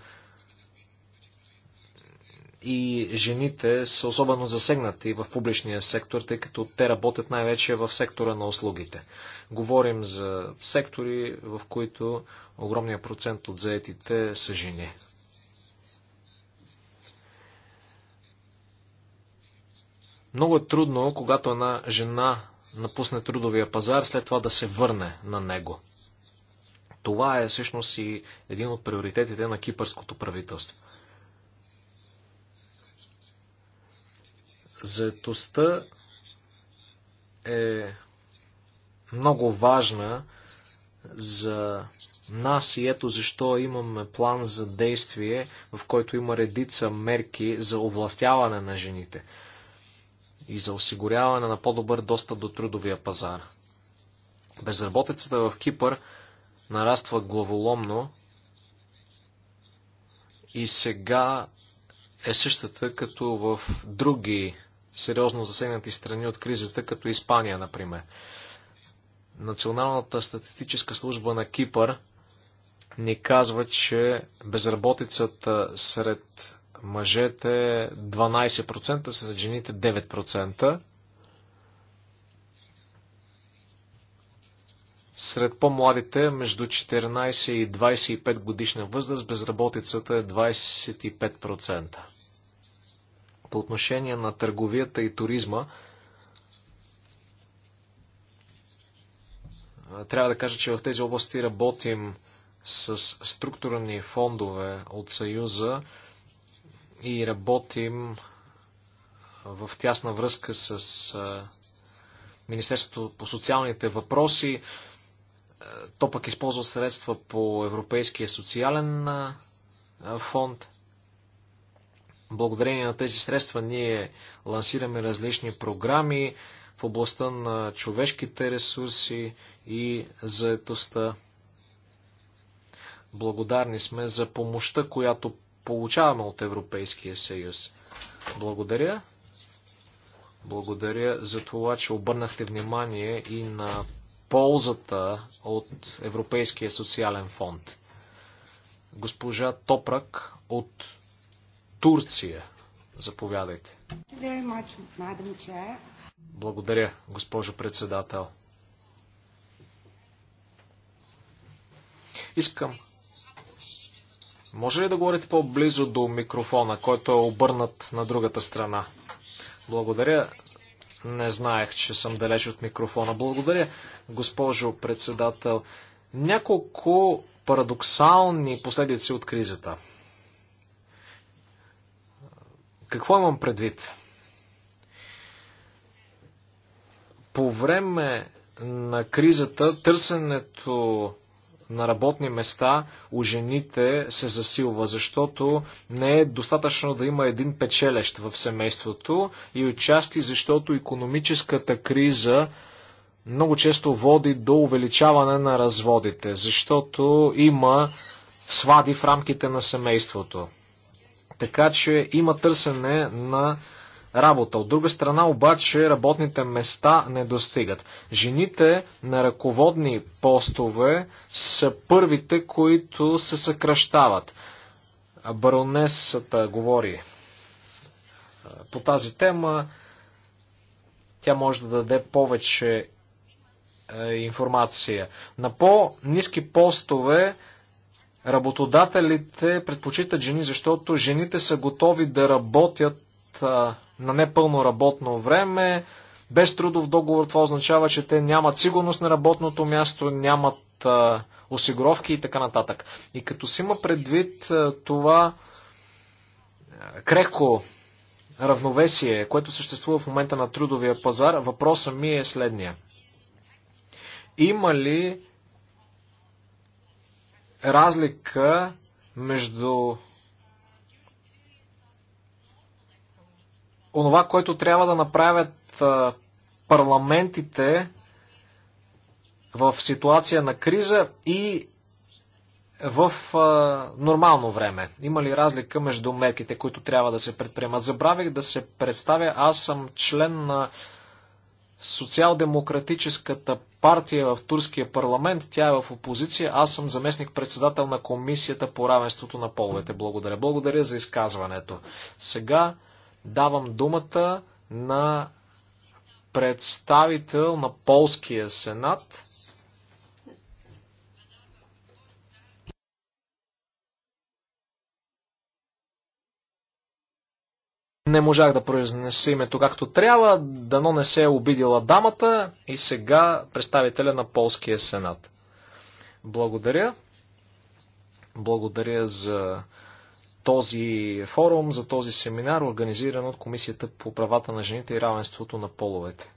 и жените са особено засегнати в публичния сектор, тъй като те работят най-вече в сектора на услугите. Говорим за сектори, в които огромният процент от заетите са жени. Много е трудно, когато една жена напусне трудовия пазар, след това да се върне на него. Това е всъщност и един от приоритетите на кипърското правителство. Заетостта е много важна за нас и ето защо имаме план за действие, в който има редица мерки за овластяване на жените и за осигуряване на по-добър достъп до трудовия пазар. Безработицата в Кипър нараства главоломно и сега е същата като в други сериозно засегнати страни от кризата, като Испания, например. Националната статистическа служба на Кипър ни казва, че безработицата сред мъжете е 12%, сред жените 9%. Сред по-младите, между 14 и 25 годишна възраст, безработицата е 25% по отношение на търговията и туризма. Трябва да кажа, че в тези области работим с структурни фондове от Съюза и работим в тясна връзка с Министерството по социалните въпроси. То пък използва средства по Европейския социален фонд. Благодарение на тези средства ние лансираме различни програми в областта на човешките ресурси и заетостта. Благодарни сме за помощта, която получаваме от Европейския съюз. Благодаря. Благодаря за това, че обърнахте внимание и на ползата от Европейския социален фонд. Госпожа Топрак от Турция. Заповядайте. Благодаря, госпожо председател. Искам. Може ли да говорите по-близо до микрофона, който е обърнат на другата страна? Благодаря. Не знаех, че съм далеч от микрофона. Благодаря, госпожо председател. Няколко парадоксални последици от кризата. Какво имам предвид? По време на кризата търсенето на работни места у жените се засилва, защото не е достатъчно да има един печелещ в семейството и отчасти защото економическата криза много често води до увеличаване на разводите, защото има свади в рамките на семейството. Така че има търсене на работа. От друга страна обаче работните места не достигат. Жените на ръководни постове са първите, които се съкръщават. Баронесата говори по тази тема. Тя може да даде повече информация. На по-низки постове Работодателите предпочитат жени, защото жените са готови да работят а, на непълно работно време, без трудов договор. Това означава, че те нямат сигурност на работното място, нямат а, осигуровки и така нататък. И като си има предвид а, това крехко равновесие, което съществува в момента на трудовия пазар, въпросът ми е следния. Има ли разлика между онова, което трябва да направят парламентите в ситуация на криза и в а, нормално време? Има ли разлика между мерките, които трябва да се предприемат? Забравих да се представя, аз съм член на социал-демократическата партия в турския парламент. Тя е в опозиция. Аз съм заместник-председател на комисията по равенството на половете. Благодаря. Благодаря за изказването. Сега давам думата на представител на Полския сенат Не можах да произнеса името както трябва, дано не се е обидила дамата и сега представителя на Полския сенат. Благодаря. Благодаря за този форум, за този семинар, организиран от Комисията по правата на жените и равенството на половете.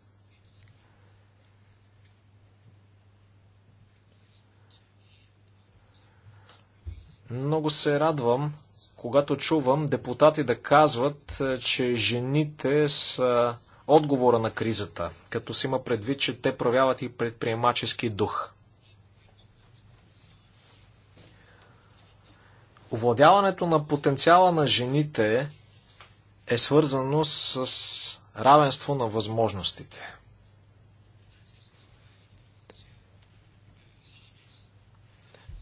Много се радвам, когато чувам депутати да казват, е, че жените са отговора на кризата, като си има предвид, че те проявяват и предприемачески дух. Овладяването на потенциала на жените е свързано с равенство на възможностите.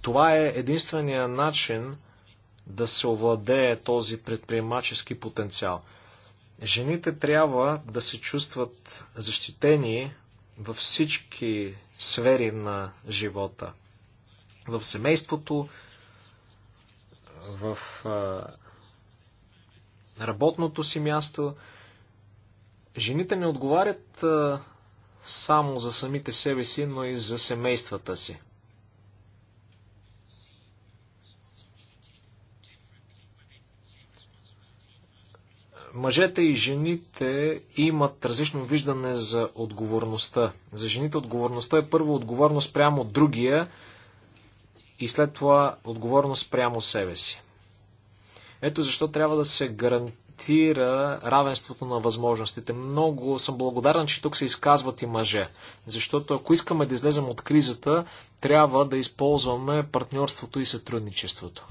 Това е единствения начин да се овладее този предприемачески потенциал. Жените трябва да се чувстват защитени във всички сфери на живота. В семейството, в работното си място. Жените не отговарят само за самите себе си, но и за семействата си. Мъжете и жените имат различно виждане за отговорността. За жените отговорността е първо отговорност прямо другия и след това отговорност прямо себе си. Ето защо трябва да се гарантира равенството на възможностите. Много съм благодарен, че тук се изказват и мъже. Защото ако искаме да излезем от кризата, трябва да използваме партньорството и сътрудничеството.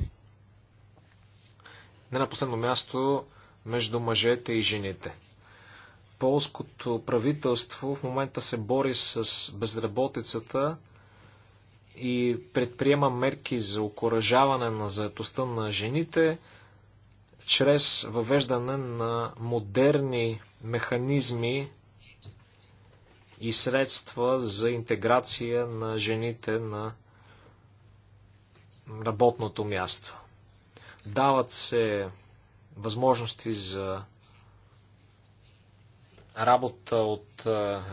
Не на последно място, между мъжете и жените. Полското правителство в момента се бори с безработицата и предприема мерки за окоръжаване на заетостта на жените чрез въвеждане на модерни механизми и средства за интеграция на жените на работното място. Дават се възможности за работа от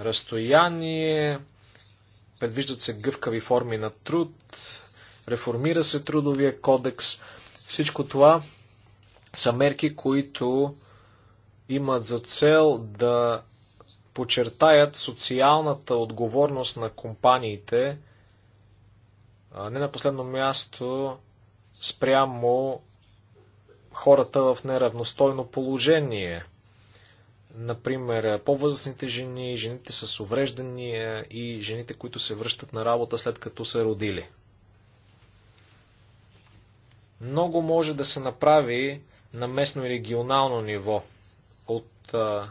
разстояние, предвиждат се гъвкави форми на труд, реформира се трудовия кодекс. Всичко това са мерки, които имат за цел да подчертаят социалната отговорност на компаниите, не на последно място спрямо хората в неравностойно положение. Например, по-възрастните жени, жените с увреждания и жените, които се връщат на работа след като са родили. Много може да се направи на местно и регионално ниво от а,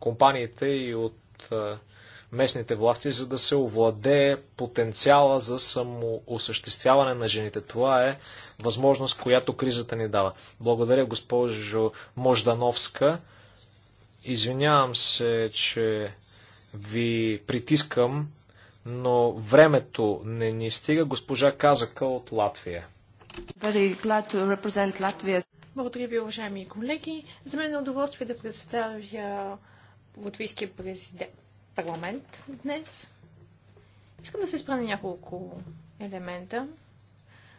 компаниите и от а, местните власти, за да се овладее потенциала за самоосъществяване на жените. Това е възможност, която кризата ни дава. Благодаря, госпожо Мождановска. Извинявам се, че ви притискам, но времето не ни стига. Госпожа Казака от Латвия. Благодаря ви, уважаеми колеги. За мен е удоволствие да представя латвийския парламент днес. Искам да се спра на няколко елемента.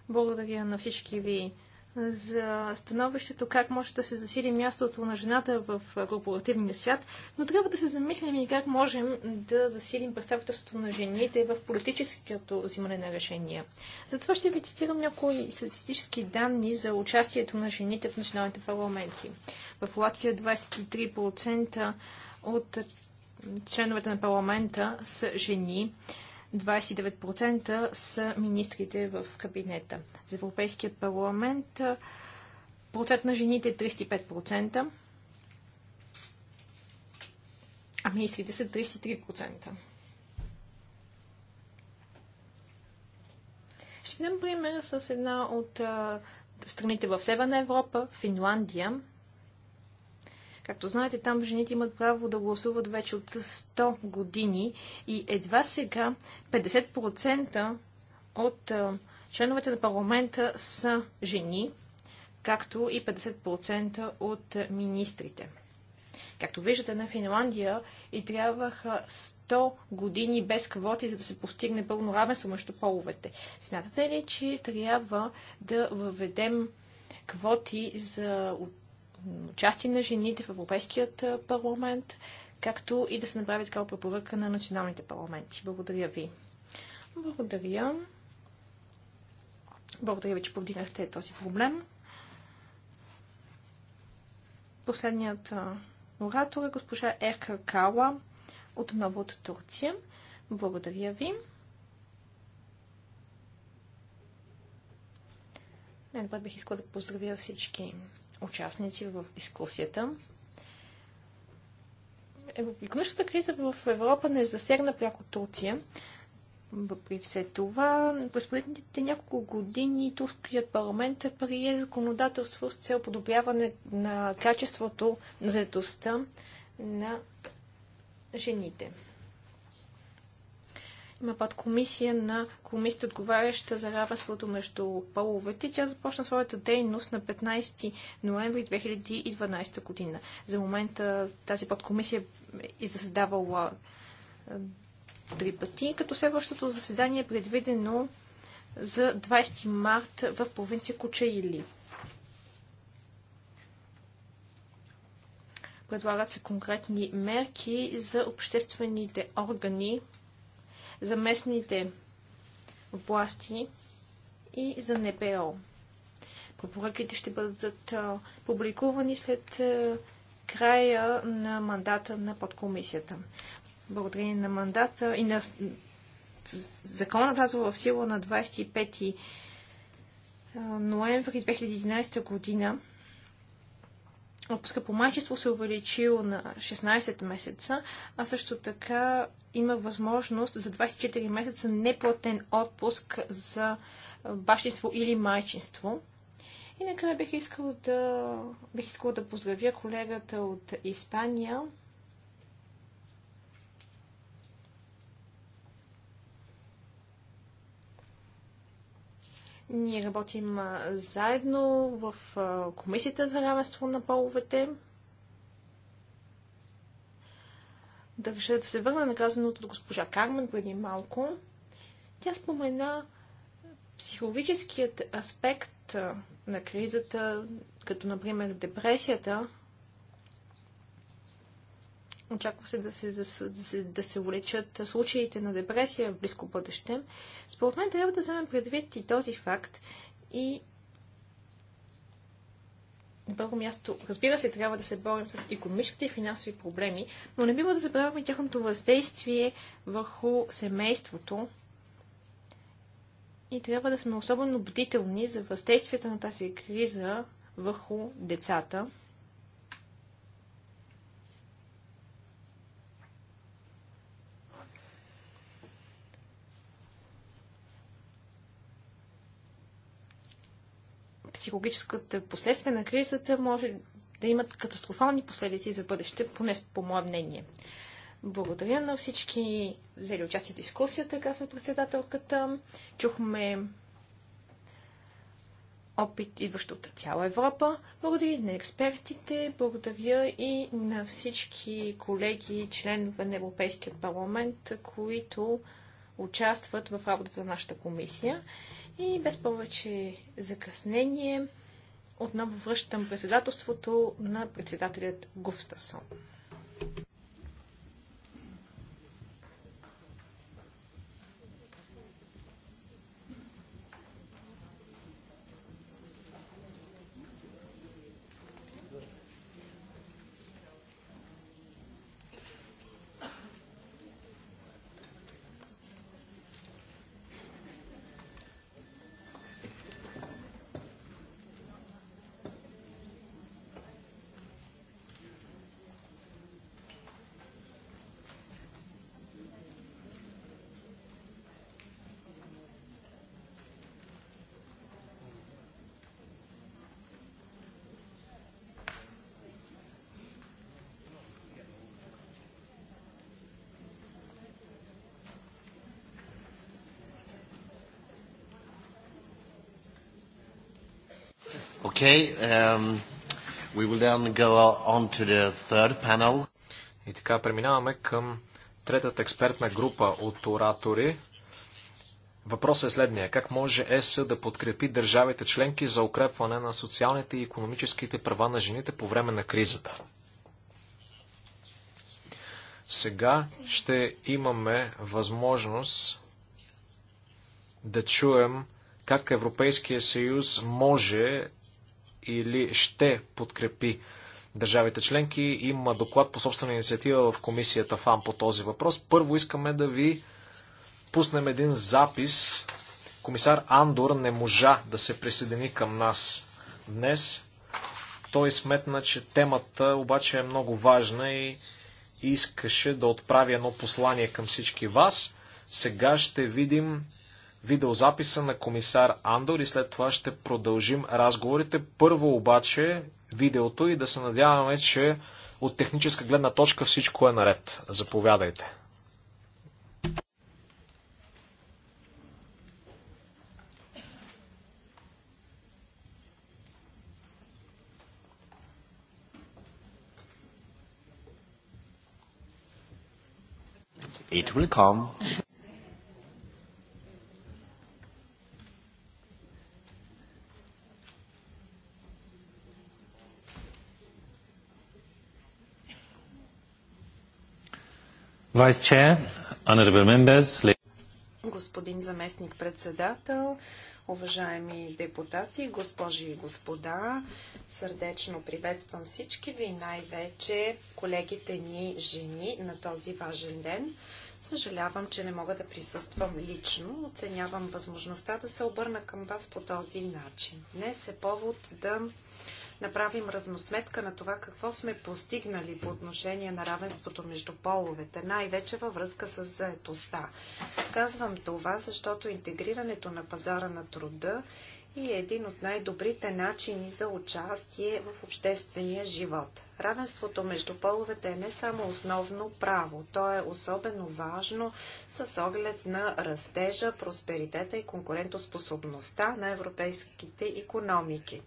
Благодаря на всички ви за становището как може да се засили мястото на жената в корпоративния свят, но трябва да се замислим и как можем да засилим представителството на жените в политическото взимане на решения. Затова ще ви цитирам някои статистически данни за участието на жените в националните парламенти. В Латвия 23% от членовете на парламента са жени, 29% са министрите в кабинета. За Европейския парламент процент на жените е 35%, а министрите са 33%. Ще дам пример с една от страните в Северна Европа, Финландия, Както знаете, там жените имат право да гласуват вече от 100 години и едва сега 50% от членовете на парламента са жени, както и 50% от министрите. Както виждате на Финландия и трябваха 100 години без квоти, за да се постигне пълно равенство между половете. Смятате ли, че трябва да въведем квоти за участие на жените в Европейският парламент, както и да се направи такава препоръка на националните парламенти. Благодаря ви. Благодаря. Благодаря ви, че повдигнахте този проблем. Последният оратор е госпожа Ерка Кала, отново от Турция. Благодаря ви. най добре бих искала да поздравя всички участници в дискусията. Економическата криза в Европа не засегна пряко Турция. При все това, през последните няколко години турският парламент е прие законодателство с цел подобряване на качеството на заедостта на жените. Има подкомисия на комисията, отговаряща за равенството между половете. Тя започна своята дейност на 15 ноември 2012 година. За момента тази подкомисия е заседавала три пъти, като следващото заседание е предвидено за 20 март в провинция Кочаили. Предлагат се конкретни мерки за обществените органи за местните власти и за НПО. Препоръките ще бъдат публикувани след края на мандата на подкомисията. Благодарение на мандата и на закона влязва в сила на 25 ноември 2011 година отпуска по майчество се е увеличил на 16 месеца, а също така има възможност за 24 месеца неплатен отпуск за бащинство или майчинство. И накрая бих искала да, бих искала да поздравя колегата от Испания, Ние работим заедно в Комисията за равенство на половете. Държа да се върна на казаното от госпожа Кармен преди малко. Тя спомена психологическият аспект на кризата, като например депресията, Очаква се да се, да, се, да се влечат случаите на депресия в близко бъдеще. Според мен трябва да вземем предвид и този факт и на първо място, разбира се, трябва да се борим с економическите и финансови проблеми, но не бива да забравяме тяхното въздействие върху семейството и трябва да сме особено бдителни за въздействията на тази криза върху децата. психологическата последствия на кризата може да имат катастрофални последици за бъдеще, поне по мое мнение. Благодаря на всички взели участие в дискусията, казва председателката. Чухме опит, идващ от цяла Европа. Благодаря на експертите, благодаря и на всички колеги, членове на Европейският парламент, които участват в работата на нашата комисия. И без повече закъснение отново връщам председателството на председателят Гуфстасон. Okay, um, we will then go on to the third panel. И така преминаваме към третата експертна група от оратори. Въпросът е следния. Как може ЕС да подкрепи държавите членки за укрепване на социалните и економическите права на жените по време на кризата? Сега ще имаме възможност да чуем как Европейския съюз може или ще подкрепи държавите членки. Има доклад по собствена инициатива в комисията ФАМ по този въпрос. Първо искаме да ви пуснем един запис. Комисар Андор не можа да се присъедини към нас днес. Той сметна, че темата обаче е много важна и искаше да отправи едно послание към всички вас. Сега ще видим видеозаписа на комисар Андор и след това ще продължим разговорите. Първо обаче видеото и да се надяваме, че от техническа гледна точка всичко е наред. Заповядайте. It will come. Господин заместник-председател, уважаеми депутати, госпожи и господа, сърдечно приветствам всички ви, най-вече колегите ни жени на този важен ден. Съжалявам, че не мога да присъствам лично. Оценявам възможността да се обърна към вас по този начин. Днес е повод да направим равносметка на това какво сме постигнали по отношение на равенството между половете, най-вече във връзка с заетостта. Казвам това, защото интегрирането на пазара на труда е един от най-добрите начини за участие в обществения живот. Равенството между половете е не само основно право, то е особено важно с оглед на растежа, просперитета и конкурентоспособността на европейските економики.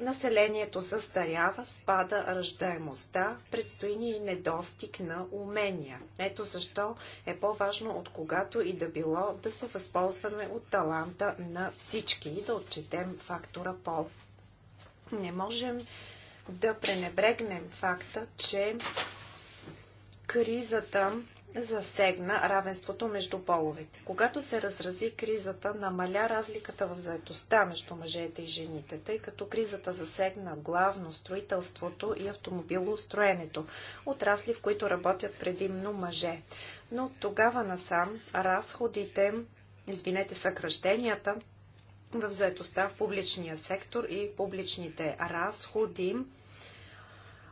Населението състарява, спада ръждаемостта, предстои ни недостиг на умения. Ето защо е по-важно от когато и да било да се възползваме от таланта на всички и да отчетем фактора пол. Не можем да пренебрегнем факта, че кризата засегна равенството между половете. Когато се разрази кризата, намаля разликата в заедостта между мъжете и жените, тъй като кризата засегна главно строителството и автомобилостроенето, отрасли в които работят предимно мъже. Но от тогава насам разходите, извинете, съкръщенията в заедостта в публичния сектор и публичните разходи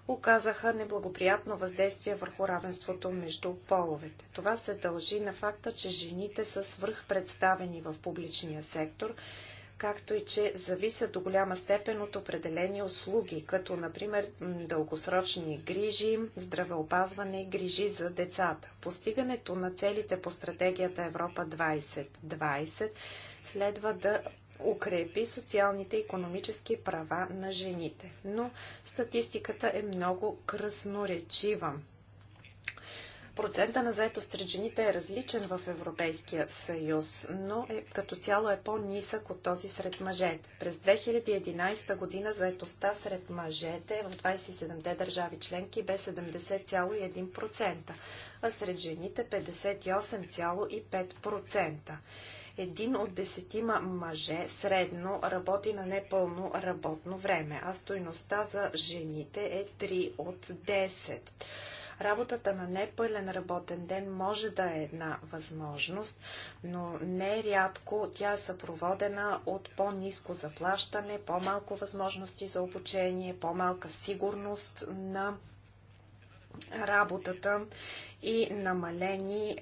оказаха неблагоприятно въздействие върху равенството между половете. Това се дължи на факта, че жените са свръхпредставени в публичния сектор, както и че зависят до голяма степен от определени услуги, като например дългосрочни грижи, здравеопазване и грижи за децата. Постигането на целите по стратегията Европа 2020 следва да укрепи социалните и економически права на жените. Но статистиката е много красноречива. Процента на заетост сред жените е различен в Европейския съюз, но е, като цяло е по-нисък от този сред мъжете. През 2011 година заетостта сред мъжете в 27-те държави членки бе 70,1%, а сред жените 58,5% един от десетима мъже средно работи на непълно работно време, а стойността за жените е 3 от 10. Работата на непълен работен ден може да е една възможност, но не рядко тя е съпроводена от по-низко заплащане, по-малко възможности за обучение, по-малка сигурност на работата и намалени,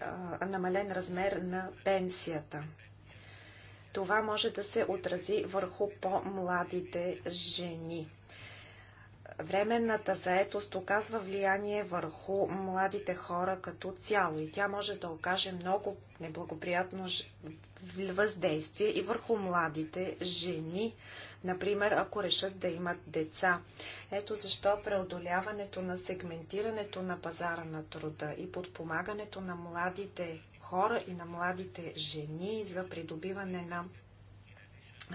намален размер на пенсията това може да се отрази върху по-младите жени. Временната заетост оказва влияние върху младите хора като цяло и тя може да окаже много неблагоприятно въздействие и върху младите жени, например, ако решат да имат деца. Ето защо преодоляването на сегментирането на пазара на труда и подпомагането на младите хора и на младите жени за придобиване на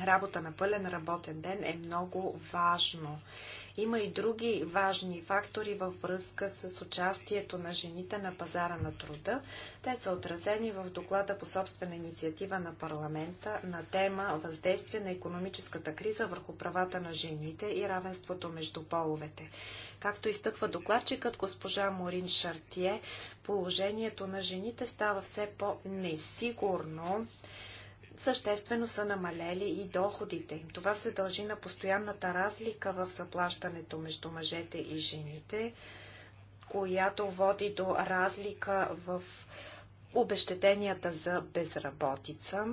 работа на пълен работен ден е много важно. Има и други важни фактори във връзка с участието на жените на пазара на труда. Те са отразени в доклада по собствена инициатива на парламента на тема Въздействие на економическата криза върху правата на жените и равенството между половете. Както изтъква докладчикът госпожа Морин Шартие, положението на жените става все по-несигурно съществено са намалели и доходите им. Това се дължи на постоянната разлика в заплащането между мъжете и жените, която води до разлика в обещетенията за безработица.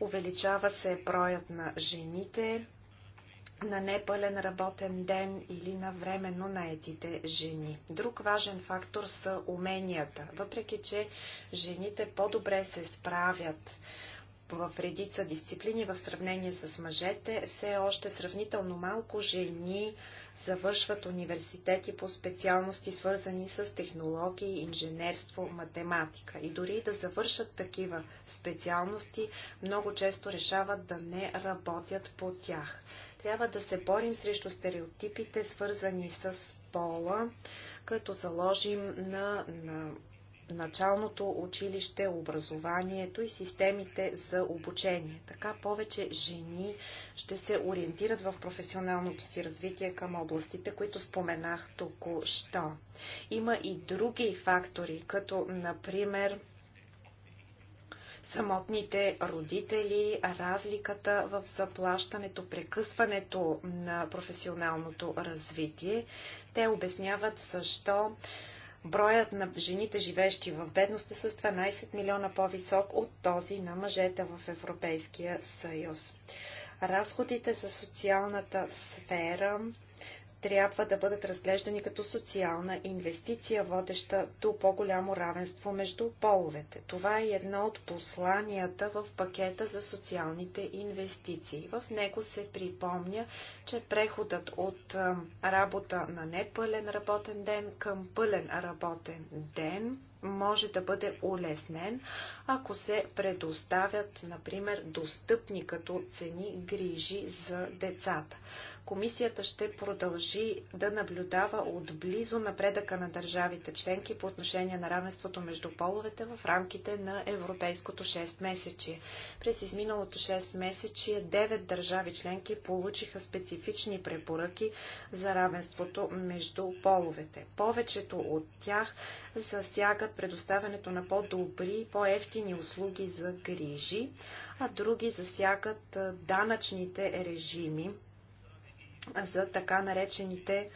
Увеличава се броят на жените на непълен работен ден или на временно наетите жени. Друг важен фактор са уменията. Въпреки, че жените по-добре се справят в редица дисциплини в сравнение с мъжете. Все още сравнително малко жени завършват университети по специалности, свързани с технологии, инженерство, математика. И дори да завършат такива специалности, много често решават да не работят по тях. Трябва да се борим срещу стереотипите, свързани с пола, като заложим на, на началното училище, образованието и системите за обучение. Така повече жени ще се ориентират в професионалното си развитие към областите, които споменах току-що. Има и други фактори, като например самотните родители, разликата в заплащането, прекъсването на професионалното развитие. Те обясняват защо Броят на жените, живещи в бедност, е с 12 милиона по-висок от този на мъжете в Европейския съюз. Разходите за социалната сфера трябва да бъдат разглеждани като социална инвестиция, водеща до по-голямо равенство между половете. Това е едно от посланията в пакета за социалните инвестиции. В него се припомня, че преходът от работа на непълен работен ден към пълен работен ден може да бъде улеснен, ако се предоставят, например, достъпни като цени грижи за децата. Комисията ще продължи да наблюдава отблизо напредъка на държавите членки по отношение на равенството между половете в рамките на европейското 6 месечи. През изминалото 6 месечие 9 държави членки получиха специфични препоръки за равенството между половете. Повечето от тях засягат предоставянето на по-добри, по-ефтини услуги за грижи, а други засягат данъчните режими за така наречените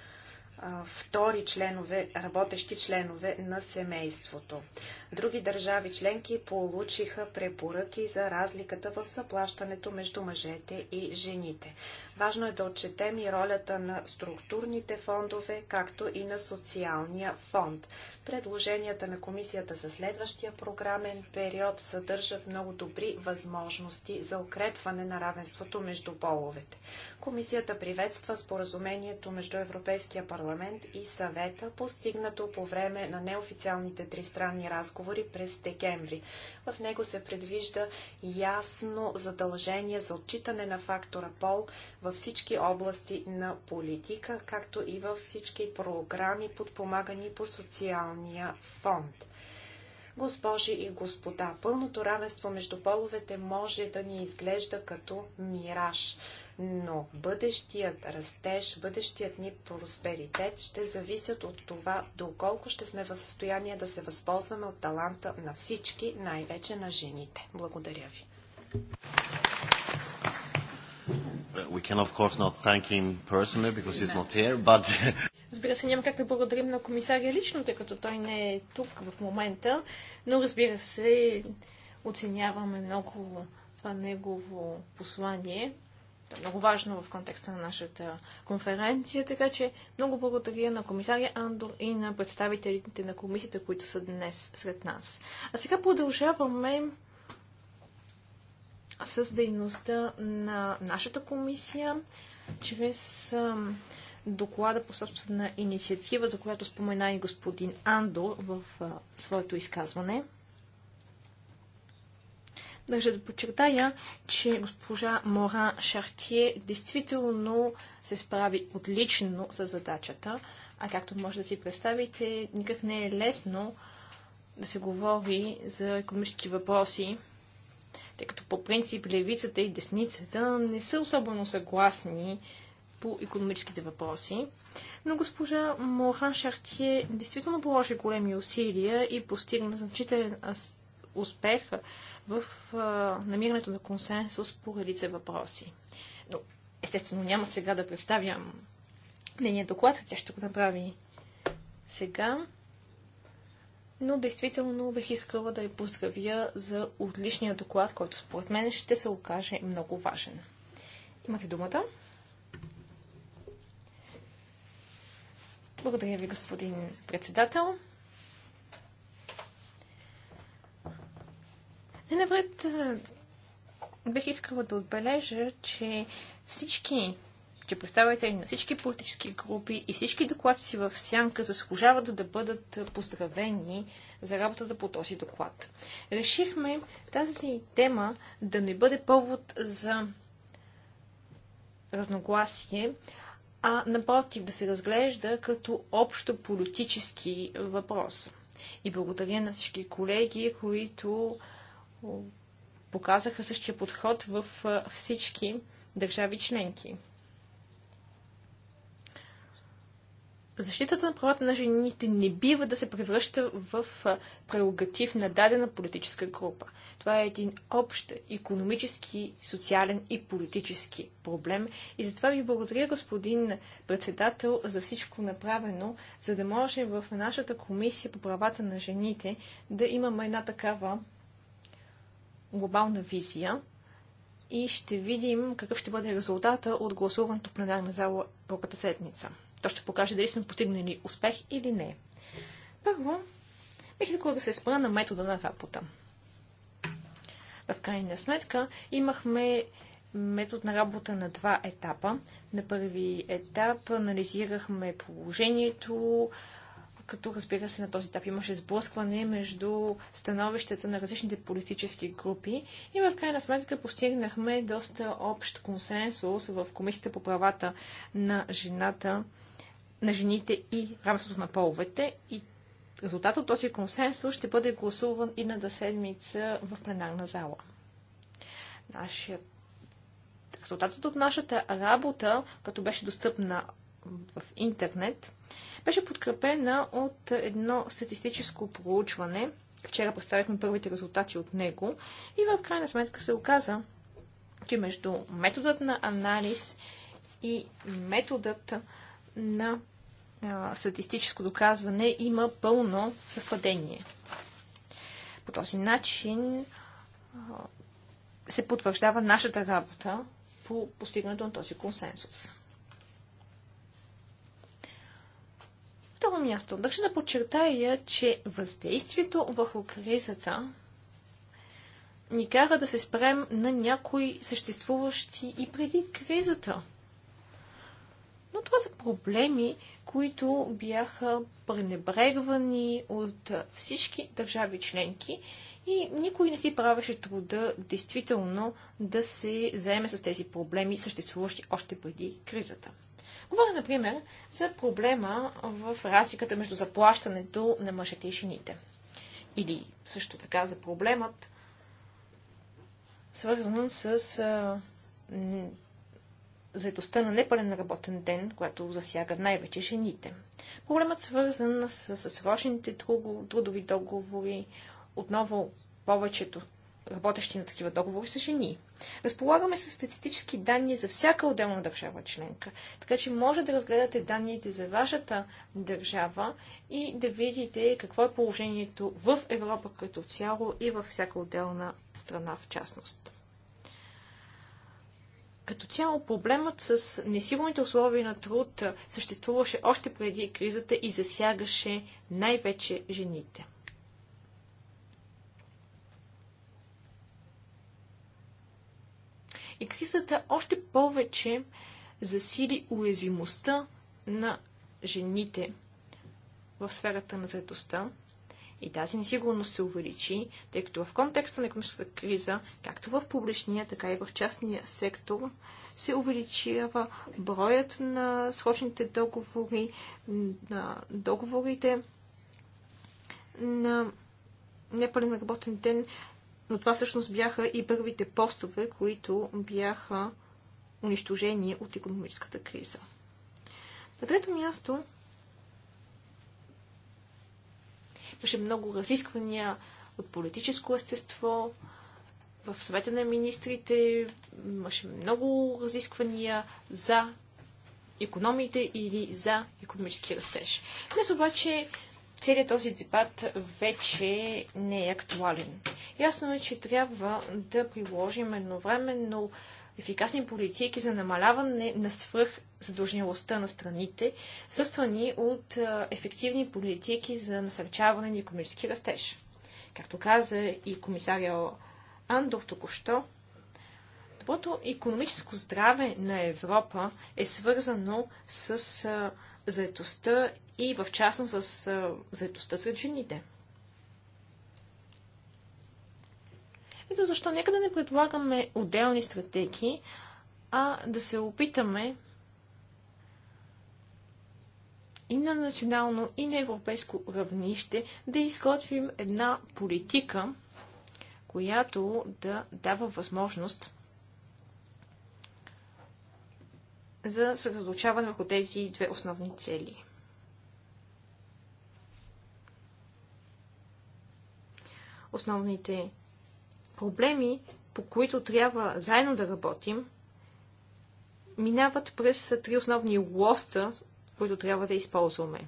втори членове, работещи членове на семейството. Други държави членки получиха препоръки за разликата в заплащането между мъжете и жените. Важно е да отчетем и ролята на структурните фондове, както и на социалния фонд. Предложенията на комисията за следващия програмен период съдържат много добри възможности за укрепване на равенството между половете. Комисията приветства споразумението между Европейския парламент и съвета, постигнато по време на неофициалните тристранни разговори през декември. В него се предвижда ясно задължение за отчитане на фактора пол във всички области на политика, както и във всички програми, подпомагани по социалния фонд. Госпожи и господа, пълното равенство между половете може да ни изглежда като мираж, но бъдещият растеж, бъдещият ни просперитет ще зависят от това, доколко ще сме в състояние да се възползваме от таланта на всички, най-вече на жените. Благодаря ви. We can of course not thank him personally because he's not here, but... <laughs> Разбира се, няма как да благодарим на комисаря лично, тъй като той не е тук в момента, но разбира се, оценяваме много това негово послание. Това е много важно в контекста на нашата конференция, така че много благодаря на комисаря Андор и на представителите на комисията, които са днес сред нас. А сега продължаваме с дейността на нашата комисия, чрез доклада по собствена инициатива, за която спомена и господин Андор в своето изказване. Държа да подчертая, че госпожа Моран Шартие действително се справи отлично с задачата, а както може да си представите, никак не е лесно да се говори за економически въпроси тъй като по принцип левицата и десницата не са особено съгласни по економическите въпроси. Но госпожа Моран Шартие действително положи големи усилия и постигна значителен успех в намирането на консенсус по редица въпроси. Но, естествено, няма сега да представям нейния доклад, тя ще го направи сега но действително бих искала да я поздравя за отличния доклад, който според мен ще се окаже много важен. Имате думата. Благодаря ви, господин председател. Не навред бих искала да отбележа, че всички че представители на всички политически групи и всички докладчици в сянка заслужават да бъдат поздравени за работата по този доклад. Решихме тази тема да не бъде повод за разногласие, а напротив да се разглежда като общо политически въпрос. И благодаря на всички колеги, които показаха същия подход в всички държави членки. защитата на правата на жените не бива да се превръща в прерогатив на дадена политическа група. Това е един общ економически, социален и политически проблем. И затова ви благодаря, господин председател, за всичко направено, за да може в нашата комисия по правата на жените да имаме една такава глобална визия и ще видим какъв ще бъде резултата от гласуването в пленарна зала другата седмица. То ще покаже дали сме постигнали успех или не. Първо, бих искала да се спра на метода на работа. В крайна сметка имахме метод на работа на два етапа. На първи етап анализирахме положението, като разбира се на този етап имаше сблъскване между становищата на различните политически групи и в крайна сметка постигнахме доста общ консенсус в Комисията по правата на жената на жените и равенството на половете. И резултатът от този консенсус ще бъде гласуван и на седмица в пленарна зала. Нашия... Резултатът от нашата работа, като беше достъпна в интернет, беше подкрепена от едно статистическо проучване. Вчера представихме първите резултати от него и в крайна сметка се оказа, че между методът на анализ и методът на статистическо доказване има пълно съвпадение. По този начин се потвърждава нашата работа по постигането на този консенсус. Второ място. Държа да подчертая, че въздействието върху кризата ни кара да се спрем на някои съществуващи и преди кризата. Но това са проблеми, които бяха пренебрегвани от всички държави членки и никой не си правеше труда действително да се заеме с тези проблеми, съществуващи още преди кризата. Говоря, например, за проблема в разликата между заплащането на мъжете и жените. Или също така за проблемът, свързан с заедостта на непълен работен ден, която засяга най-вече жените. Проблемът свързан с, с срочните трудови договори, отново повечето работещи на такива договори са жени. Разполагаме с статистически данни за всяка отделна държава членка, така че може да разгледате данните за вашата държава и да видите какво е положението в Европа като цяло и във всяка отделна страна в частност. Като цяло проблемът с несигурните условия на труд съществуваше още преди кризата и засягаше най-вече жените. И кризата още повече засили уязвимостта на жените в сферата на заедостта. И тази несигурност се увеличи, тъй като в контекста на економическата криза, както в публичния, така и в частния сектор, се увеличава броят на срочните договори, на договорите на непълен работен ден, но това всъщност бяха и първите постове, които бяха унищожени от економическата криза. На трето място Имаше много разисквания от политическо естество, в съвета на министрите имаше много разисквания за економиите или за економически растеж. Днес обаче целият този дебат вече не е актуален. Ясно е, че трябва да приложим едновременно ефикасни политики за намаляване на свръх задължнялостта на страните, съствани от ефективни политики за насърчаване на економически растеж. Както каза и комисаря Андор току-що, доброто економическо здраве на Европа е свързано с заетостта и в частност с заетостта сред жените. Ето защо нека да не предлагаме отделни стратегии, а да се опитаме и на национално, и на европейско равнище да изготвим една политика, която да дава възможност за съсредоточаване върху тези две основни цели. Основните проблеми, по които трябва заедно да работим, минават през три основни лоста, които трябва да използваме.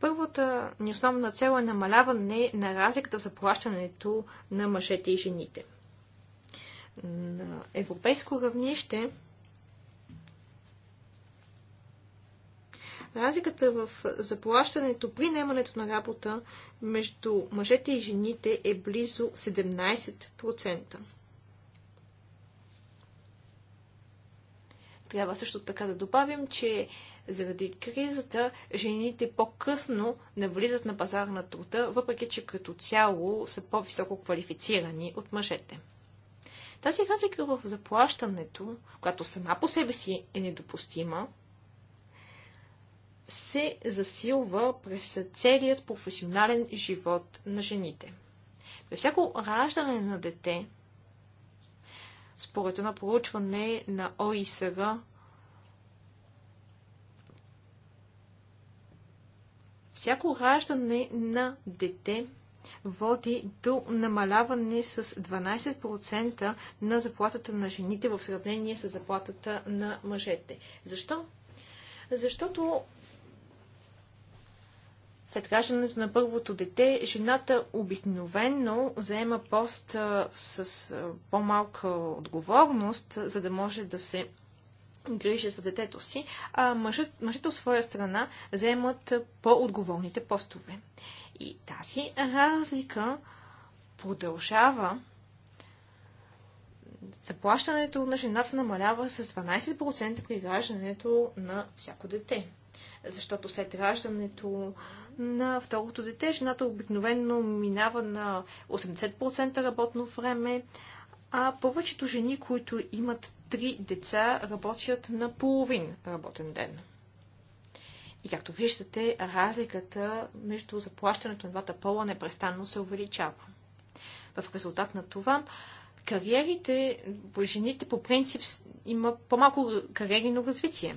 Първата ни основна цел е намаляване на разликата в заплащането на мъжете и жените. На европейско равнище Разликата в заплащането при наемането на работа между мъжете и жените е близо 17%. Трябва също така да добавим, че заради кризата жените по-късно навлизат на пазар на труда, въпреки че като цяло са по-високо квалифицирани от мъжете. Тази разлика в заплащането, която сама по себе си е недопустима, се засилва през целият професионален живот на жените. При всяко раждане на дете, според едно проучване на ОИСР, всяко раждане на дете води до намаляване с 12% на заплатата на жените в сравнение с заплатата на мъжете. Защо? Защото след раждането на първото дете, жената обикновенно заема пост с по-малка отговорност, за да може да се грижи за детето си, а мъжът, от своя страна заемат по-отговорните постове. И тази разлика продължава. Заплащането на жената намалява с 12% при раждането на всяко дете. Защото след раждането на второто дете. Жената обикновено минава на 80% работно време, а повечето жени, които имат три деца, работят на половин работен ден. И както виждате, разликата между заплащането на двата пола непрестанно се увеличава. В резултат на това, кариерите, жените по принцип има по-малко кариерно развитие.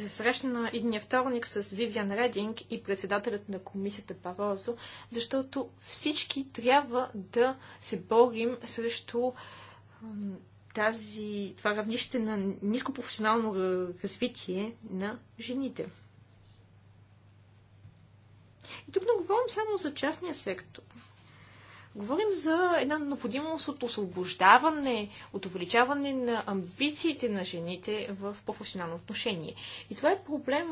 ще се срещна идния вторник с Вивиан Рединг и председателят на комисията Барозо, защото всички трябва да се борим срещу тази, това равнище на ниско професионално развитие на жените. И тук не говорим само за частния сектор. Говорим за една необходимост от освобождаване, от увеличаване на амбициите на жените в професионално отношение. И това е проблем,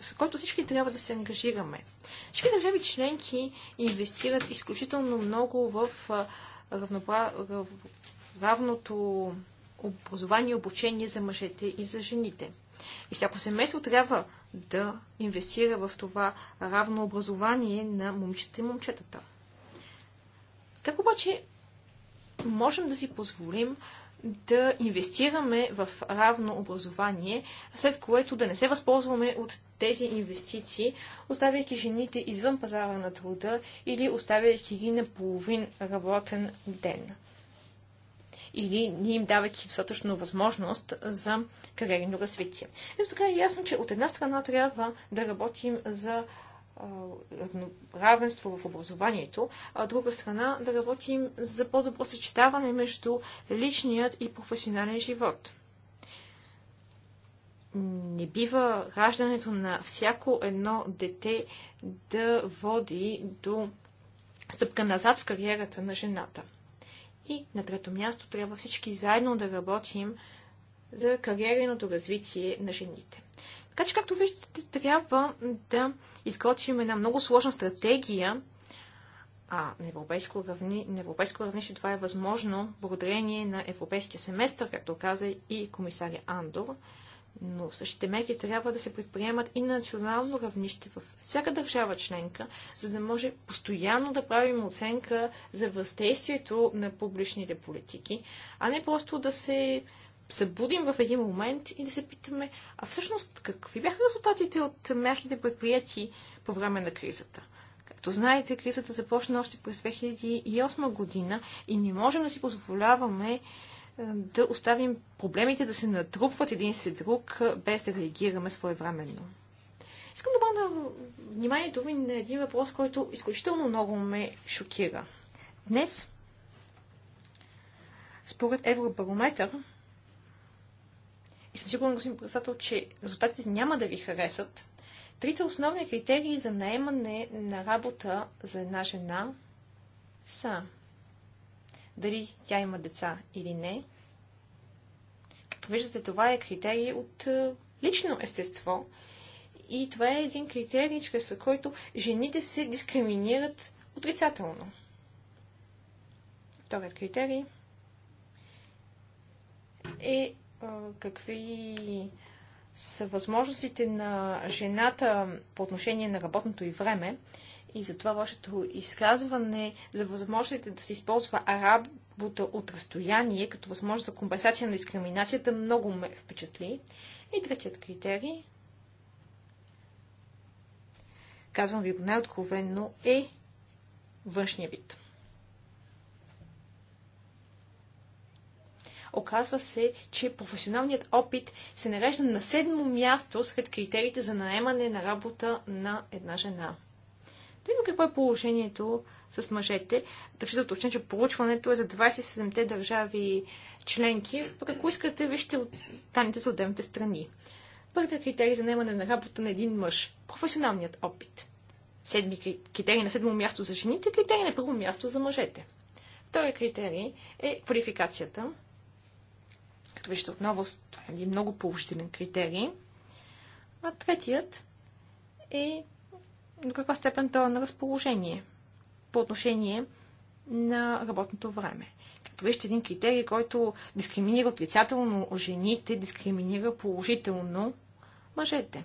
с който всички трябва да се ангажираме. Всички държави членки инвестират изключително много в равното образование и обучение за мъжете и за жените. И всяко семейство трябва да инвестира в това равно образование на момичетата и момчетата. Как обаче можем да си позволим да инвестираме в равно образование, след което да не се възползваме от тези инвестиции, оставяйки жените извън пазара на труда или оставяйки ги на половин работен ден. Или не им давайки достатъчно възможност за кариерно развитие. Ето така е ясно, че от една страна трябва да работим за равенство в образованието, а от друга страна да работим за по-добро съчетаване между личният и професионален живот. Не бива раждането на всяко едно дете да води до стъпка назад в кариерата на жената. И на трето място трябва всички заедно да работим за кариерното развитие на жените. Така че, както виждате, трябва да изготвим една много сложна стратегия, а на европейско, равни, на европейско равнище това е възможно благодарение на европейския семестър, както каза и комисаря Андор, но същите мерки трябва да се предприемат и на национално равнище в всяка държава членка, за да може постоянно да правим оценка за въздействието на публичните политики, а не просто да се събудим в един момент и да се питаме, а всъщност какви бяха резултатите от мерките предприяти по време на кризата? Както знаете, кризата започна още през 2008 година и не можем да си позволяваме е, да оставим проблемите да се натрупват един след друг, е, без да реагираме своевременно. Искам да обърна вниманието ви на един въпрос, който изключително много ме шокира. Днес, според Евробарометър, и съм сигурен, господин председател, че резултатите няма да ви харесат, трите основни критерии за наемане на работа за една жена са дали тя има деца или не. като виждате, това е критерий от е, лично естество. И това е един критерий, чрез който жените се дискриминират отрицателно. Вторият критерий е какви са възможностите на жената по отношение на работното и време и затова вашето изказване за възможностите да се използва работа от разстояние като възможност за компенсация на дискриминацията много ме впечатли. И третият критерий, казвам ви го най-откровенно, е външния вид. Оказва се, че професионалният опит се нарежда на седмо място сред критериите за наемане на работа на една жена. Да какво е положението с мъжете. Да ще уточня, че получването е за 27-те държави членки. Пък ако искате, вижте таните за отделните страни. Първият критерий за наемане на работа на един мъж – професионалният опит. Седми критерий на седмо място за жените, критерий на първо място за мъжете. Втори критерий е квалификацията. Като виждате отново, това е един много положителен критерий. А третият е до каква степен то е на разположение по отношение на работното време. Като вижте един критерий, който дискриминира отрицателно жените, дискриминира положително мъжете.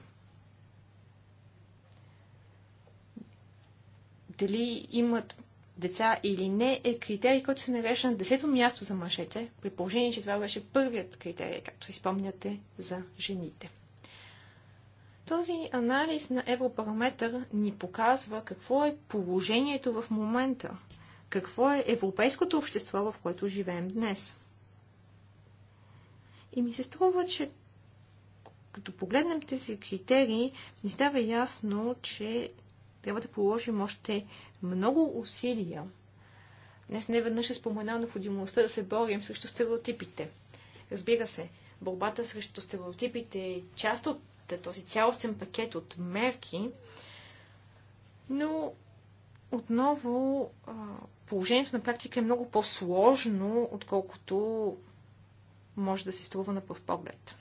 Дали имат деца или не е критерий, който се нарежда на десето място за мъжете, при положение, че това беше първият критерий, както си спомняте, за жените. Този анализ на Европараметър ни показва какво е положението в момента, какво е европейското общество, в което живеем днес. И ми се струва, че като погледнем тези критерии, ни става ясно, че трябва да положим още много усилия. Днес не веднъж е спомена необходимостта да се борим срещу стереотипите. Разбира се, борбата срещу стереотипите е част от този цялостен пакет от мерки, но отново положението на практика е много по-сложно, отколкото може да се струва на пръв поглед.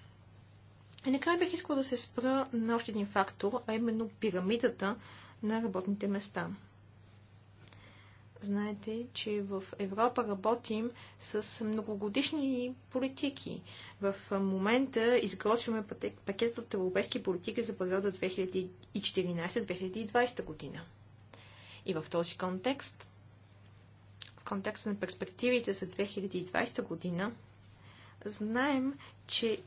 И накрая бих искала да се спра на още един фактор, а именно пирамидата, на работните места. Знаете, че в Европа работим с многогодишни политики. В момента изготвяме пакет от европейски политики за периода 2014-2020 година. И в този контекст, в контекста на перспективите за 2020 година, знаем, че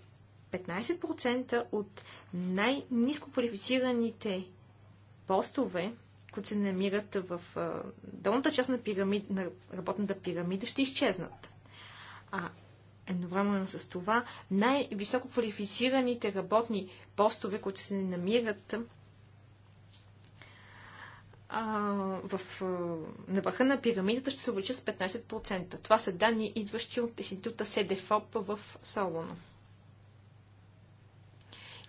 15% от най-низко квалифицираните постове, които се намират в долната част на, пирамид, на работната пирамида, ще изчезнат. А едновременно с това най-високо квалифицираните работни постове, които се намират в, на върха на пирамидата ще се увеличат с 15%. Това са данни, идващи от института СДФОП в Солоно.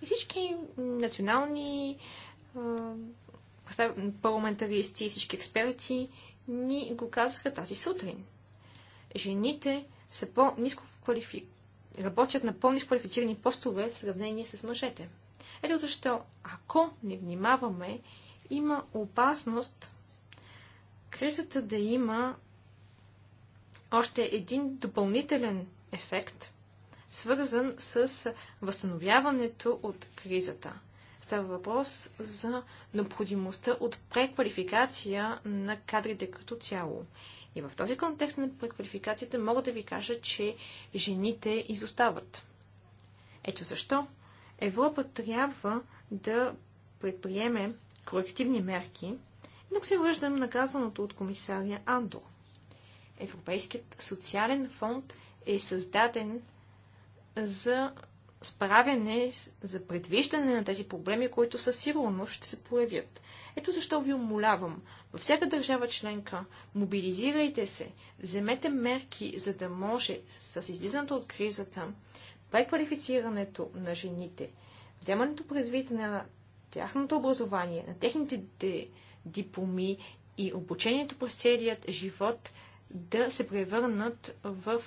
И всички национални а, парламентаристи и всички експерти ни го казаха тази сутрин. Жените са по-низко квалифи... работят на по-низко квалифицирани постове в сравнение с мъжете. Ето защо, ако не внимаваме, има опасност кризата да има още един допълнителен ефект, свързан с възстановяването от кризата – Става въпрос за необходимостта от преквалификация на кадрите като цяло. И в този контекст на преквалификацията мога да ви кажа, че жените изостават. Ето защо Европа трябва да предприеме корективни мерки, но се връждам на казаното от комисария Андор. Европейският социален фонд е създаден за справяне, за предвиждане на тези проблеми, които със сигурност ще се появят. Ето защо ви умолявам. Във всяка държава членка мобилизирайте се, вземете мерки, за да може с излизането от кризата, преквалифицирането на жените, вземането предвид на тяхното образование, на техните дипломи и обучението през целият живот да се превърнат в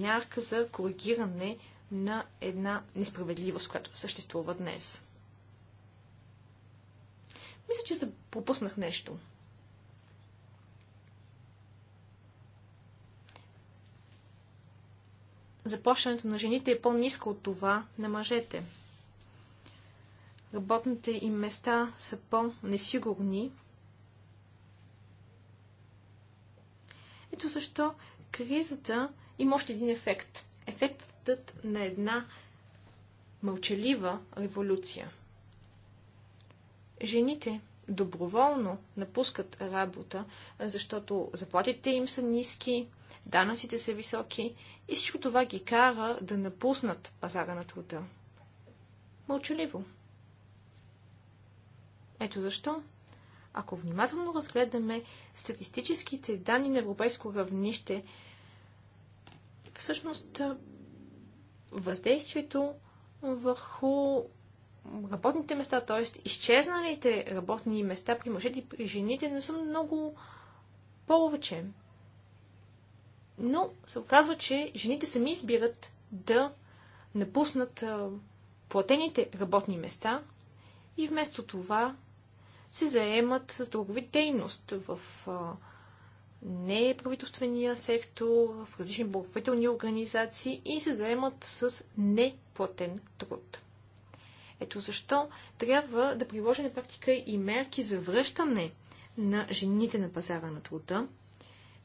мярка за коригиране на една несправедливост, която съществува днес. Мисля, че се пропуснах нещо. Заплащането на жените е по-низко от това на мъжете. Работните им места са по-несигурни. Ето защо кризата има още един ефект – ефектът на една мълчалива революция. Жените доброволно напускат работа, защото заплатите им са ниски, данъците са високи и всичко това ги кара да напуснат пазара на труда. Мълчаливо. Ето защо, ако внимателно разгледаме статистическите данни на европейско равнище всъщност въздействието върху работните места, т.е. изчезналите работни места при мъжете и при жените не са много повече. Но се оказва, че жените сами избират да напуснат платените работни места и вместо това се заемат с дългови дейност в неправителствения сектор, в различни благотворителни организации и се заемат с неплатен труд. Ето защо трябва да приложим на практика и мерки за връщане на жените на пазара на труда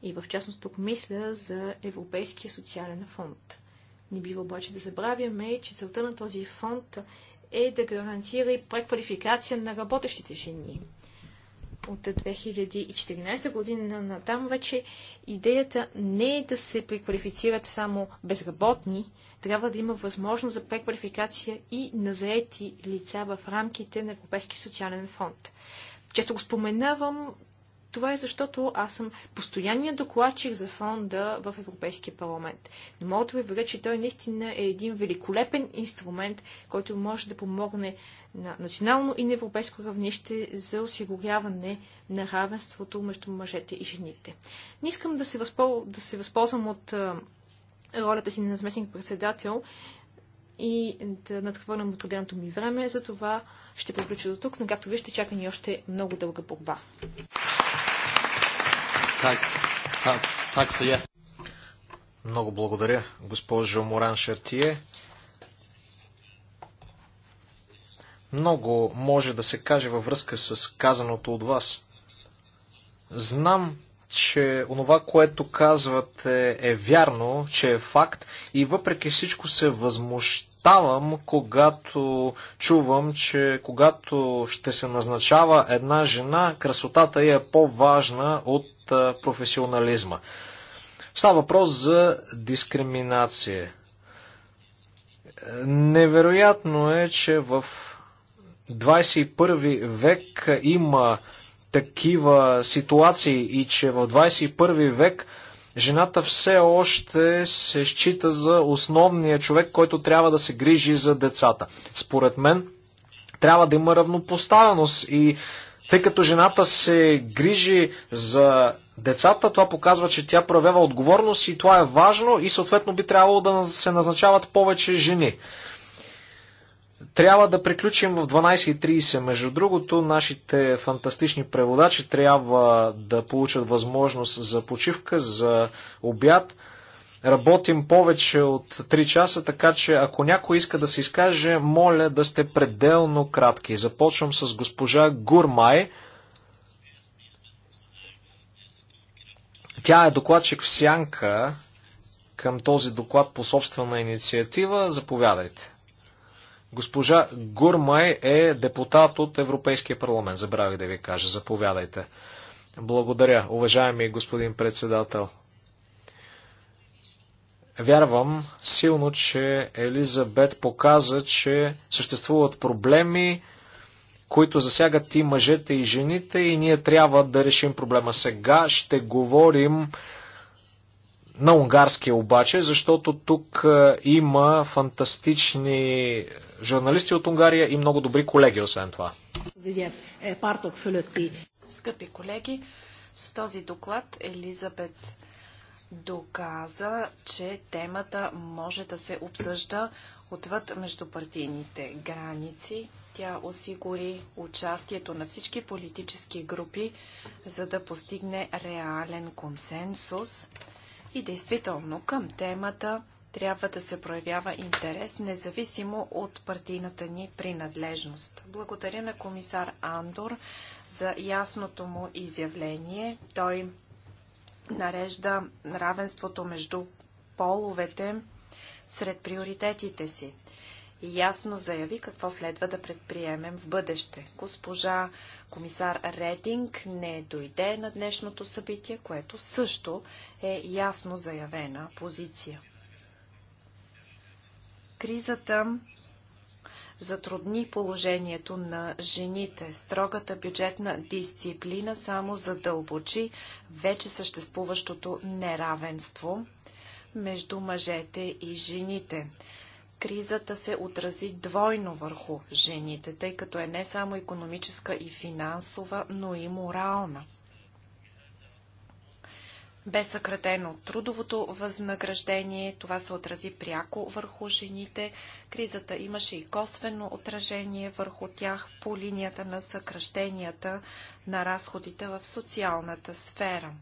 и в частност тук мисля за Европейския социален фонд. Не бива обаче да забравяме, че целта на този фонд е да гарантира и преквалификация на работещите жени от 2014 година на там вече идеята не е да се преквалифицират само безработни, трябва да има възможност за преквалификация и на заети лица в рамките на Европейски социален фонд. Често го споменавам, това е защото аз съм постоянният докладчик за фонда в Европейския парламент. Не мога да ви уверя, че той наистина е един великолепен инструмент, който може да помогне на национално и на европейско равнище за осигуряване на равенството между мъжете и жените. Не искам да се, възпол... да се възползвам от ролята си на заместник-председател и да надхвърлям от отреденото ми време, за това ще приключа до тук, но както вижте, чака ни още много дълга борба. Так, так, так е. Много благодаря, госпожо Моран Шартие. Много може да се каже във връзка с казаното от вас. Знам, че онова, което казвате е вярно, че е факт и въпреки всичко се възмущавам, когато чувам, че когато ще се назначава една жена, красотата й е по-важна от професионализма. Става въпрос за дискриминация. Невероятно е, че в 21 век има такива ситуации и че в 21 век жената все още се счита за основния човек, който трябва да се грижи за децата. Според мен трябва да има равнопоставеност и тъй като жената се грижи за децата, това показва, че тя проявява отговорност и това е важно и съответно би трябвало да се назначават повече жени. Трябва да приключим в 12.30. Между другото, нашите фантастични преводачи трябва да получат възможност за почивка, за обяд. Работим повече от 3 часа, така че ако някой иска да се изкаже, моля да сте пределно кратки. Започвам с госпожа Гурмай. Тя е докладчик в сянка към този доклад по собствена инициатива. Заповядайте. Госпожа Гурмай е депутат от Европейския парламент. Забравих да ви кажа. Заповядайте. Благодаря, уважаеми господин председател. Вярвам силно, че Елизабет показа, че съществуват проблеми, които засягат и мъжете и жените и ние трябва да решим проблема. Сега ще говорим на унгарски обаче, защото тук е, има фантастични журналисти от Унгария и много добри колеги, освен това. Скъпи колеги, с този доклад Елизабет доказа, че темата може да се обсъжда отвъд междупартийните граници. Тя осигури участието на всички политически групи, за да постигне реален консенсус и действително към темата трябва да се проявява интерес, независимо от партийната ни принадлежност. Благодаря на комисар Андор за ясното му изявление. Той нарежда равенството между половете сред приоритетите си ясно заяви какво следва да предприемем в бъдеще. Госпожа комисар Рединг не дойде на днешното събитие, което също е ясно заявена позиция. Кризата затрудни положението на жените. Строгата бюджетна дисциплина само задълбочи вече съществуващото неравенство между мъжете и жените кризата се отрази двойно върху жените, тъй като е не само економическа и финансова, но и морална. Бе съкратено трудовото възнаграждение, това се отрази пряко върху жените. Кризата имаше и косвено отражение върху тях по линията на съкращенията на разходите в социалната сфера.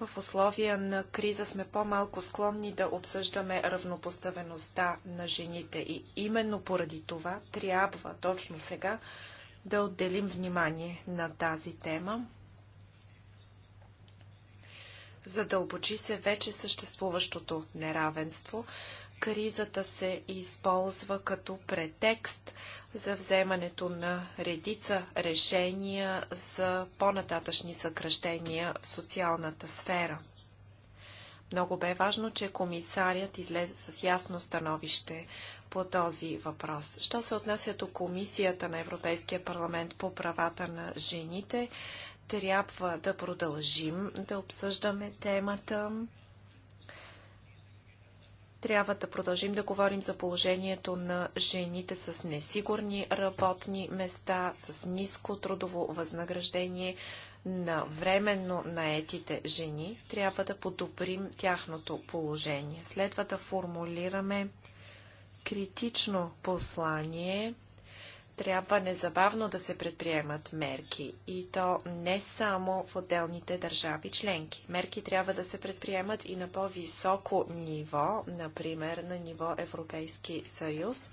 В условия на криза сме по-малко склонни да обсъждаме равнопоставеността на жените и именно поради това трябва точно сега да отделим внимание на тази тема. Задълбочи се вече съществуващото неравенство кризата се използва като претекст за вземането на редица решения за по-нататъчни съкръщения в социалната сфера. Много бе важно, че комисарият излезе с ясно становище по този въпрос. Що се отнася до Комисията на Европейския парламент по правата на жените, трябва да продължим да обсъждаме темата. Трябва да продължим да говорим за положението на жените с несигурни работни места, с ниско трудово възнаграждение, на временно наетите жени. Трябва да подобрим тяхното положение. Следва да формулираме критично послание трябва незабавно да се предприемат мерки и то не само в отделните държави членки. Мерки трябва да се предприемат и на по-високо ниво, например на ниво Европейски съюз,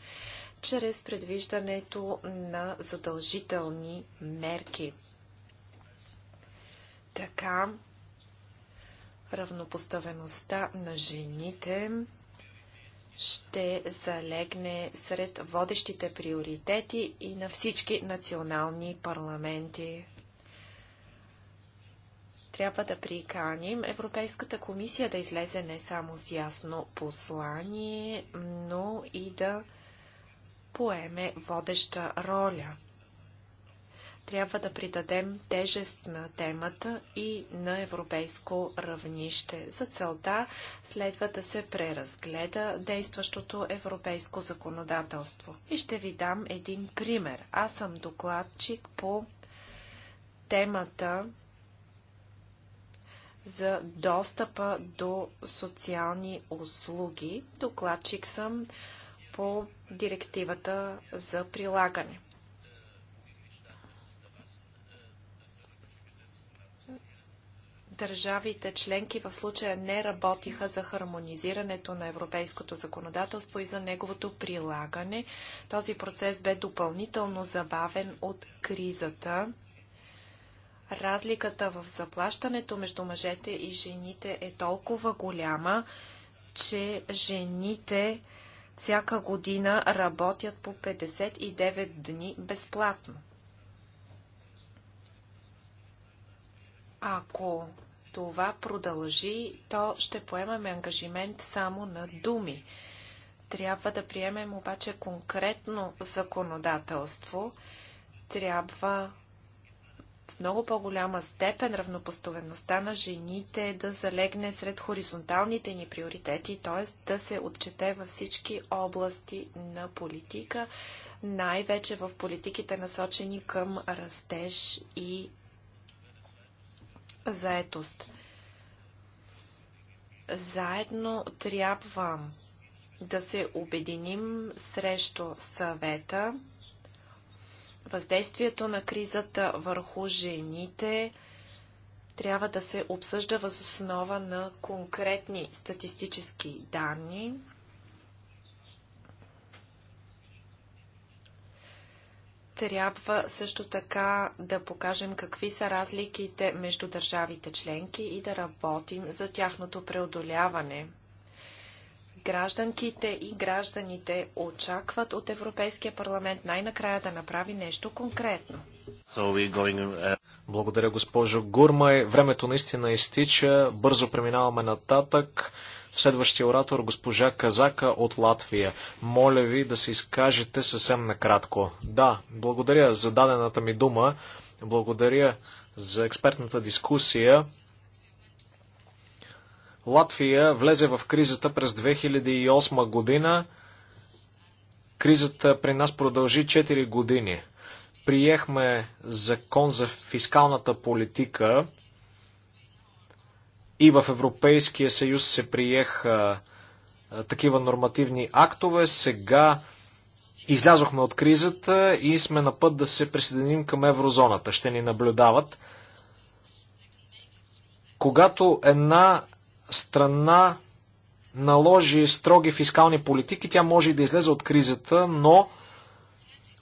чрез предвиждането на задължителни мерки. Така равнопоставеността на жените ще залегне сред водещите приоритети и на всички национални парламенти. Трябва да приканим Европейската комисия да излезе не само с ясно послание, но и да поеме водеща роля – трябва да придадем тежест на темата и на европейско равнище. За целта следва да се преразгледа действащото европейско законодателство. И ще ви дам един пример. Аз съм докладчик по темата за достъпа до социални услуги. Докладчик съм по директивата за прилагане. Държавите членки в случая не работиха за хармонизирането на европейското законодателство и за неговото прилагане. Този процес бе допълнително забавен от кризата. Разликата в заплащането между мъжете и жените е толкова голяма, че жените всяка година работят по 59 дни безплатно. Ако това продължи, то ще поемаме ангажимент само на думи. Трябва да приемем обаче конкретно законодателство. Трябва в много по-голяма степен равнопоставеността на жените да залегне сред хоризонталните ни приоритети, т.е. да се отчете във всички области на политика, най-вече в политиките насочени към растеж и заетост. Заедно трябва да се обединим срещу съвета, въздействието на кризата върху жените трябва да се обсъжда възоснова основа на конкретни статистически данни, Трябва също така да покажем какви са разликите между държавите членки и да работим за тяхното преодоляване. Гражданките и гражданите очакват от Европейския парламент най-накрая да направи нещо конкретно. Uh, Благодаря, госпожо Гурмай. Времето наистина изтича. Бързо преминаваме нататък. Следващия оратор госпожа Казака от Латвия. Моля ви да се изкажете съвсем накратко. Да, благодаря за дадената ми дума. Благодаря за експертната дискусия. Латвия влезе в кризата през 2008 година. Кризата при нас продължи 4 години. Приехме закон за фискалната политика, и в Европейския съюз се приеха такива нормативни актове. Сега излязохме от кризата и сме на път да се присъединим към еврозоната. Ще ни наблюдават. Когато една страна наложи строги фискални политики, тя може и да излезе от кризата, но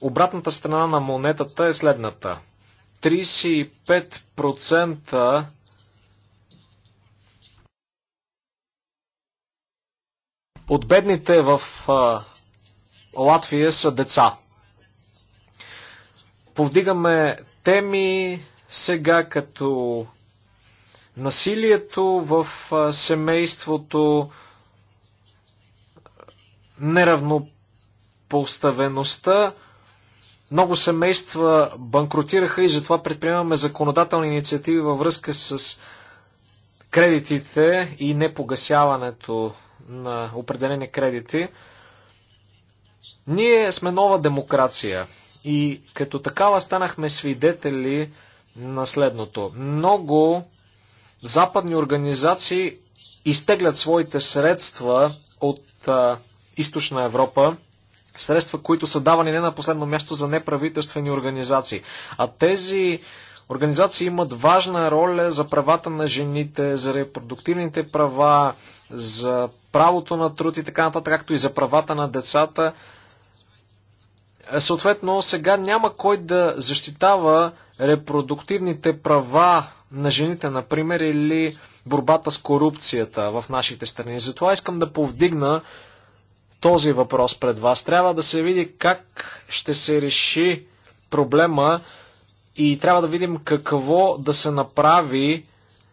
обратната страна на монетата е следната. 35% от бедните в Латвия са деца. Повдигаме теми сега като насилието в семейството, неравнопоставеността. Много семейства банкротираха и затова предприемаме законодателни инициативи във връзка с кредитите и непогасяването на определени кредити. Ние сме нова демокрация и като такава станахме свидетели на следното. Много западни организации изтеглят своите средства от а, източна Европа, средства, които са давани не на последно място за неправителствени организации. А тези организации имат важна роля за правата на жените, за репродуктивните права, за правото на труд и така нататък, както и за правата на децата. Съответно, сега няма кой да защитава репродуктивните права на жените, например, или борбата с корупцията в нашите страни. Затова искам да повдигна този въпрос пред вас. Трябва да се види как ще се реши проблема и трябва да видим какво да се направи,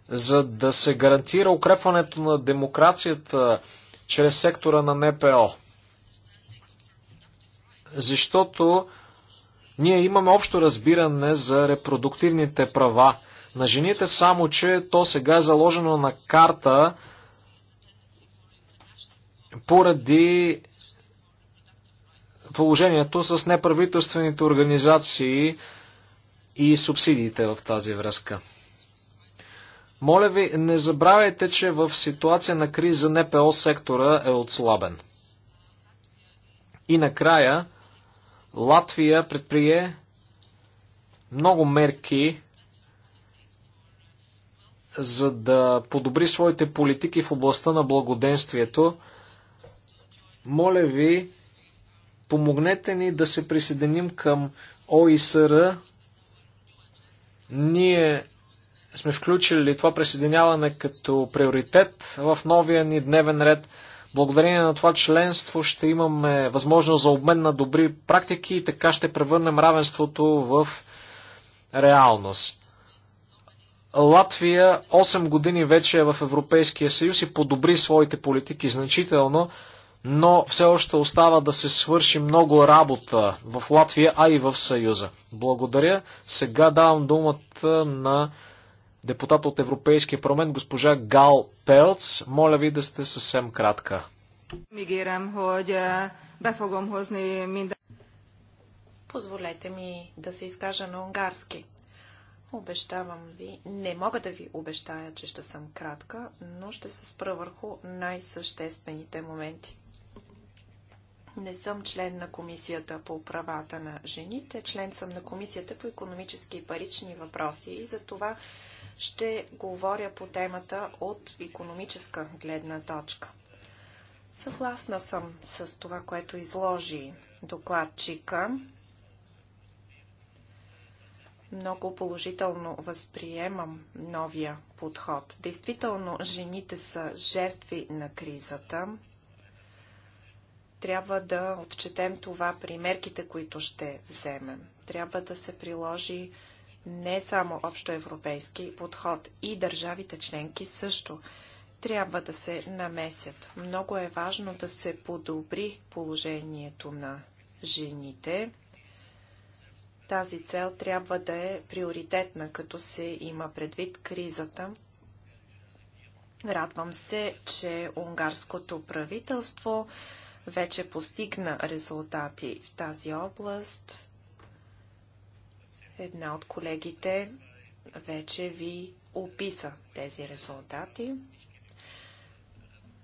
за да се гарантира укрепването на демокрацията чрез сектора на НПО. Защото ние имаме общо разбиране за репродуктивните права на жените, само че то сега е заложено на карта поради положението с неправителствените организации, и субсидиите в тази връзка. Моля ви, не забравяйте, че в ситуация на криза НПО сектора е отслабен. И накрая, Латвия предприе много мерки, за да подобри своите политики в областта на благоденствието. Моля ви, помогнете ни да се присъединим към ОИСР ние сме включили това присъединяване като приоритет в новия ни дневен ред. Благодарение на това членство ще имаме възможност за обмен на добри практики и така ще превърнем равенството в реалност. Латвия 8 години вече е в Европейския съюз и подобри своите политики значително но все още остава да се свърши много работа в Латвия, а и в Съюза. Благодаря. Сега давам думата на депутат от Европейския парламент, госпожа Гал Пелц. Моля ви да сте съвсем кратка. Позволете ми да се изкажа на унгарски. Обещавам ви, не мога да ви обещая, че ще съм кратка, но ще се спра върху най-съществените моменти. Не съм член на Комисията по правата на жените, член съм на Комисията по економически и парични въпроси и за това ще говоря по темата от економическа гледна точка. Съгласна съм с това, което изложи докладчика. Много положително възприемам новия подход. Действително, жените са жертви на кризата трябва да отчетем това при мерките, които ще вземем. Трябва да се приложи не само общоевропейски подход. И държавите членки също трябва да се намесят. Много е важно да се подобри положението на жените. Тази цел трябва да е приоритетна, като се има предвид кризата. Радвам се, че унгарското правителство вече постигна резултати в тази област. Една от колегите вече ви описа тези резултати.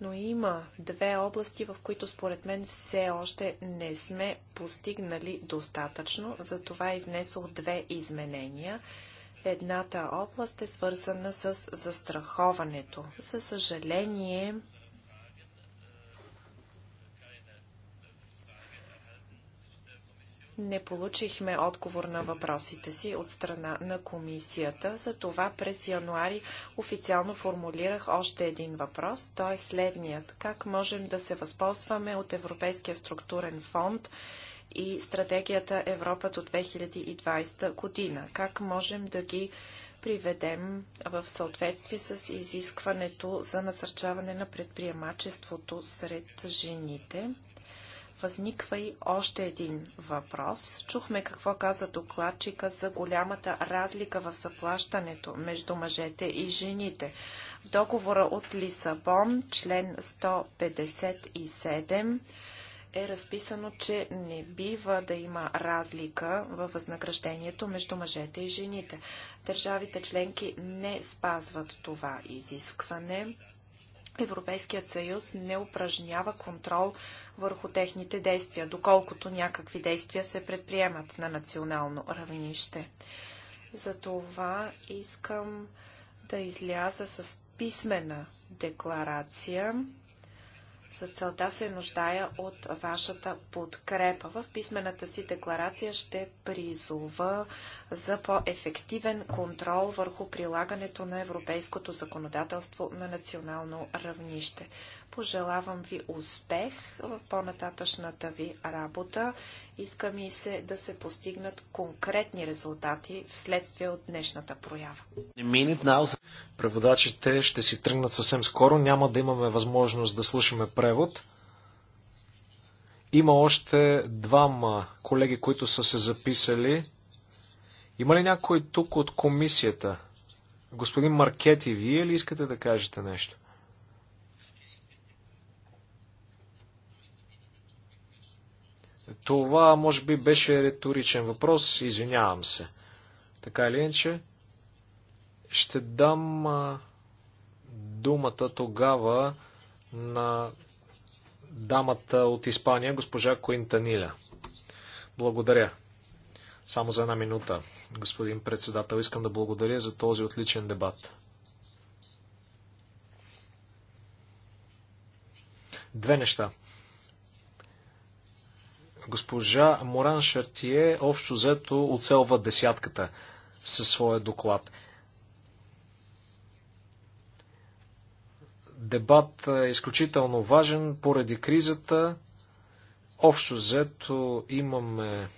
Но има две области, в които според мен все още не сме постигнали достатъчно, затова и внесох две изменения. Едната област е свързана с застраховането. За съжаление, Не получихме отговор на въпросите си от страна на комисията, затова през януари официално формулирах още един въпрос. Той е следният. Как можем да се възползваме от Европейския структурен фонд и стратегията Европа до 2020 година? Как можем да ги приведем в съответствие с изискването за насърчаване на предприемачеството сред жените? Възниква и още един въпрос. Чухме какво каза докладчика за голямата разлика в заплащането между мъжете и жените. В договора от Лисабон, член 157, е разписано, че не бива да има разлика във възнаграждението между мъжете и жените. Държавите членки не спазват това изискване. Европейският съюз не упражнява контрол върху техните действия, доколкото някакви действия се предприемат на национално равнище. Затова искам да изляза с писмена декларация за целта се нуждая от вашата подкрепа. В писмената си декларация ще призова за по-ефективен контрол върху прилагането на европейското законодателство на национално равнище. Пожелавам ви успех в по-нататъчната ви работа. Иска ми се да се постигнат конкретни резултати вследствие от днешната проява. Преводачите ще си тръгнат съвсем скоро. Няма да имаме възможност да слушаме превод. Има още двама колеги, които са се записали. Има ли някой тук от комисията? Господин Маркети, вие ли искате да кажете нещо? Това може би беше риторичен въпрос, извинявам се. Така или иначе, ще дам думата тогава на дамата от Испания, госпожа Коинтаниля. Благодаря. Само за една минута, господин председател. Искам да благодаря за този отличен дебат. Две неща. Госпожа Моран Шартие общо взето оцелва десятката със своя доклад. Дебат е изключително важен поради кризата. Общо взето имаме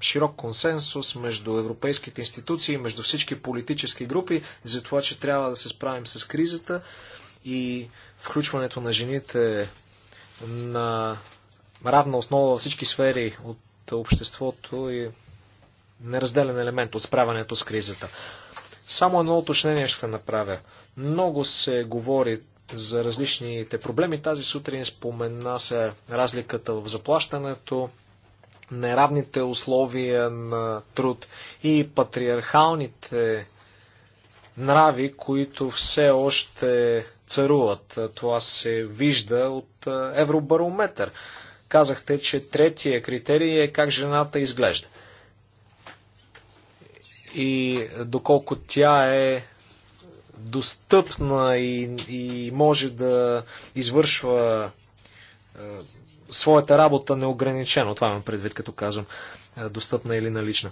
широк консенсус между европейските институции, между всички политически групи за това, че трябва да се справим с кризата и включването на жените на равна основа във всички сфери от обществото и неразделен елемент от справянето с кризата. Само едно уточнение ще направя. Много се говори за различните проблеми. Тази сутрин спомена се разликата в заплащането, неравните условия на труд и патриархалните нрави, които все още царуват. Това се вижда от Евробарометър. Казахте, че третия критерий е как жената изглежда. И доколко тя е достъпна и, и може да извършва е, своята работа неограничено. Това имам предвид, като казвам е, достъпна или налична.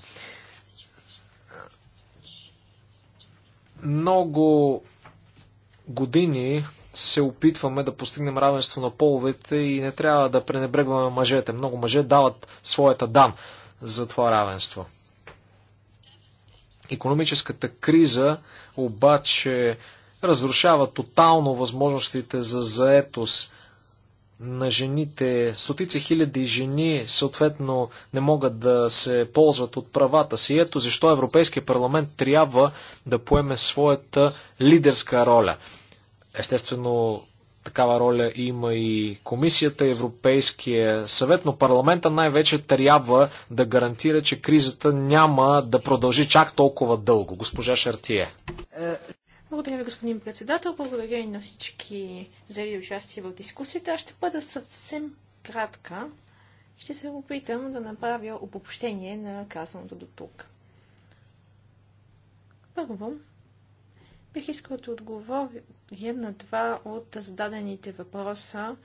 Много години се опитваме да постигнем равенство на половете и не трябва да пренебрегваме мъжете. Много мъже дават своята дан за това равенство. Економическата криза обаче разрушава тотално възможностите за заетост на жените. Стотици хиляди жени съответно не могат да се ползват от правата си. Ето защо Европейския парламент трябва да поеме своята лидерска роля Естествено, такава роля има и комисията, Европейския съвет, но парламента най-вече трябва да гарантира, че кризата няма да продължи чак толкова дълго. Госпожа Шартие. Благодаря ви, господин председател. Благодаря и на всички ви участие в дискусията. Аз ще бъда съвсем кратка. Ще се опитам да направя обобщение на казаното до тук. Първо, бих искал да отговоря, е, на два от зададените въпроса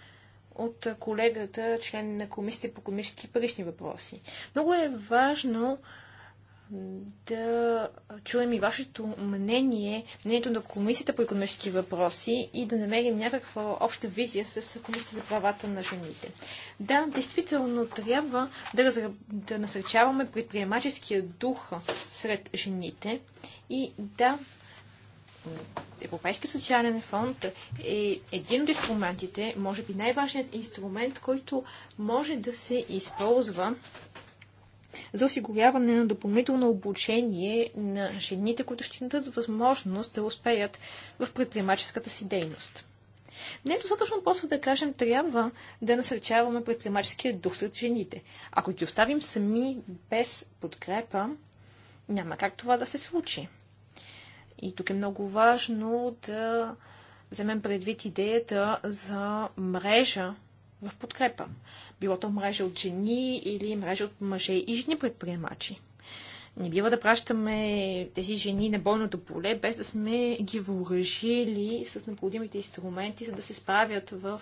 от колегата, член на Комисията по економически и парични въпроси. Много е важно да чуем и вашето мнение, мнението на Комисията по економически въпроси и да намерим някаква обща визия с Комисията за правата на жените. Да, действително трябва да, разръб... да насърчаваме предприемаческия дух сред жените и да Европейския социален фонд е един от инструментите, може би най-важният инструмент, който може да се използва за осигуряване на допълнително обучение на жените, които ще дадат възможност да успеят в предприемаческата си дейност. Не е достатъчно просто да кажем, трябва да насърчаваме предприемаческия дух сред жените. Ако ги оставим сами без подкрепа, няма как това да се случи. И тук е много важно да вземем предвид идеята за мрежа в подкрепа. Било то мрежа от жени или мрежа от мъже и жени предприемачи. Не бива да пращаме тези жени на бойното поле, без да сме ги въоръжили с необходимите инструменти, за да се справят в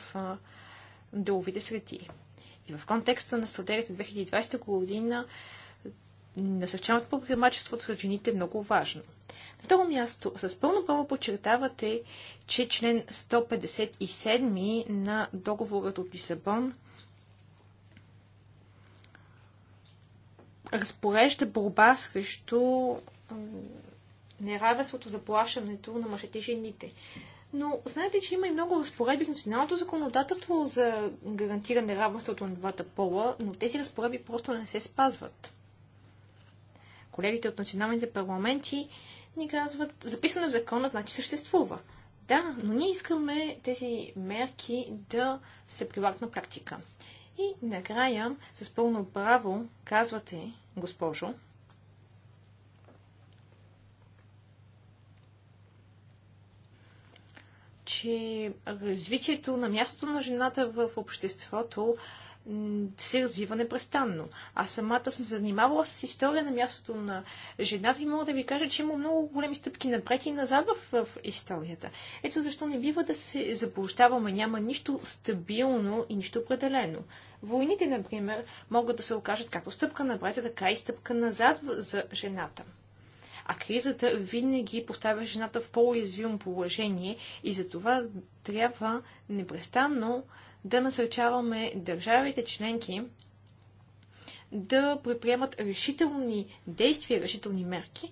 деловите среди. И в контекста на стратегията 2020 година насърчаването по предприемачеството сред жените е много важно второ място, с пълно право подчертавате, че член 157 на договорът от Лисабон разпорежда борба срещу неравенството плащането на мъжете и жените. Но знаете, че има и много разпоредби в националното законодателство за гарантиране равенството на двата пола, но тези разпоредби просто не се спазват. Колегите от националните парламенти ни казват, записано в закона, значи съществува. Да, но ние искаме тези мерки да се прилагат на практика. И накрая, с пълно право, казвате, госпожо, че развитието на мястото на жената в обществото се развива непрестанно. Аз самата съм се занимавала с история на мястото на жената и мога да ви кажа, че има много големи стъпки напред и назад в, в историята. Ето защо не бива да се заблуждаваме. Няма нищо стабилно и нищо определено. Войните, например, могат да се окажат както стъпка напред, така и стъпка назад за жената. А кризата винаги поставя жената в по-уязвимо положение и затова трябва непрестанно да насърчаваме държавите членки да предприемат решителни действия, решителни мерки,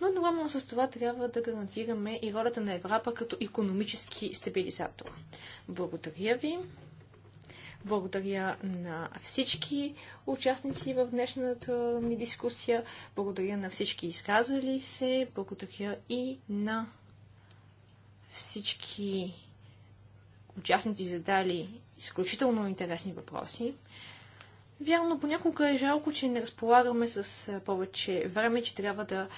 но едновременно с това трябва да гарантираме и ролята на Европа като економически стабилизатор. Благодаря ви. Благодаря на всички участници в днешната ни дискусия. Благодаря на всички изказали се. Благодаря и на всички участници задали изключително интересни въпроси. Вярно, понякога е жалко, че не разполагаме с повече време, че трябва да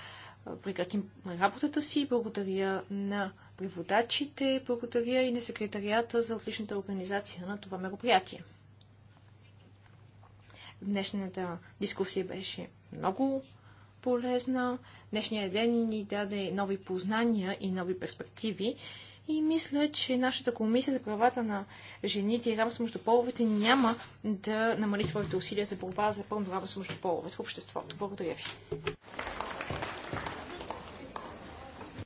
прекратим работата си. Благодаря на преводачите, благодаря и на секретарията за отличната организация на това мероприятие. Днешната дискусия беше много полезна. Днешният ден ни даде нови познания и нови перспективи. И мисля, че нашата комисия за правата на жените и равенство между половете няма да намали своите усилия за борба за пълно равенство между половете в обществото. Благодаря ви.